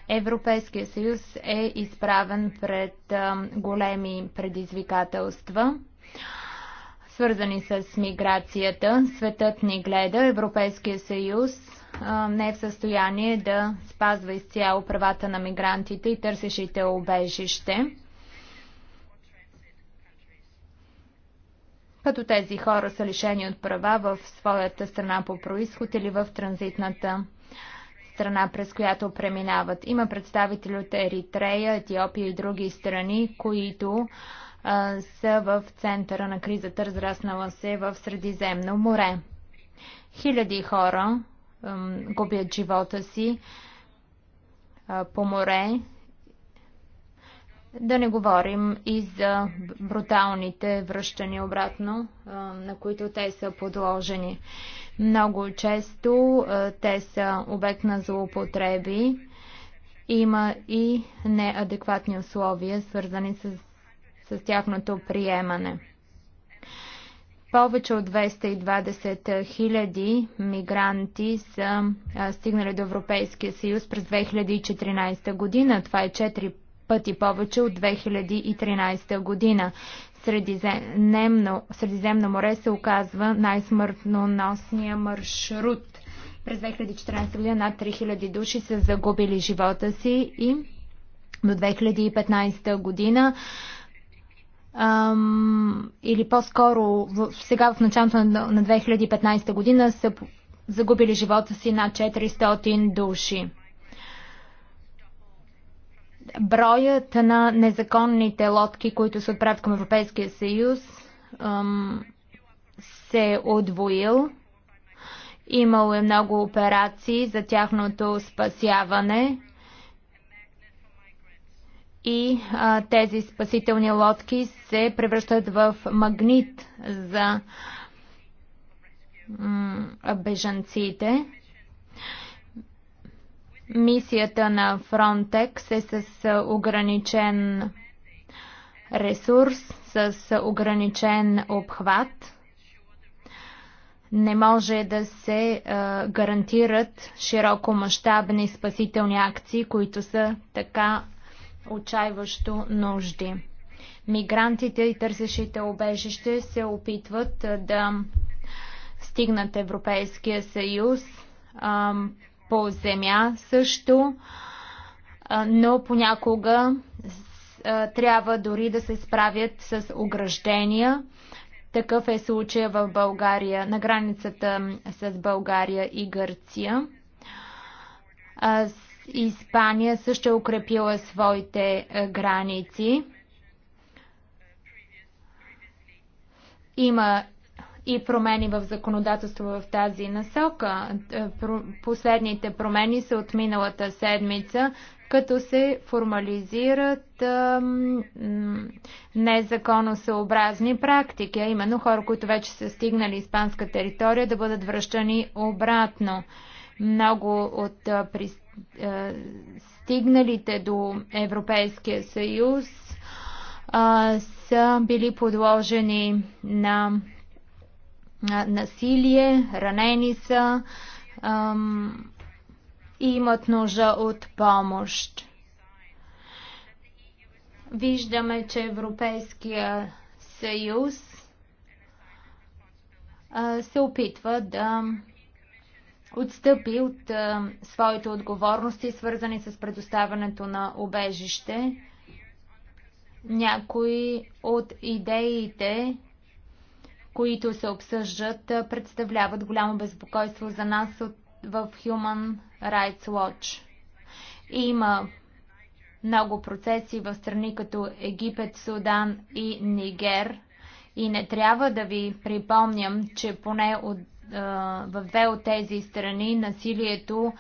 Европейския съюз е изправен пред големи предизвикателства, свързани с миграцията. Светът ни гледа. Европейския съюз не е в състояние да спазва изцяло правата на мигрантите и търсещите обежище. като тези хора са лишени от права в своята страна по происход или в транзитната страна, през която преминават. Има представители от Еритрея, Етиопия и други страни, които а, са в центъра на кризата, разраснала се в Средиземно море. Хиляди хора а, губят живота си а, по море да не говорим и за бруталните връщания обратно, на които те са подложени. Много често те са обект на злоупотреби. Има и неадекватни условия, свързани с, с тяхното приемане. Повече от 220 хиляди мигранти са стигнали до Европейския съюз през 2014 година. Това е 4 пъти повече от 2013 година. Средиземно, Средиземно море се оказва най-смъртноносния маршрут. През 2014 година над 3000 души са загубили живота си и до 2015 година ам, или по-скоро сега в началото на 2015 година са загубили живота си над 400 души. Броят на незаконните лодки, които се отправят към Европейския съюз, се е удвоил. Имало е много операции за тяхното спасяване и а, тези спасителни лодки се превръщат в магнит за бежанците. Мисията на Frontex е с ограничен ресурс, с ограничен обхват. Не може да се а, гарантират широкомащабни спасителни акции, които са така отчаиващо нужди. Мигрантите и търсещите обежище се опитват да стигнат Европейския съюз. А, по земя също, но понякога трябва дори да се справят с ограждения. Такъв е случая в България, на границата с България и Гърция. Испания също е укрепила своите е, граници. Има и промени в законодателство в тази насока. Е, последните промени са от миналата седмица, като се формализират незаконосъобразни практики, а именно хора, които вече са стигнали испанска територия, да бъдат връщани обратно. Много от стигналите до Европейския съюз са били подложени на насилие, ранени са ам, и имат нужда от помощ. Виждаме, че Европейския съюз а, се опитва да отстъпи от а, своите отговорности, свързани с предоставянето на обежище, Някои от идеите, които се обсъждат, представляват голямо безпокойство за нас в Human Rights Watch. Има много процеси в страни като Египет, Судан и Нигер. И не трябва да ви припомням, че поне от, е, в две от тези страни насилието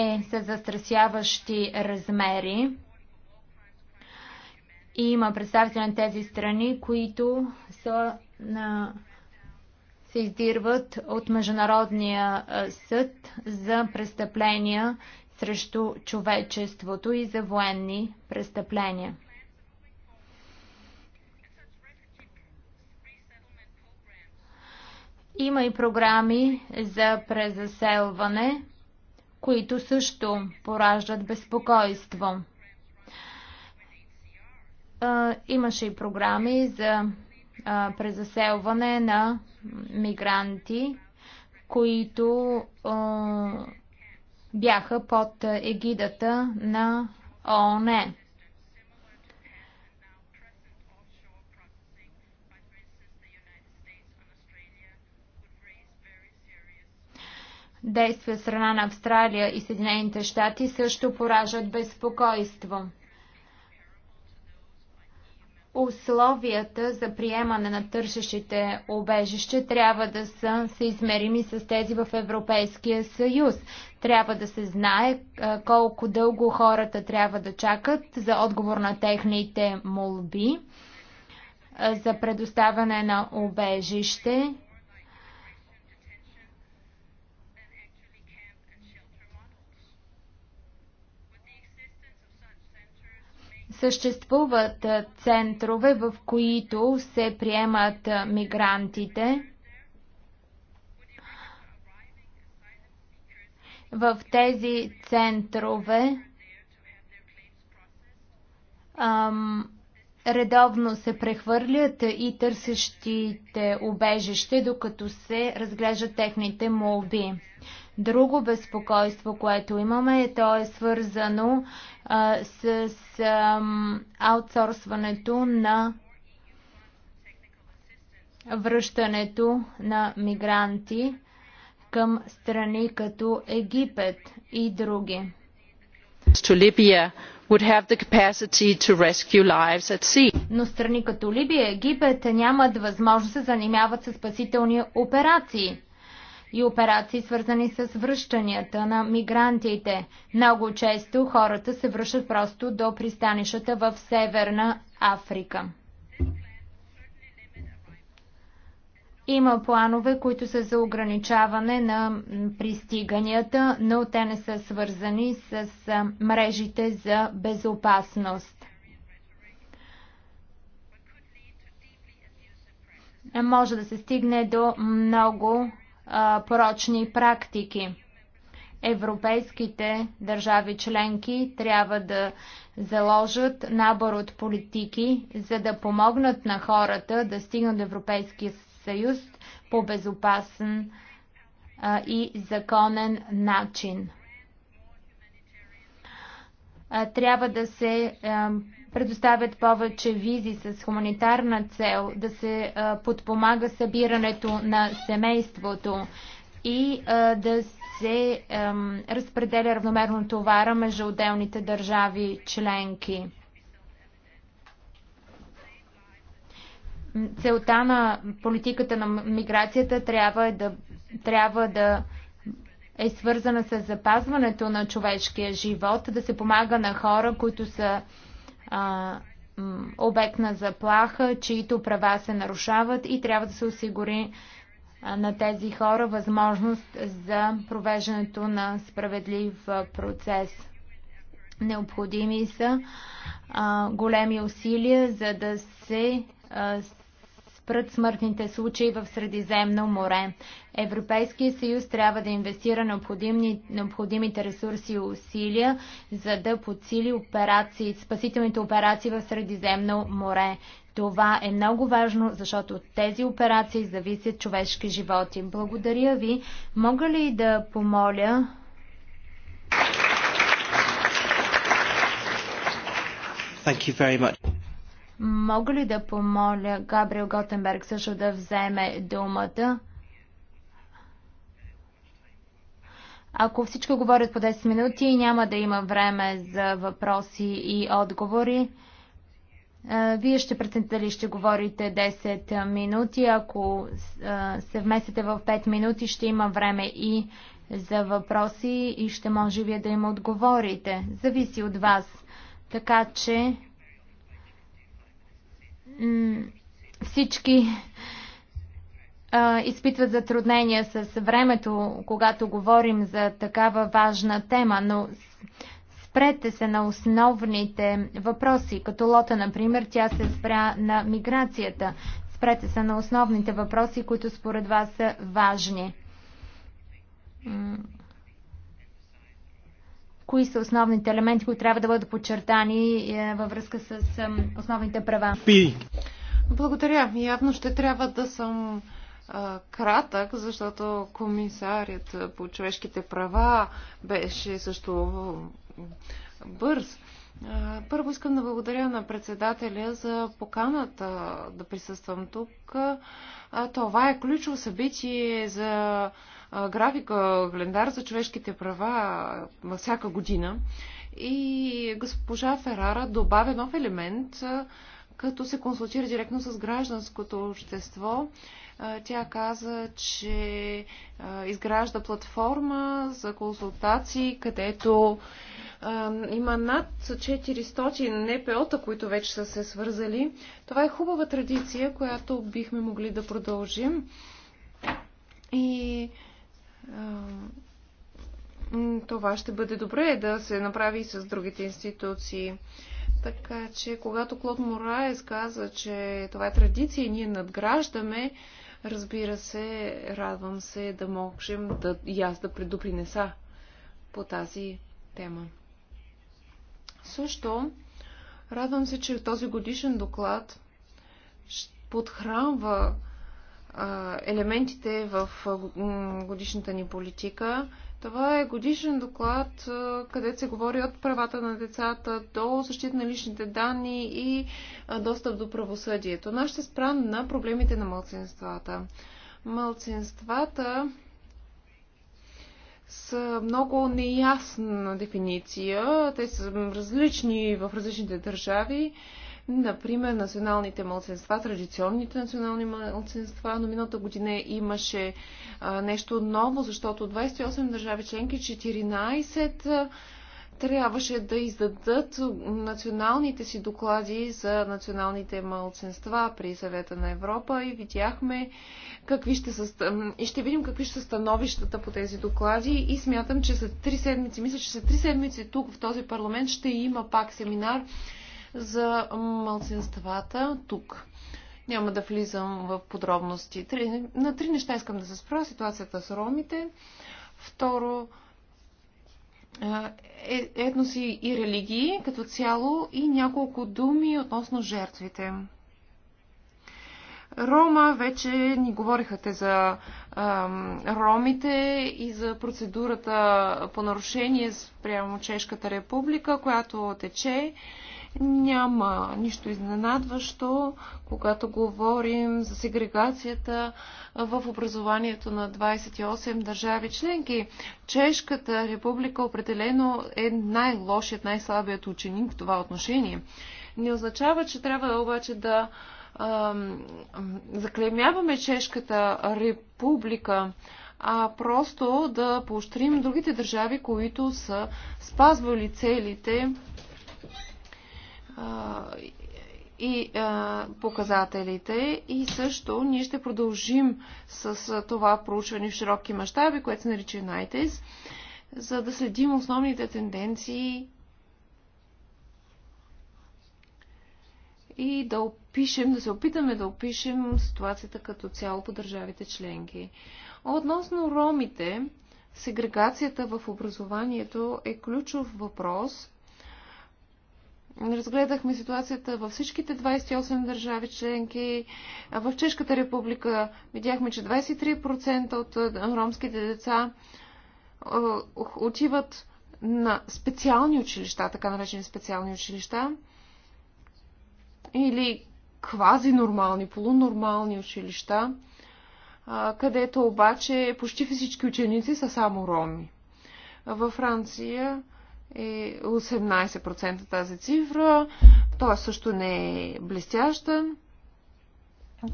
е, е със застрасяващи размери. Има представители на тези страни, които са на се издирват от Международния съд за престъпления срещу човечеството и за военни престъпления. Има и програми за презаселване, които също пораждат безпокойство имаше и програми за презаселване на мигранти, които бяха под егидата на ООН. Действия страна на Австралия и Съединените щати също поражат безпокойство. Условията за приемане на търсещите обежище трябва да са съизмерими с тези в Европейския съюз. Трябва да се знае е, колко дълго хората трябва да чакат за отговор на техните молби е, за предоставяне на обежище Съществуват центрове, в които се приемат мигрантите. В тези центрове ам, редовно се прехвърлят и търсещите убежище, докато се разглеждат техните молби. Друго безпокойство, което имаме, то е свързано а, с а, аутсорсването на връщането на мигранти към страни като Египет и други. Но страни като Либия и Египет нямат възможност да се занимават с спасителни операции и операции, свързани с връщанията на мигрантите. Много често хората се връщат просто до пристанищата в Северна Африка. Има планове, които са за ограничаване на пристиганията, но те не са свързани с мрежите за безопасност. Може да се стигне до много а, порочни практики. Европейските държави членки трябва да заложат набор от политики, за да помогнат на хората да стигнат до Европейския съюз по безопасен а, и законен начин трябва да се предоставят повече визи с хуманитарна цел, да се подпомага събирането на семейството и да се разпределя равномерно товара между отделните държави членки. Целта на политиката на миграцията трябва да, трябва да е свързана с запазването на човешкия живот, да се помага на хора, които са а, обект на заплаха, чието права се нарушават и трябва да се осигури на тези хора възможност за провеждането на справедлив процес. Необходими са а, големи усилия, за да се спрат смъртните случаи в Средиземно море. Европейския съюз трябва да инвестира необходими, необходимите ресурси и усилия, за да подсили операции, спасителните операции в Средиземно море. Това е много важно, защото от тези операции зависят човешки животи. Благодаря ви. Мога ли да помоля Thank you very much. Мога ли да помоля Габриел Готенберг също да вземе думата? Ако всичко говорят по 10 минути, няма да има време за въпроси и отговори. Вие ще прецените ли ще говорите 10 минути. Ако се вмесите в 5 минути, ще има време и за въпроси и ще може вие да им отговорите. Зависи от вас. Така че всички а, изпитват затруднения с времето, когато говорим за такава важна тема, но спрете се на основните въпроси, като Лота, например, тя се спря на миграцията. Спрете се на основните въпроси, които според вас са важни кои са основните елементи, които трябва да бъдат подчертани е, във връзка с е, основните права. Благодаря. Явно ще трябва да съм а, кратък, защото комисарят по човешките права беше също бърз. първо искам да благодаря на председателя за поканата да присъствам тук. това е ключово събитие за графика, календар за човешките права във всяка година. И госпожа Ферара добавя нов елемент, като се консултира директно с гражданското общество. Тя каза, че изгражда платформа за консултации, където има над 400 НПО-та, които вече са се свързали. Това е хубава традиция, която бихме могли да продължим. И това ще бъде добре да се направи и с другите институции. Така че, когато Клод Мораес каза, че това е традиция и ние надграждаме, разбира се, радвам се да можем да, и аз да предупринеса по тази тема. Също, радвам се, че този годишен доклад подхранва елементите в годишната ни политика. Това е годишен доклад, където се говори от правата на децата до защита на личните данни и достъп до правосъдието. Наш ще спра на проблемите на мълцинствата. Мълцинствата са много неясна дефиниция. Те са различни в различните държави. Например, националните младсенства, традиционните национални младсенства, но миналата година имаше а, нещо ново, защото 28 държави членки, 14 трябваше да издадат националните си доклади за националните малцинства при съвета на Европа и видяхме какви ще са, и ще видим какви ще са становищата по тези доклади и смятам, че след три седмици, мисля, че след три седмици тук в този парламент ще има пак семинар за мълцинствата тук. Няма да влизам в подробности. на три неща искам да се спра. Ситуацията с ромите. Второ, етноси и религии като цяло и няколко думи относно жертвите. Рома, вече ни говориха те за ам, ромите и за процедурата по нарушение спрямо Чешката република, която тече. А, няма нищо изненадващо, когато говорим за сегрегацията в образованието на 28 държави членки. Чешката република определено е най-лошият, най-слабият ученик в това отношение. Не означава, че трябва обаче да ам, заклемяваме Чешката република, а просто да поощрим другите държави, които са спазвали целите и а, показателите и също ние ще продължим с а, това проучване в широки мащаби, което се нарича Uniteds, за да следим основните тенденции и да опишем, да се опитаме да опишем ситуацията като цяло по държавите членки. Относно ромите, сегрегацията в образованието е ключов въпрос – разгледахме ситуацията във всичките 28 държави членки. В Чешката република видяхме, че 23% от ромските деца отиват на специални училища, така наречени специални училища, или квази-нормални, полунормални училища, където обаче почти всички ученици са само роми. Във Франция е 18% тази цифра. Той също не е блестяща.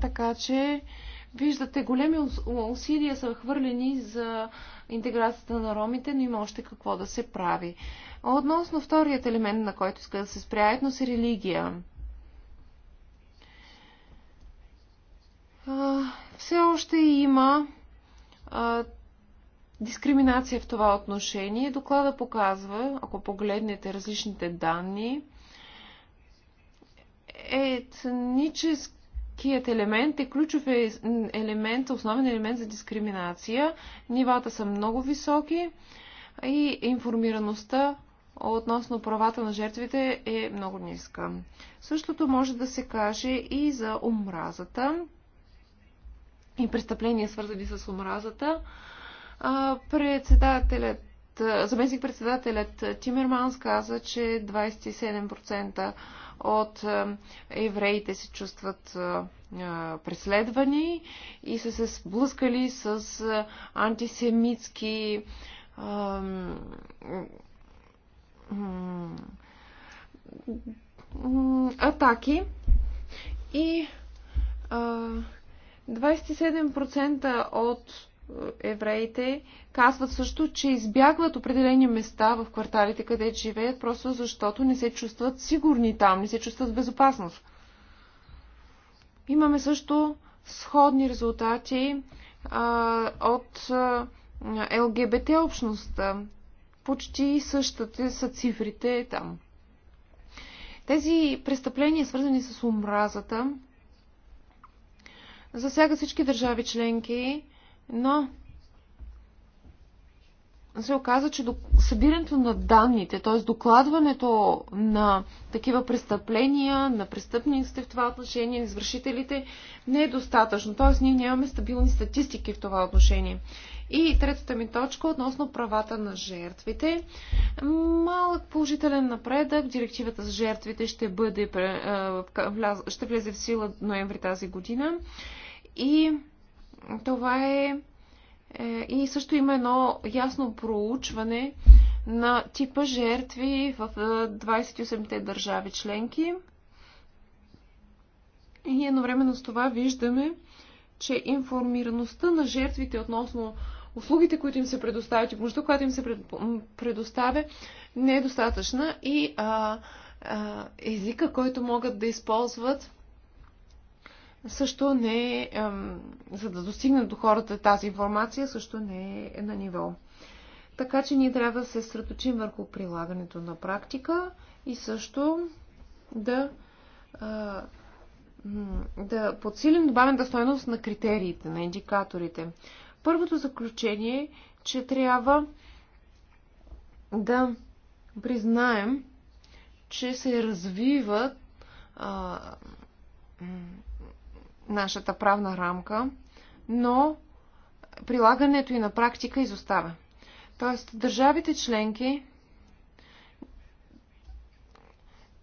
Така че виждате големи усилия са хвърлени за интеграцията на ромите, но има още какво да се прави. Относно вторият елемент, на който иска да се спря, етнос и религия. все още има дискриминация в това отношение. Доклада показва, ако погледнете различните данни, етническият елемент е ключов е, елемент, основен елемент за дискриминация. Нивата са много високи и информираността относно правата на жертвите е много ниска. Същото може да се каже и за омразата и престъпления, свързани с омразата. Председателят, заместник председателят Тимерманс каза, че 27% от евреите се чувстват преследвани и са се сблъскали с антисемитски атаки и 27% от евреите казват също, че избягват определени места в кварталите, къде живеят, просто защото не се чувстват сигурни там, не се чувстват в безопасност. Имаме също сходни резултати а, от а, ЛГБТ общността. Почти същите са цифрите там. Тези престъпления, свързани с омразата, засяга всички държави членки но се оказа, че събирането на данните, т.е. докладването на такива престъпления, на престъпниците в това отношение, на извършителите, не е достатъчно. Т.е. ние нямаме стабилни статистики в това отношение. И третата ми точка относно правата на жертвите. Малък положителен напредък. Директивата за жертвите ще, бъде, ще влезе в сила ноември тази година. И това е, е. И също има едно ясно проучване на типа жертви в 28-те е, държави членки. И едновременно с това виждаме, че информираността на жертвите относно услугите, които им се предоставят и помощта, която им се предоставя, не е достатъчна и а, а, езика, който могат да използват също не е, за да достигне до хората тази информация, също не е на ниво. Така че ние трябва да се средоточим върху прилагането на практика и също да, да подсилим добавената стоеност на критериите, на индикаторите. Първото заключение е, че трябва да признаем, че се развиват а, нашата правна рамка, но прилагането и на практика изостава. Тоест, държавите членки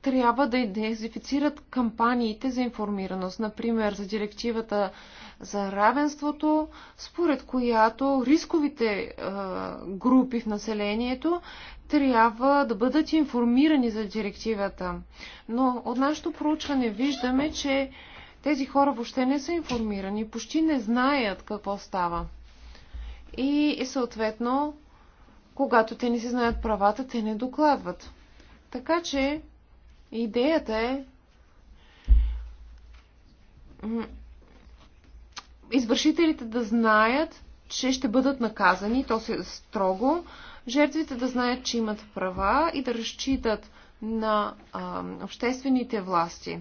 трябва да идентифицират кампаниите за информираност, например за директивата за равенството, според която рисковите е, групи в населението трябва да бъдат информирани за директивата. Но от нашето проучване виждаме, че тези хора въобще не са информирани, почти не знаят какво става. И, и съответно, когато те не си знаят правата, те не докладват. Така че, идеята е извършителите да знаят, че ще бъдат наказани, то се е строго, жертвите да знаят, че имат права и да разчитат на а, обществените власти.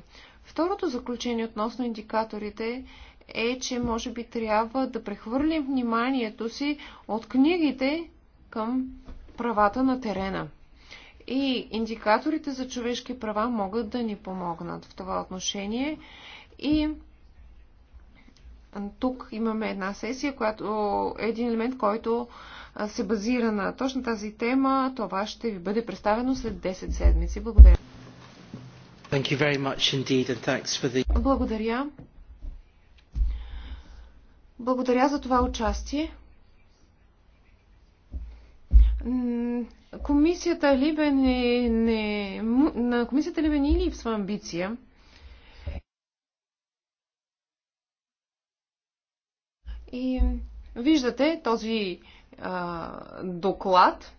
Второто заключение относно индикаторите е, че може би трябва да прехвърлим вниманието си от книгите към правата на терена. И индикаторите за човешки права могат да ни помогнат в това отношение. И тук имаме една сесия, която е един елемент, който се базира на точно тази тема. Това ще ви бъде представено след 10 седмици. Благодаря. Благодаря. Благодаря за това участие. Комисията Либе не, не, на комисията Либе не е липсва амбиция. И виждате този а, доклад,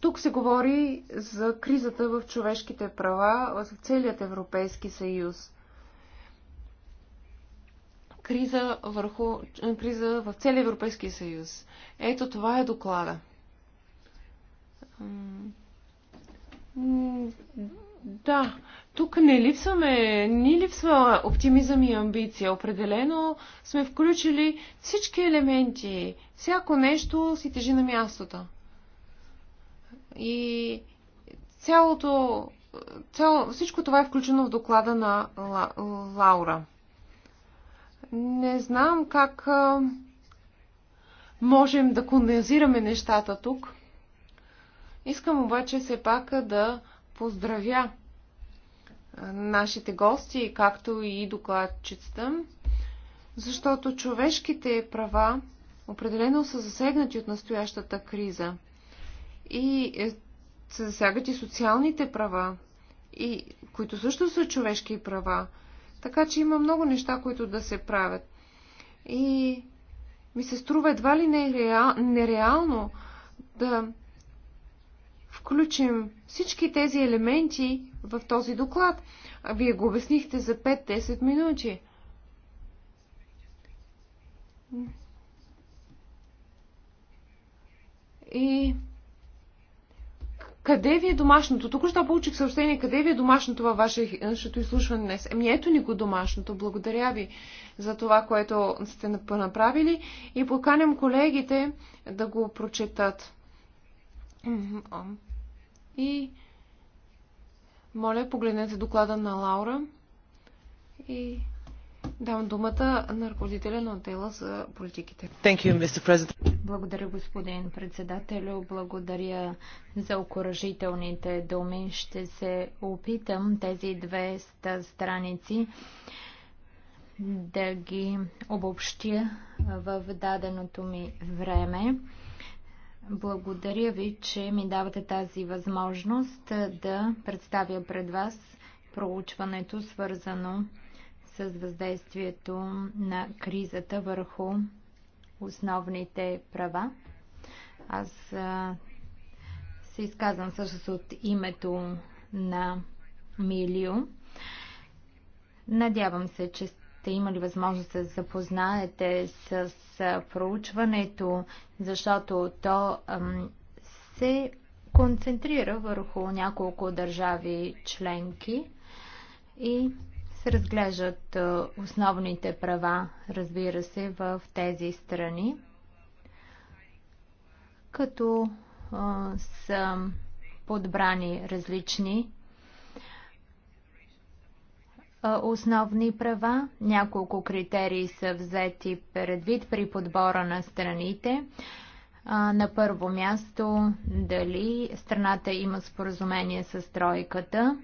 Тук се говори за кризата в човешките права в целият Европейски съюз. Криза, върху, криза в целия Европейски съюз. Ето това е доклада. Да, тук не липсваме, ни липсва оптимизъм и амбиция. Определено сме включили всички елементи. Всяко нещо си тежи на мястото. И цялото, цяло, всичко това е включено в доклада на Ла, Лаура. Не знам как а, можем да кондензираме нещата тук. Искам обаче все пак да поздравя нашите гости, както и докладчицата, защото човешките права определено са засегнати от настоящата криза – и е, се засягат и социалните права, и, които също са човешки права. Така че има много неща, които да се правят. И ми се струва едва ли нереално да включим всички тези елементи в този доклад. А вие го обяснихте за 5-10 минути. И къде ви е домашното? тук що получих съобщение, къде ви е домашното във вашето изслушване днес? Еми ето ни го домашното. Благодаря ви за това, което сте направили и поканям колегите да го прочетат. И моля, погледнете доклада на Лаура и Давам думата на ръководителя на отдела за политиките. Thank you, Mr. President. Благодаря, господин председател, Благодаря за окоръжителните думи. Ще се опитам тези 200 страници да ги обобщя в даденото ми време. Благодаря ви, че ми давате тази възможност да представя пред вас проучването, свързано с въздействието на кризата върху основните права. Аз се изказвам също от името на Милио. Надявам се, че сте имали възможност да се запознаете с проучването, защото то се концентрира върху няколко държави членки и се разглеждат е, основните права, разбира се, в тези страни, като е, са подбрани различни е, основни права. Няколко критерии са взети предвид при подбора на страните. На първо място, дали страната има споразумение с тройката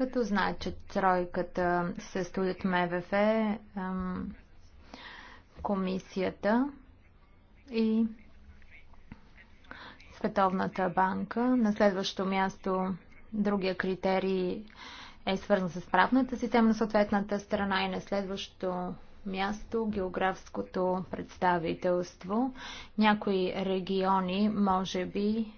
Като знаят, че тройката се стои от МВФ, комисията и Световната банка. На следващото място другия критерий е свързан с правната система на съответната страна и на следващото място географското представителство. Някои региони може би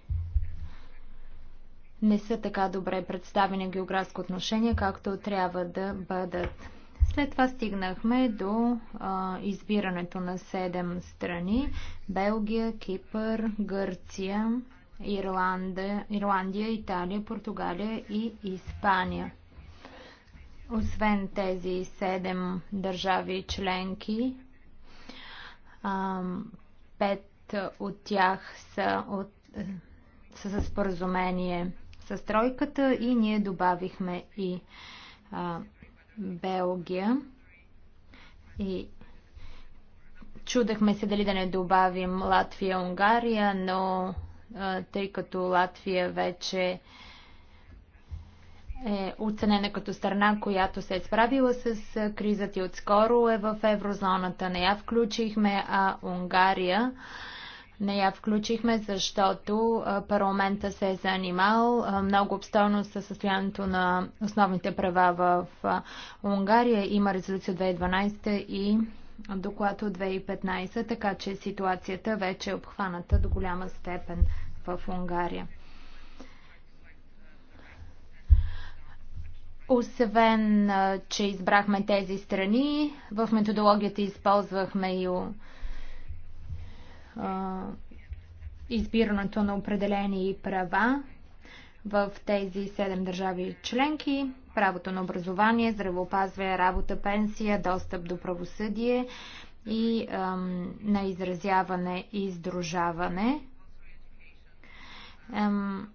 не са така добре представени географско отношение, както трябва да бъдат. След това стигнахме до а, избирането на седем страни Белгия, Кипър, Гърция, Ирландия, Ирландия, Италия, Португалия и Испания. Освен тези седем държави членки, а, от тях са, от, са със споразумение с тройката и ние добавихме и а, Белгия. И чудахме се дали да не добавим Латвия, Унгария, но а, тъй като Латвия вече е оценена като страна, която се е справила с кризата и отскоро е в еврозоната. Не я включихме, а Унгария. Не я включихме, защото парламента се е занимал много обстойно със състоянието на основните права в Унгария. Има резолюция 2012 и доклад от 2015, така че ситуацията вече е обхваната до голяма степен в Унгария. Освен, че избрахме тези страни, в методологията използвахме и избирането на определени права в тези седем държави членки. Правото на образование, здравеопазване, работа, пенсия, достъп до правосъдие и ам, на изразяване и издружаване. Ам,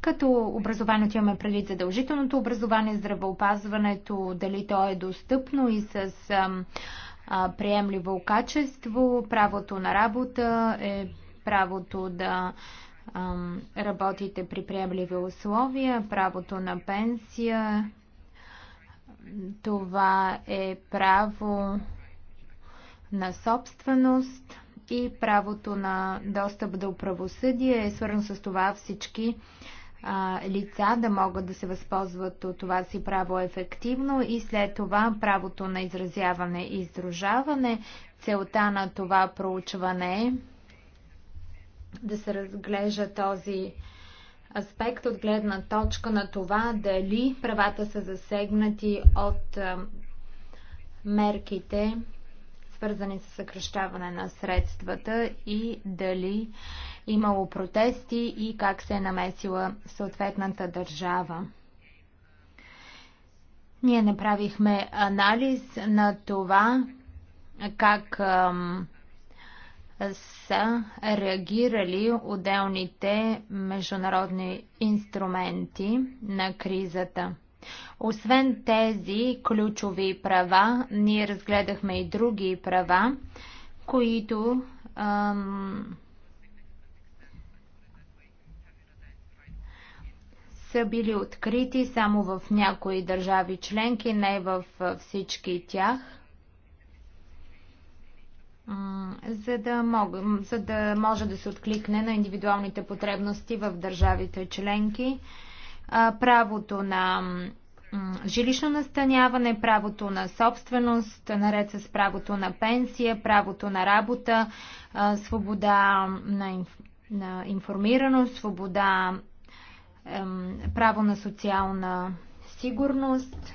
като образованието имаме предвид задължителното образование, здравеопазването, дали то е достъпно и с ам, а, приемливо качество. Правото на работа е правото да а, работите при приемливи условия, правото на пенсия. Това е право на собственост и правото на достъп до правосъдие е свързано с това всички а, лица да могат да се възползват от това си право ефективно и след това правото на изразяване и издружаване. Целта на това проучване е да се разглежда този аспект от гледна точка на това дали правата са засегнати от мерките, свързани с съкръщаване на средствата и дали имало протести и как се е намесила съответната държава. Ние направихме анализ на това как са реагирали отделните международни инструменти на кризата. Освен тези ключови права, ние разгледахме и други права, които ам, са били открити само в някои държави членки, не в всички тях, за да, мог, за да може да се откликне на индивидуалните потребности в държавите членки. Правото на жилищно настаняване, правото на собственост, наред с правото на пенсия, правото на работа, свобода на, информираност, свобода право на социална сигурност,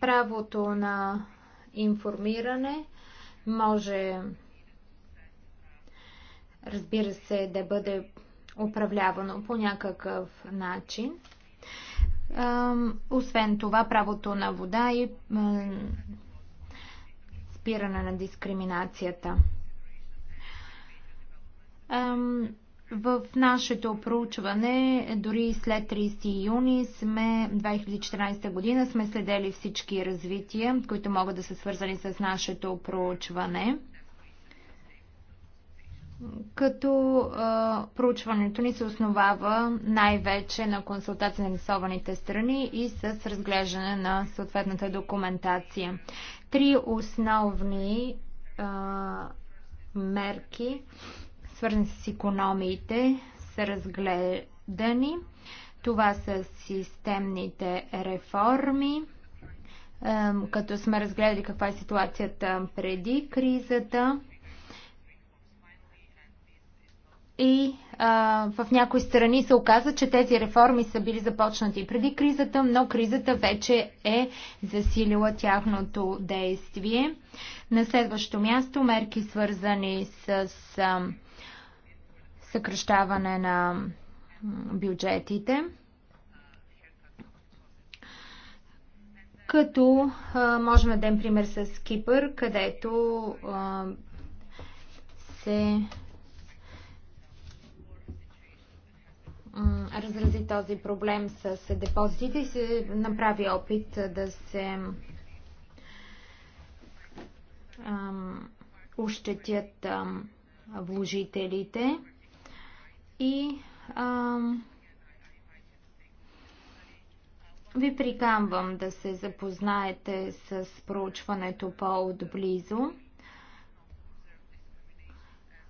правото на информиране може, разбира се, да бъде управлявано по някакъв начин. Освен това, правото на вода и спиране на дискриминацията. В нашето проучване, дори след 30 юни сме, 2014 година, сме следели всички развития, които могат да са свързани с нашето проучване. Като а, проучването ни се основава най-вече на консултация на рисованите страни и с разглеждане на съответната документация. Три основни а, мерки. А, свързани с економиите, са разгледани. Това са системните реформи, като сме разгледали каква е ситуацията преди кризата. И а, в някои страни се оказа, че тези реформи са били започнати преди кризата, но кризата вече е засилила тяхното действие. На следващо място мерки свързани с. А, съкръщаване на бюджетите. Като а, можем да дадем пример с Кипър, където а, се разрази този проблем с депозитите и се направи опит да се ам, ущетят ам, вложителите и ам, ви приканвам да се запознаете с проучването по-отблизо.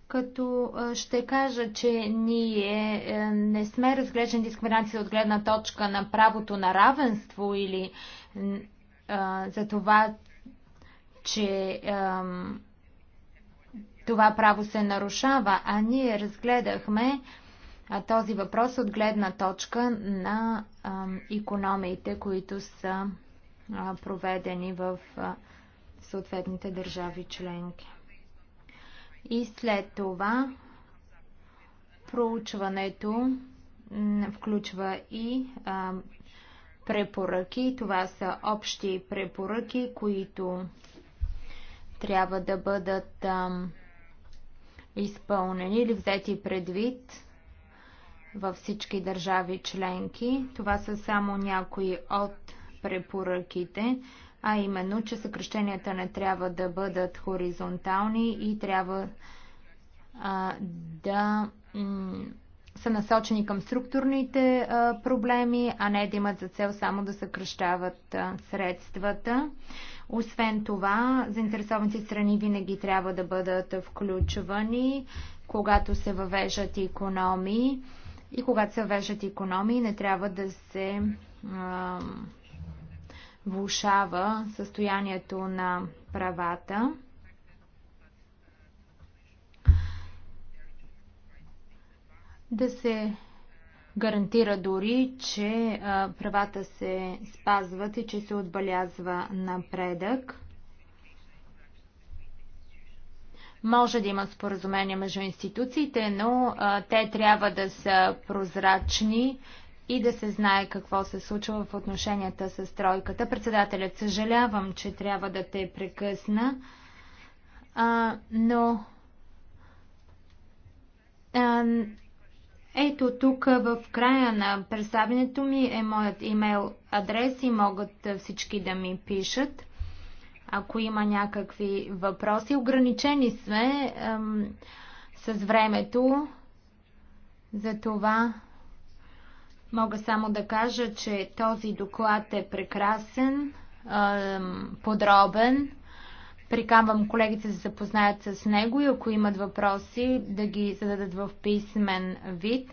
Като ще кажа, че ние е, не сме разглеждани дискриминация от гледна точка на правото на равенство или а, за това, че а, това право се нарушава, а ние разгледахме този въпрос от гледна точка на економиите, които са проведени в съответните държави членки. И след това проучването включва и а, препоръки. Това са общи препоръки, които трябва да бъдат а, изпълнени или взети предвид във всички държави членки. Това са само някои от препоръките, а именно, че съкръщенията не трябва да бъдат хоризонтални и трябва а, да са насочени към структурните а, проблеми, а не да имат за цел само да съкръщават а, средствата. Освен това, заинтересованите страни винаги трябва да бъдат включвани, когато се въвеждат економии. И когато се вежат економии, не трябва да се а, влушава състоянието на правата. Да се гарантира дори, че а, правата се спазват и че се отбелязва напредък. Може да има споразумения между институциите, но а, те трябва да са прозрачни и да се знае какво се случва в отношенията с тройката. Председателят, съжалявам, че трябва да те прекъсна, а, но а, ето тук в края на представенето ми е моят имейл адрес и могат всички да ми пишат ако има някакви въпроси. Ограничени сме ем, с времето, затова мога само да кажа, че този доклад е прекрасен, ем, подробен. Приканвам колегите да се запознаят с него и ако имат въпроси, да ги зададат в писмен вид.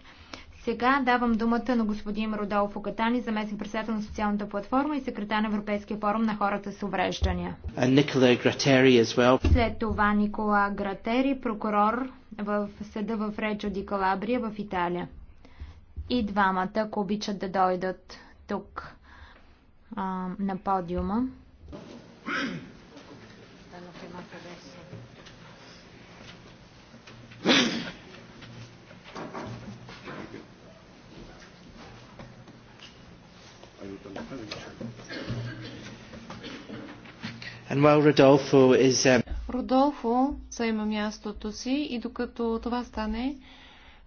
Сега давам думата на господин Родолфо Катани, заместник председател на социалната платформа и секретар на Европейския форум на хората с увреждания. Uh, well. След това Никола Гратери, прокурор в съда в Реджо Ди Калабрия в Италия. И двамата, ако обичат да дойдат тук а, на подиума. And while Rodolfo is, um... Родолфо заема мястото си и докато това стане,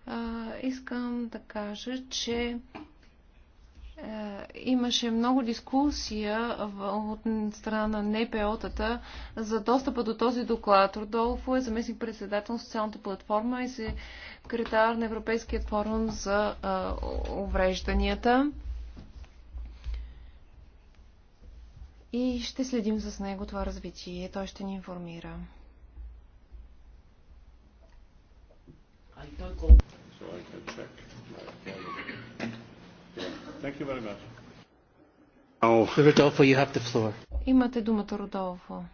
а, искам да кажа, че имаше много дискусия от страна на НПО-тата за достъпа до този доклад. Родолфо е заместник председател на социалната платформа и секретар на Европейския форум за уврежданията. и ще следим с него това развитие. Той ще ни информира. Имате думата, Родолфо.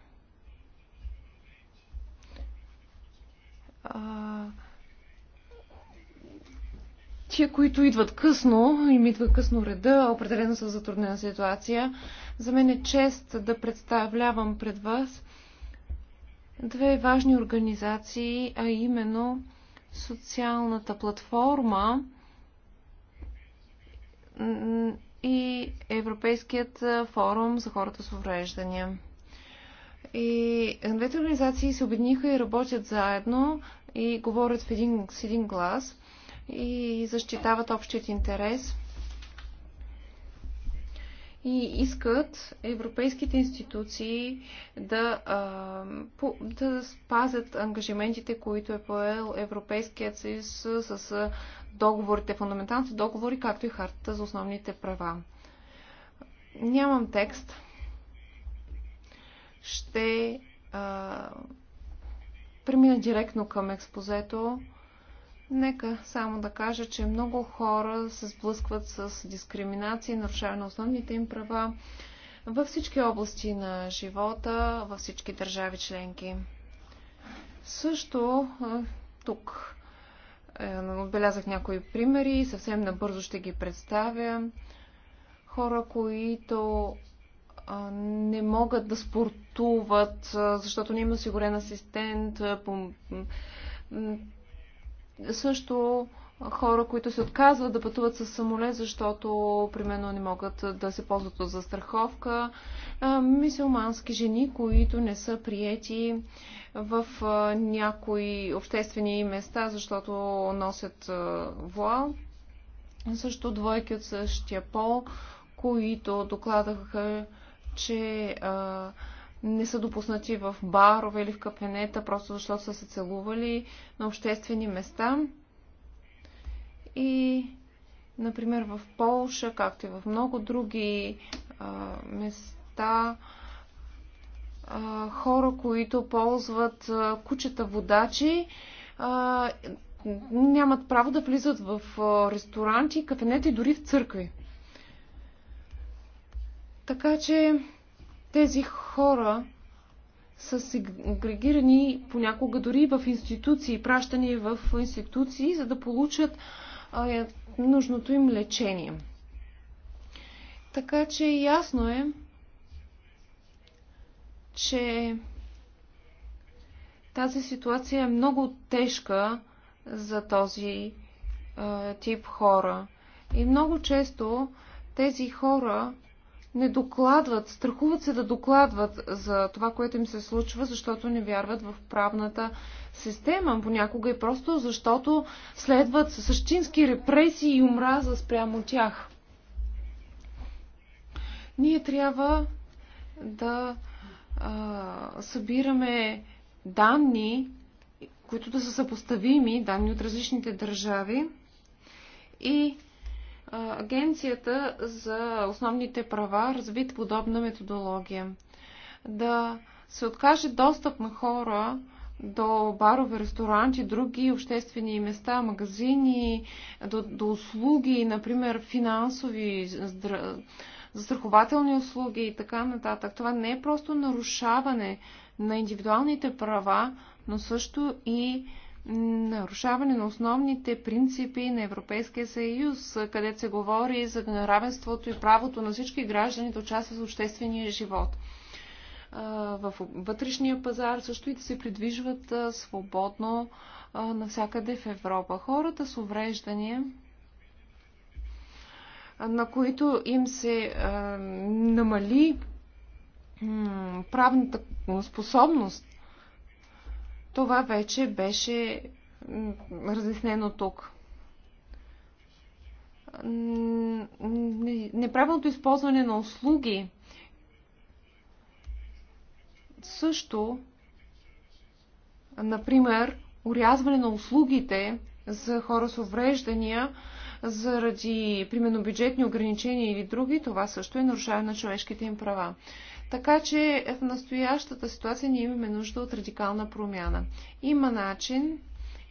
Тия, които идват късно, им идва късно реда, определено са в затруднена ситуация. За мен е чест да представлявам пред вас две важни организации, а именно социалната платформа и Европейският форум за хората с увреждания. И двете организации се обедниха и работят заедно и говорят в един, с един глас и защитават общият интерес и искат европейските институции да, да спазят ангажиментите, които е поел Европейският съюз с договорите, фундаменталните договори, както и хартата за основните права. Нямам текст. Ще а, премина директно към експозето. Нека само да кажа, че много хора се сблъскват с дискриминация и нарушаване на основните им права във всички области на живота, във всички държави членки. Също тук е, отбелязах някои примери и съвсем набързо ще ги представя. Хора, които не могат да спортуват, защото не има сигурен асистент, също хора, които се отказват да пътуват с самолет, защото примерно не могат да се ползват от застраховка. Мисулмански жени, които не са приети в някои обществени места, защото носят вуал. Също двойки от същия пол, които докладаха, че а, не са допуснати в барове или в кафенета, просто защото са се целували на обществени места. И, например, в Полша, както и в много други а, места, а, хора, които ползват а, кучета водачи, а, нямат право да влизат в ресторанти, кафенета и дори в църкви. Така че тези хора са сегрегирани понякога дори в институции, пращани в институции, за да получат а, е, нужното им лечение. Така че ясно е, че тази ситуация е много тежка за този а, тип хора. И много често тези хора не докладват, страхуват се да докладват за това, което им се случва, защото не вярват в правната система. Понякога и просто защото следват същински репресии и омраза спрямо тях. Ние трябва да а, събираме данни, които да са съпоставими, данни от различните държави и Агенцията за основните права развит подобна методология. Да се откаже достъп на хора до барове, ресторанти, други обществени места, магазини, до, до услуги, например финансови, застрахователни услуги и така нататък. Това не е просто нарушаване на индивидуалните права, но също и нарушаване на основните принципи на Европейския съюз, където се говори за равенството и правото на всички граждани да участват в обществения живот. В вътрешния пазар също и да се придвижват свободно навсякъде в Европа. Хората с увреждания на които им се намали правната способност това вече беше разяснено тук. Неправилното използване на услуги също, например, урязване на услугите за хора с увреждания, заради, примерно, бюджетни ограничения или други, това също е нарушаване на човешките им права. Така че в настоящата ситуация ние имаме нужда от радикална промяна. Има начин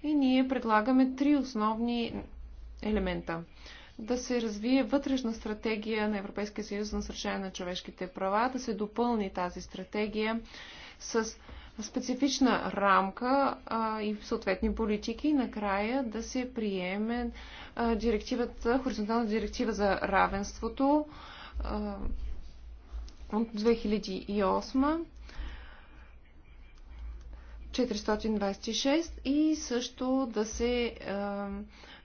и ние предлагаме три основни елемента. Да се развие вътрешна стратегия на Европейския съюз за насърчаване на човешките права, да се допълни тази стратегия с специфична рамка а, и съответни политики и накрая да се приеме а, директивата, хоризонтална директива за равенството, а, от 2008 426 и също да се е,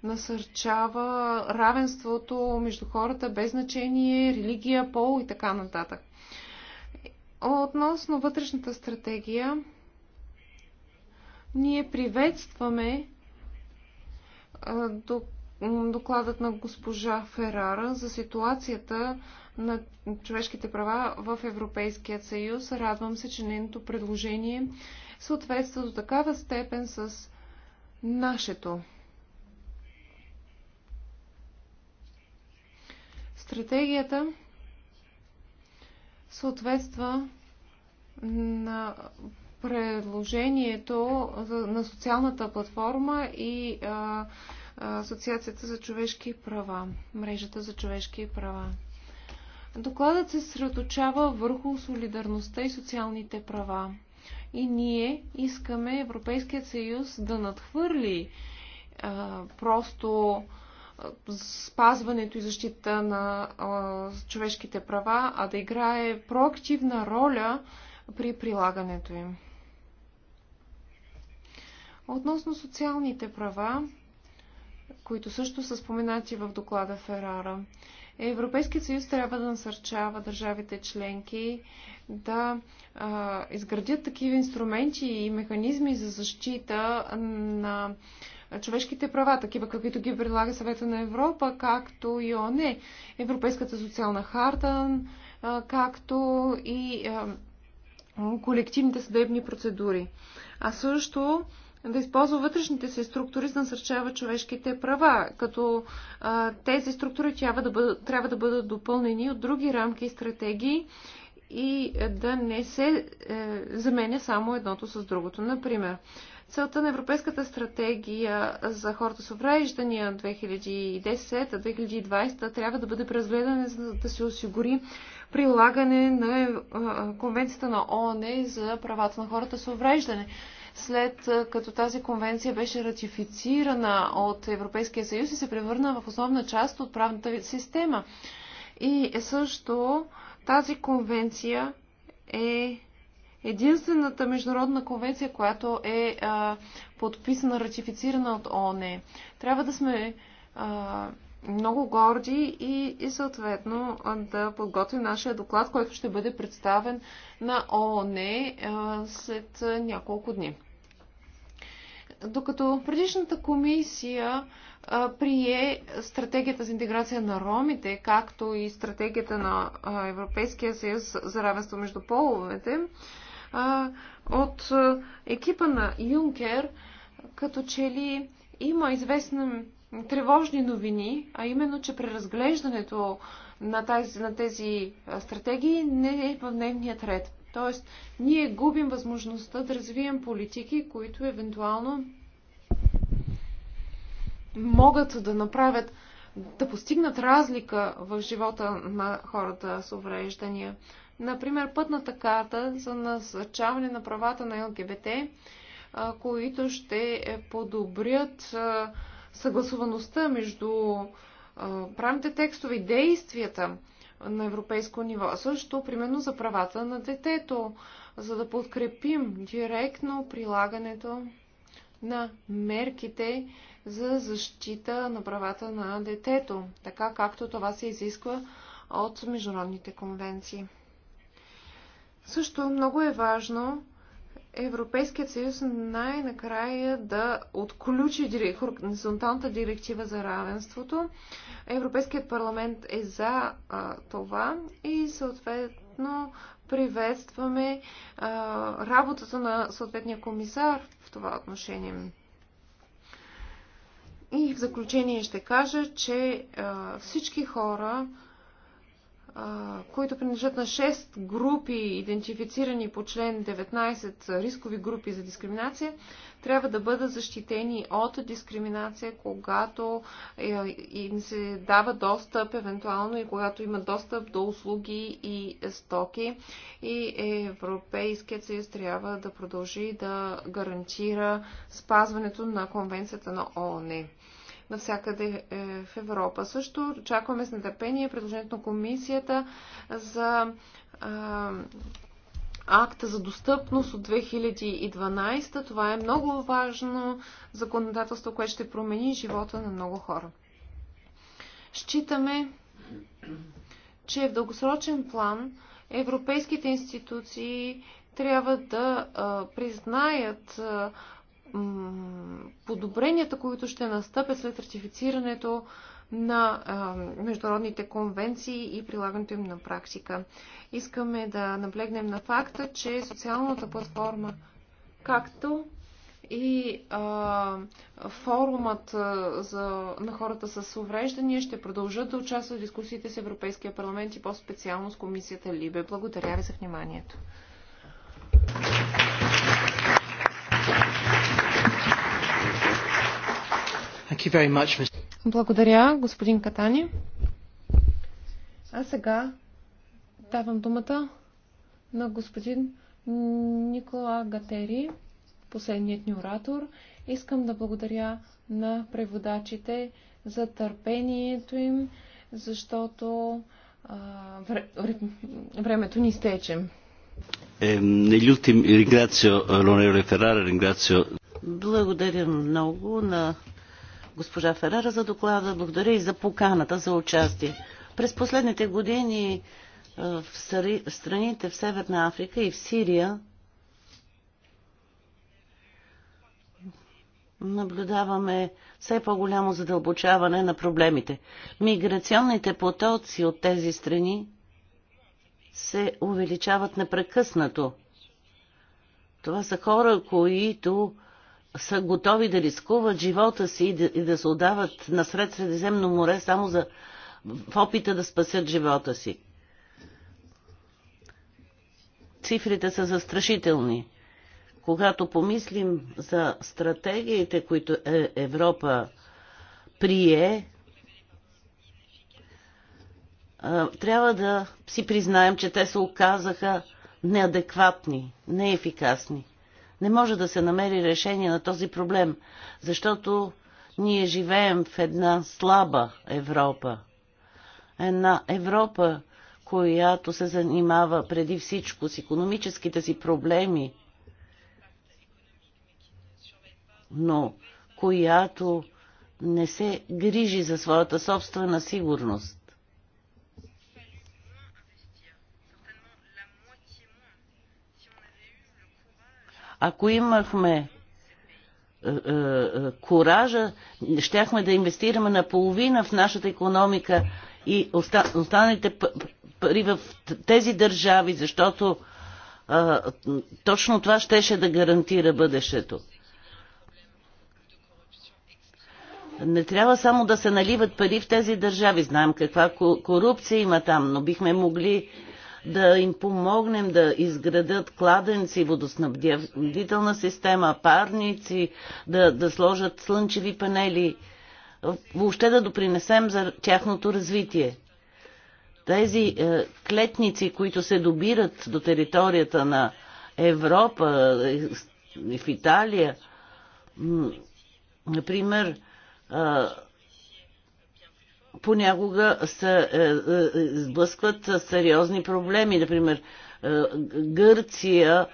насърчава равенството между хората без значение, религия, пол и така нататък. Относно вътрешната стратегия, ние приветстваме е, докладът на госпожа Ферара за ситуацията на човешките права в Европейския съюз. Радвам се, че нейното предложение съответства до такава степен с нашето. Стратегията съответства на предложението на социалната платформа и Асоциацията за човешки права, мрежата за човешки права. Докладът се средочава върху солидарността и социалните права. И ние искаме Европейският съюз да надхвърли а, просто спазването и защита на а, човешките права, а да играе проактивна роля при прилагането им. Относно социалните права, които също са споменати в доклада Ферара, Европейският съюз трябва да насърчава държавите членки да а, изградят такива инструменти и механизми за защита на човешките права, такива каквито ги предлага съвета на Европа, както и ОНЕ, Европейската социална харта, както и колективните съдебни процедури. А също да използва вътрешните си структури, за да насърчава човешките права, като а, тези структури трябва да, бъдат, трябва да бъдат допълнени от други рамки и стратегии и е, да не се е, заменя само едното с другото. Например, целта на Европейската стратегия за хората с увреждания 2010-2020 трябва да бъде преразгледана, за да се осигури прилагане на е, е, Конвенцията на ООН за правата на хората с увреждане след като тази конвенция беше ратифицирана от Европейския съюз и се превърна в основна част от правната система. И също тази конвенция е единствената международна конвенция, която е подписана, ратифицирана от ОНЕ. Трябва да сме а, много горди и, и съответно да подготвим нашия доклад, който ще бъде представен на ООН след няколко дни. Докато предишната комисия прие стратегията за интеграция на ромите, както и стратегията на Европейския съюз за равенство между половете, от екипа на Юнкер, като че ли има известен тревожни новини, а именно, че преразглеждането на, тази, на тези стратегии не е в дневният ред. Тоест, ние губим възможността да развием политики, които евентуално могат да направят, да постигнат разлика в живота на хората с увреждания. Например, пътната карта за насърчаване на правата на ЛГБТ, които ще е, подобрят съгласуваността между правните текстове и действията на европейско ниво. Също, примерно, за правата на детето, за да подкрепим директно прилагането на мерките за защита на правата на детето, така както това се изисква от международните конвенции. Също много е важно Европейският съюз най-накрая да отключи хоризонталната директива за равенството. Европейският парламент е за а, това и съответно приветстваме а, работата на съответния комисар в това отношение. И в заключение ще кажа, че а, всички хора, които принадлежат на 6 групи, идентифицирани по член 19 рискови групи за дискриминация, трябва да бъдат защитени от дискриминация, когато е, им се дава достъп, евентуално и когато има достъп до услуги и стоки. И Европейският съюз трябва да продължи да гарантира спазването на конвенцията на ООН навсякъде е, в Европа. Също очакваме с нетърпение предложението на комисията за акта за достъпност от 2012. Това е много важно законодателство, което ще промени живота на много хора. Считаме, че в дългосрочен план европейските институции трябва да а, признаят а, подобренията, които ще настъпят след ратифицирането на а, международните конвенции и прилагането им на практика. Искаме да наблегнем на факта, че социалната платформа, както и а, форумът за, на хората с увреждания ще продължат да участват в дискусиите с Европейския парламент и по-специално с комисията Либе. Благодаря ви за вниманието. Благодаря, господин Катани. А сега давам думата на господин Никола Гатери, последният ни оратор. Искам да благодаря на преводачите за търпението им, защото а, вре, вре, времето ни стече. Благодаря много на госпожа Ферера за доклада. Благодаря и за поканата за участие. През последните години е, в страните в Северна Африка и в Сирия наблюдаваме все по-голямо задълбочаване на проблемите. Миграционните потоци от тези страни се увеличават непрекъснато. Това са хора, които са готови да рискуват живота си и да, и да се отдават насред Средиземно море само за, в опита да спасят живота си. Цифрите са застрашителни. Когато помислим за стратегиите, които е, Европа прие, трябва да си признаем, че те се оказаха неадекватни, неефикасни не може да се намери решение на този проблем, защото ние живеем в една слаба Европа. Една Европа, която се занимава преди всичко с економическите си проблеми, но която не се грижи за своята собствена сигурност. Ако имахме е, е, коража, щяхме да инвестираме наполовина в нашата економика и останалите пари в тези държави, защото е, точно това щеше да гарантира бъдещето. Не трябва само да се наливат пари в тези държави. Знаем каква корупция има там, но бихме могли да им помогнем да изградат кладенци, водоснабдителна система, парници, да, да сложат слънчеви панели, въобще да допринесем за тяхното развитие. Тези е, клетници, които се добират до територията на Европа, е, в Италия, например, е, понякога се е, е, сблъскват с сериозни проблеми. Например, е, Гърция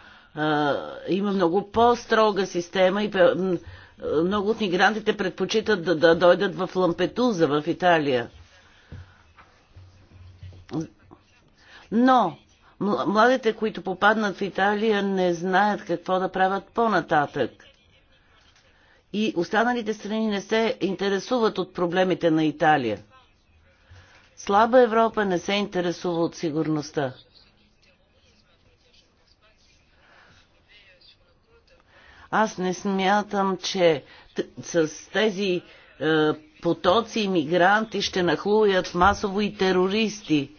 има много по-строга система и много от мигрантите предпочитат да, да дойдат в Лампетуза, в Италия. Но младите, които попаднат в Италия, не знаят какво да правят по-нататък. И останалите страни не се интересуват от проблемите на Италия. Слаба Европа не се интересува от сигурността. Аз не смятам, че с тези е, потоци мигранти ще нахлуят масово и терористи. Е,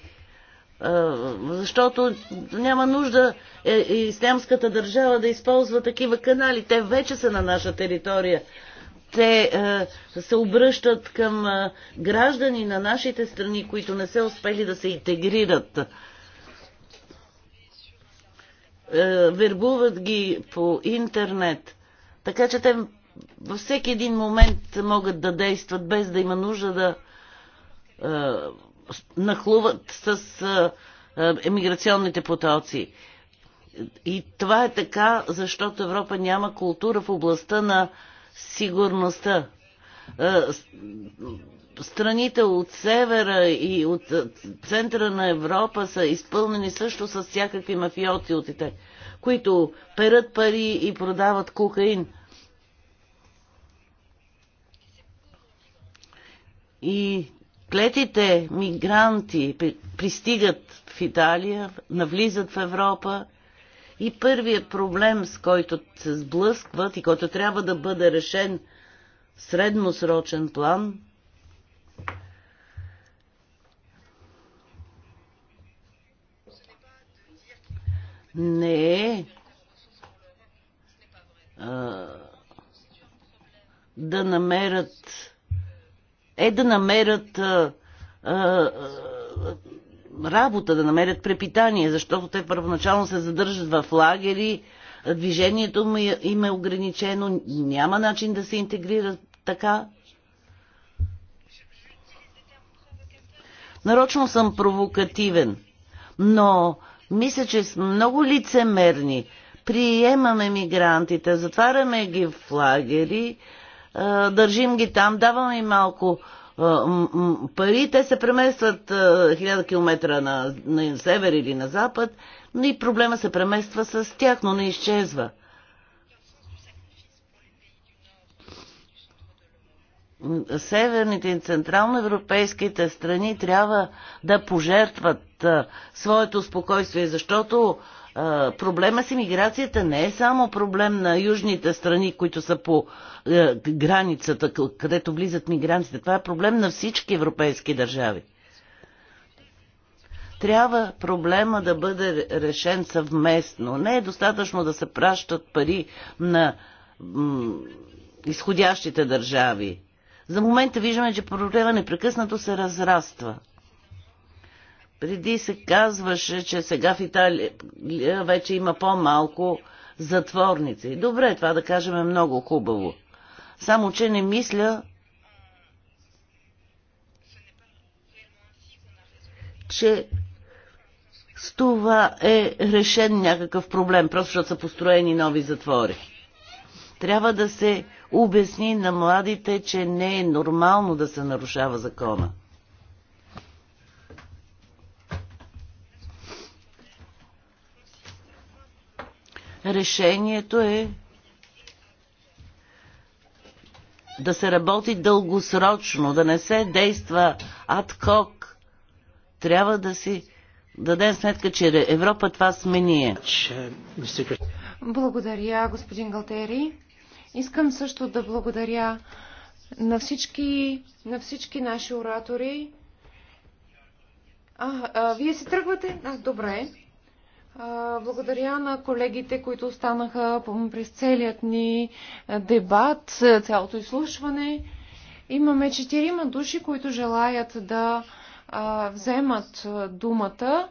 защото няма нужда е, е, ислямската държава да използва такива канали. Те вече са на наша територия те е, се обръщат към е, граждани на нашите страни, които не се успели да се интегрират. Е, вербуват ги по интернет. Така че те във всеки един момент могат да действат без да има нужда да е, нахлуват с е, е емиграционните потоци. И това е така, защото Европа няма култура в областта на сигурността. Е, страните от севера и от е, центъра на Европа са изпълнени също с всякакви мафиоти от ите, които перат пари и продават кокаин. И клетите мигранти пристигат в Италия, навлизат в Европа и първият проблем, с който се сблъскват и който трябва да бъде решен в средносрочен план, не е да намерят е да намерят а, а, работа, да намерят препитание, защото те първоначално се задържат в лагери, движението е- им е ограничено, няма начин да се интегрират така. Нарочно съм провокативен, но мисля, че сме много лицемерни. Приемаме мигрантите, затваряме ги в лагери, държим ги там, даваме им малко пари, те се преместват 1000 км на, на север или на запад и проблема се премества с тях, но не изчезва. северните и централноевропейските страни трябва да пожертват своето спокойствие, защото проблема с иммиграцията не е само проблем на южните страни, които са по е, границата, където влизат мигрантите. Това е проблем на всички европейски държави. Трябва проблема да бъде решен съвместно. Не е достатъчно да се пращат пари на изходящите държави. За момента виждаме, че проблема непрекъснато се разраства. Преди се казваше, че сега в Италия вече има по-малко затворници. Добре, това да кажем е много хубаво. Само, че не мисля, че с това е решен някакъв проблем, просто защото са построени нови затвори. Трябва да се обясни на младите, че не е нормално да се нарушава закона. решението е да се работи дългосрочно, да не се действа адхок. Трябва да си дадем сметка, че Европа това сме ние. Благодаря, господин Галтери. Искам също да благодаря на всички, на всички наши оратори. А, а, вие се тръгвате? А, добре. Благодаря на колегите, които останаха през целият ни дебат, цялото изслушване. Имаме четирима души, които желаят да вземат думата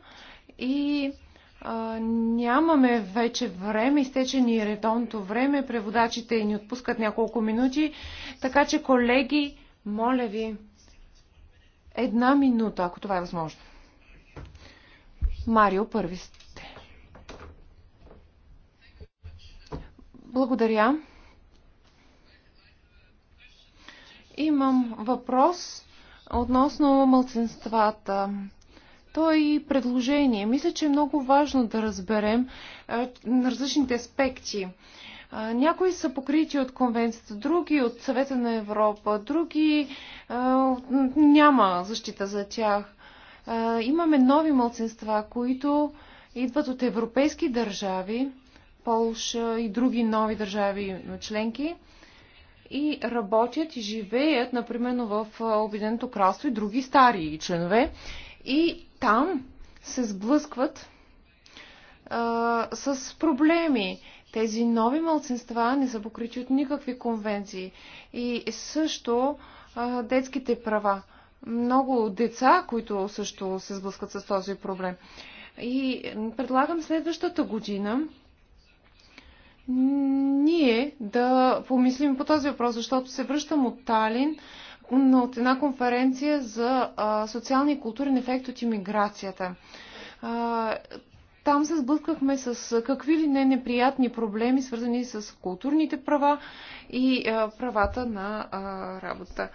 и нямаме вече време, изтече ни редонто време, преводачите ни отпускат няколко минути, така че колеги, моля ви, една минута, ако това е възможно. Марио първи Благодаря. Имам въпрос относно мълцинствата. То и предложение. Мисля, че е много важно да разберем на различните аспекти. Някои са покрити от конвенцията, други от съвета на Европа, други няма защита за тях. Имаме нови мълцинства, които идват от европейски държави, Полша и други нови държави членки и работят и живеят, например, в Обединеното кралство и други стари членове. И там се сблъскват а, с проблеми. Тези нови малцинства не са покрити от никакви конвенции. И също а, детските права. Много деца, които също се сблъскват с този проблем. И предлагам следващата година ние да помислим по този въпрос, защото се връщам от Талин, но от една конференция за а, социалния и културен ефект от иммиграцията. А, там се сблъскахме с какви ли не неприятни проблеми, свързани с културните права и а, правата на а, работа.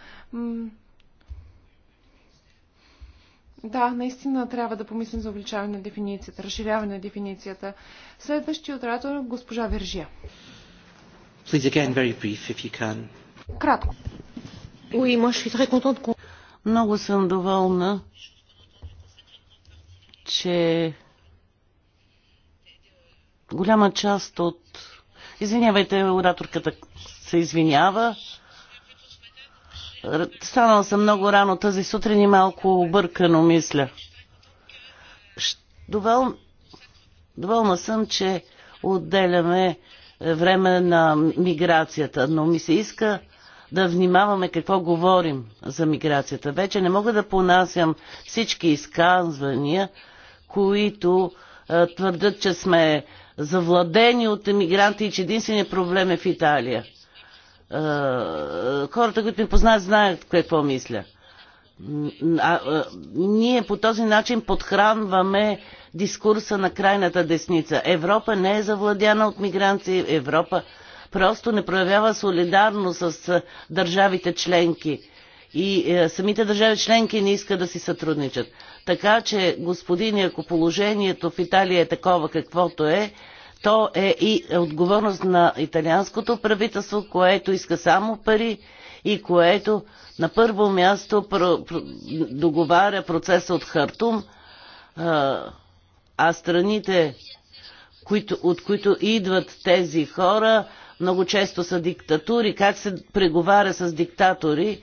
Да, наистина трябва да помислим за увеличаване на дефиницията, разширяване на дефиницията. Следващия оратор госпожа Вержия. Please again, very brief, if you can. Кратко. Oui, moi, je suis très contente. Много съм доволна, че голяма част от... Извинявайте, ораторката се извинява. Станал съм много рано тази сутрин и малко объркано мисля. Довол... Доволна съм, че отделяме време на миграцията, но ми се иска да внимаваме какво говорим за миграцията. Вече не мога да понасям всички изказвания, които твърдят, че сме завладени от емигранти и че единственият проблем е в Италия. Е, хората, които ме познават, знаят какво мисля. А, а, е, ние по този начин подхранваме дискурса на крайната десница. Европа не е завладяна от мигранци. Европа просто не проявява солидарност с е, държавите членки. И е, самите държави членки не искат да си сътрудничат. Така че, господини, ако положението в Италия е такова каквото е, то е и отговорност на италианското правителство, което иска само пари и което на първо място договаря процеса от Хартум, а страните, от които идват тези хора, много често са диктатури. Как се преговаря с диктатори?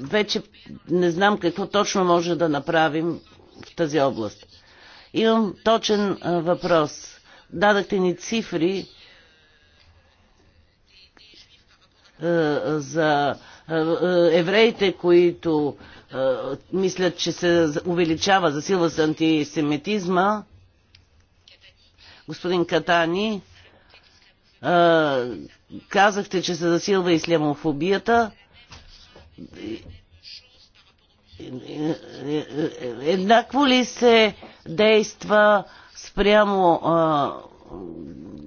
Вече не знам какво точно може да направим в тази област. Имам точен въпрос дадахте ни цифри за евреите, които мислят, че се увеличава, засилва се антисемитизма. Господин Катани, казахте, че се засилва ислямофобията. Еднакво ли се действа спрямо а,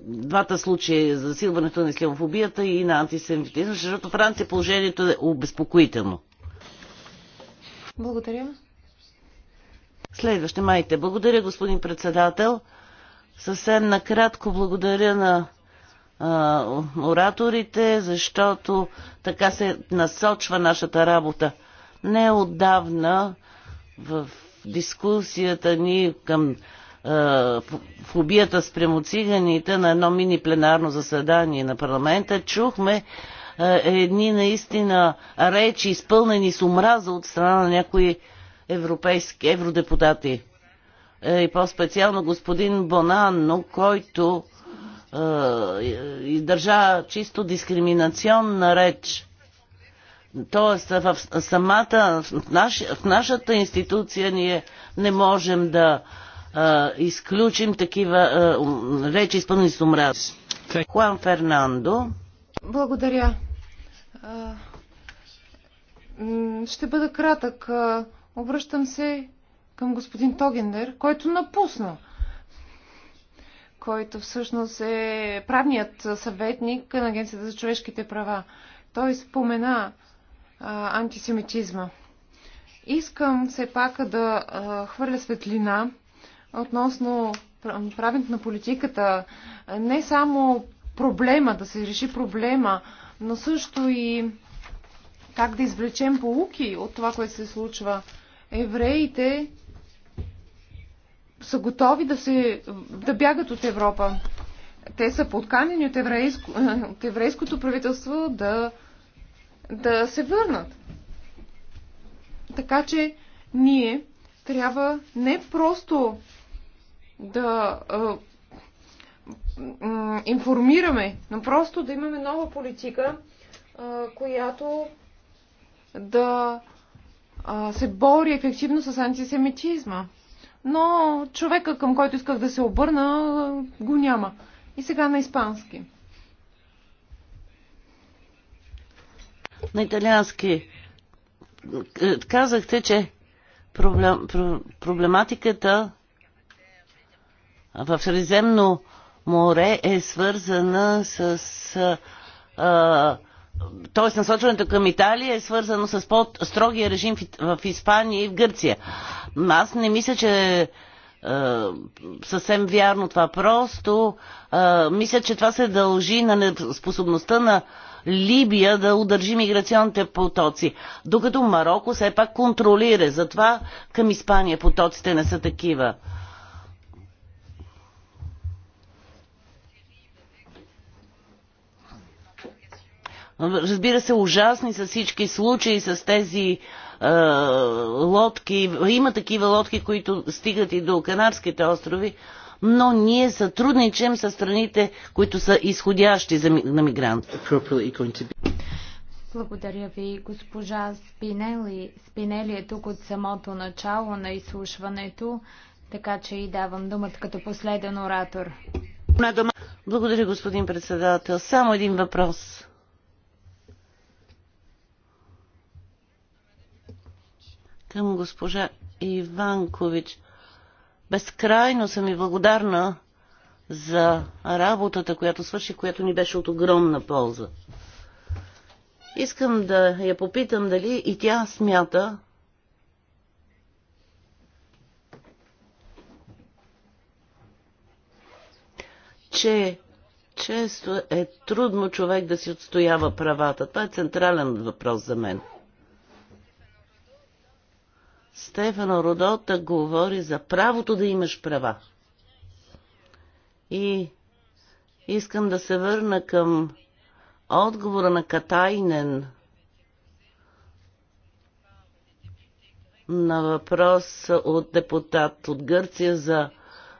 двата случая за засилването на ислямофобията и на антисемитизма, защото Франция положението е обезпокоително. Благодаря. Следваща майте. Благодаря, господин председател. Съвсем накратко благодаря на а, ораторите, защото така се насочва нашата работа. Не отдавна в дискусията ни към е, фобията спрямо циганите на едно мини пленарно заседание на парламента чухме е, едни наистина речи, изпълнени с омраза от страна на някои европейски евродепутати. Е, и по-специално господин Бонанно, който издържа чисто дискриминационна реч. Тоест, в самата, в, наш, в нашата институция ние не можем да а, изключим такива а, речи, изпълнени с омраз. Хуан Фернандо. Благодаря. Ще бъда кратък. Обръщам се към господин Тогендер, който напусна който всъщност е правният съветник на Агенцията за човешките права. Той спомена а, антисемитизма. Искам все пак да а, хвърля светлина относно правенето на политиката, не само проблема, да се реши проблема, но също и как да извлечем полуки от това, което се случва. Евреите са готови да, се, да бягат от Европа. Те са подканени от, еврейско, от еврейското правителство да, да се върнат. Така че ние трябва не просто да а, информираме, но просто да имаме нова политика, а, която да а, се бори ефективно с антисемитизма. Но човека, към който исках да се обърна, го няма. И сега на испански. На италиански. Казахте, че проблем, проблематиката в Средиземно море е свързана с. А, т.е. насочването към Италия е свързано с по-строгия режим в Испания и в Гърция. Аз не мисля, че съвсем вярно това. Просто а, мисля, че това се дължи на неспособността на Либия да удържи миграционните потоци, докато Марокко все пак контролира. Затова към Испания потоците не са такива. Разбира се, ужасни са всички случаи с тези е, лодки. Има такива лодки, които стигат и до Канарските острови, но ние сътрудничем с страните, които са изходящи за, на мигранти. Благодаря ви, госпожа Спинели. Спинели е тук от самото начало на изслушването, така че и давам думата като последен оратор. Благодаря, господин председател. Само един въпрос. към госпожа Иванкович. Безкрайно съм и благодарна за работата, която свърши, която ни беше от огромна полза. Искам да я попитам дали и тя смята, че често е трудно човек да си отстоява правата. Това е централен въпрос за мен. Стефано Родота говори за правото да имаш права. И искам да се върна към отговора на Катайнен на въпрос от депутат от Гърция за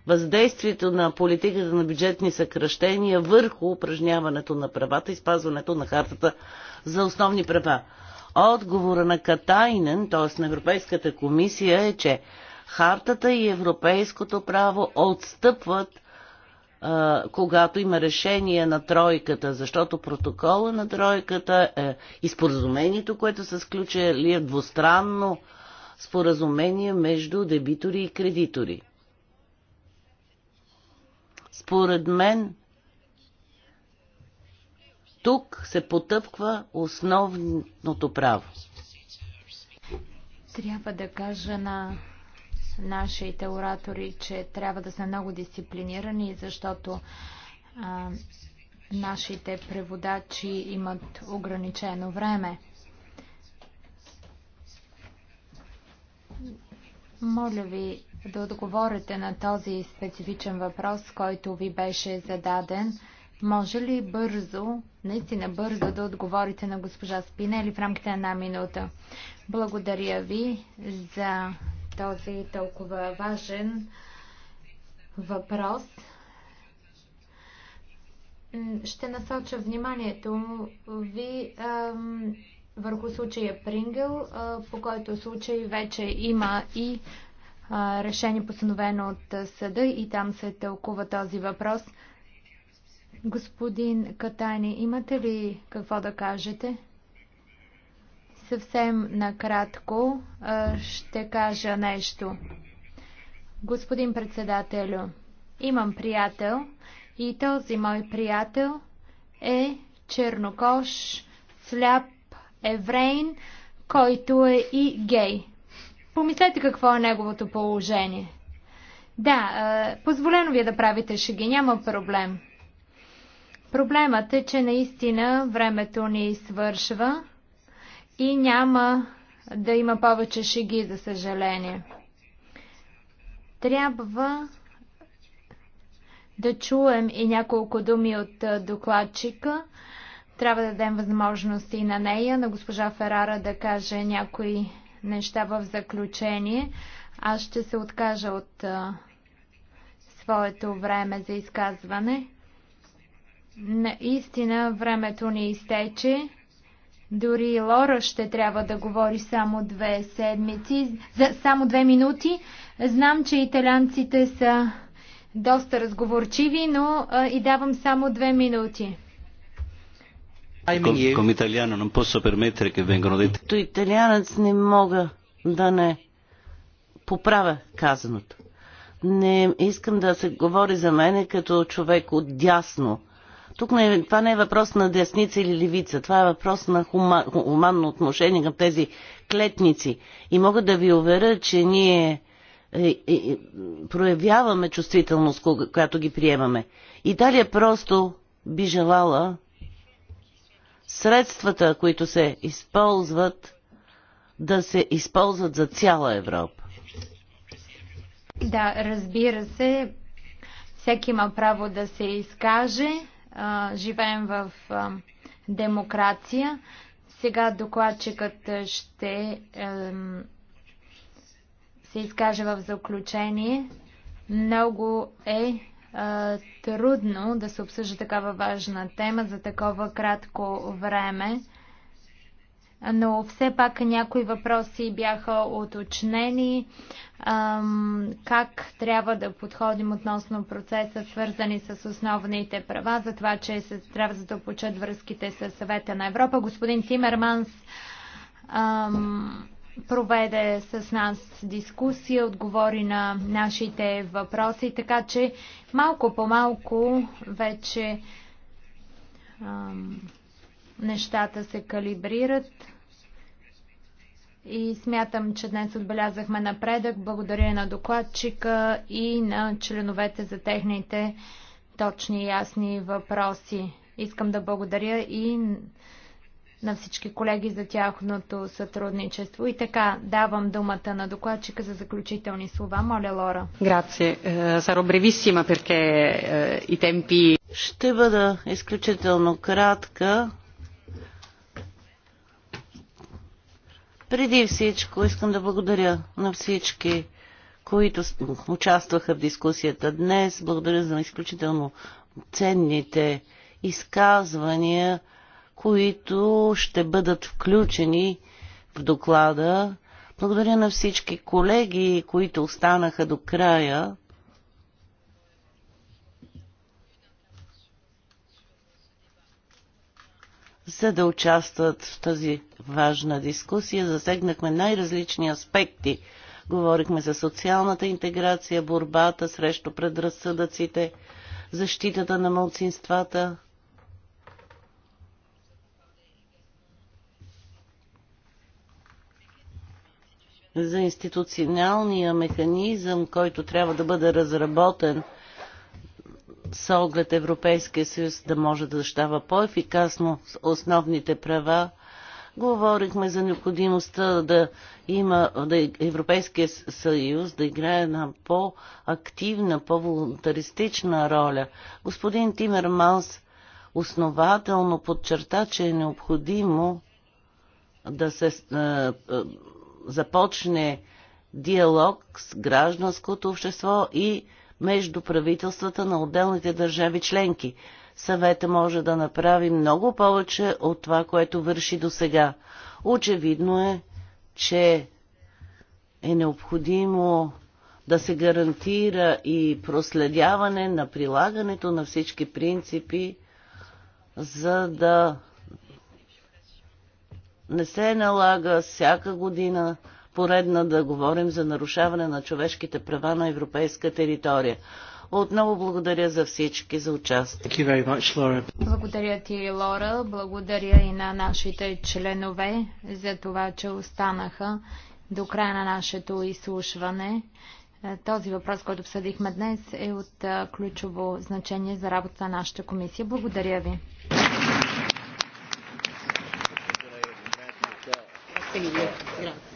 въздействието на политиката на бюджетни съкръщения върху упражняването на правата и спазването на хартата за основни права. Отговора на Катайнен, т.е. на Европейската комисия е, че хартата и европейското право отстъпват когато има решение на тройката, защото протокола на тройката е, и споразумението, което се сключи е двустранно споразумение между дебитори и кредитори. Според мен тук се потъпква основното право. Трябва да кажа на нашите оратори, че трябва да са много дисциплинирани, защото а, нашите преводачи имат ограничено време. Моля ви да отговорите на този специфичен въпрос, който ви беше зададен. Може ли бързо, наистина бързо да отговорите на госпожа Спинели в рамките на една минута? Благодаря ви за този толкова важен въпрос. Ще насоча вниманието ви ам, върху случая Прингъл, а, по който случай вече има и а, решение постановено от съда и там се тълкува този въпрос – Господин Катани, имате ли какво да кажете? Съвсем накратко ще кажа нещо. Господин председателю, имам приятел и този мой приятел е чернокош, сляп, еврейн, който е и гей. Помислете какво е неговото положение. Да, позволено ви е да правите шеги, няма проблем. Проблемът е, че наистина времето ни свършва и няма да има повече шеги, за съжаление. Трябва да чуем и няколко думи от докладчика. Трябва да дадем възможност и на нея, на госпожа Ферара, да каже някои неща в заключение. Аз ще се откажа от а, своето време за изказване. Наистина времето ни изтече. Дори Лора ще трябва да говори само две седмици, за само две минути. Знам, че италянците са доста разговорчиви, но а, и давам само две минути. Come italiano non posso permettere che vengano dette. Като италианец не мога да не поправя казаното. Не искам да се говори за мене като човек от дясно тук не, е, това не е въпрос на десница или левица, това е въпрос на хума, хуманно отношение към тези клетници. И мога да ви уверя, че ние е, е, е проявяваме чувствителност, която ги приемаме. Италия просто би желала средствата, които се използват, да се използват за цяла Европа. Да, разбира се, всеки има право да се изкаже живеем в демокрация. Сега докладчикът ще се изкаже в заключение. Много е трудно да се обсъжда такава важна тема за такова кратко време но все пак някои въпроси бяха уточнени. Как трябва да подходим относно процеса, свързани с основните права, за това, че се трябва да започат връзките с съвета на Европа. Господин Тимерманс проведе с нас дискусия, отговори на нашите въпроси, така че малко по малко вече нещата се калибрират и смятам, че днес отбелязахме напредък. Благодаря на докладчика и на членовете за техните точни и ясни въпроси. Искам да благодаря и на всички колеги за тяхното сътрудничество. И така, давам думата на докладчика за заключителни слова. Моля, Лора. Грация. Е, Саро бревисима, перке е, и темпи... Ще бъда изключително кратка, Преди всичко искам да благодаря на всички, които участваха в дискусията днес. Благодаря за изключително ценните изказвания, които ще бъдат включени в доклада. Благодаря на всички колеги, които останаха до края. за да участват в тази важна дискусия. Засегнахме най-различни аспекти. Говорихме за социалната интеграция, борбата срещу предразсъдъците, защитата на мълцинствата. за институционалния механизъм, който трябва да бъде разработен – с оглед Европейския съюз да може да защава по-ефикасно основните права, говорихме за необходимостта да има да Европейския съюз да играе една по-активна, по-волонтаристична роля. Господин Тимерманс основателно подчерта, че е необходимо да се е, започне диалог с гражданското общество и между правителствата на отделните държави членки. Съвета може да направи много повече от това, което върши до сега. Очевидно е, че е необходимо да се гарантира и проследяване на прилагането на всички принципи, за да не се налага всяка година поредна да говорим за нарушаване на човешките права на европейска територия. Отново благодаря за всички за участие. Much, благодаря ти, Лора. Благодаря и на нашите членове за това, че останаха до края на нашето изслушване. Е, този въпрос, който обсъдихме днес, е от е, ключово значение за работа на нашата комисия. Благодаря ви. Gracias.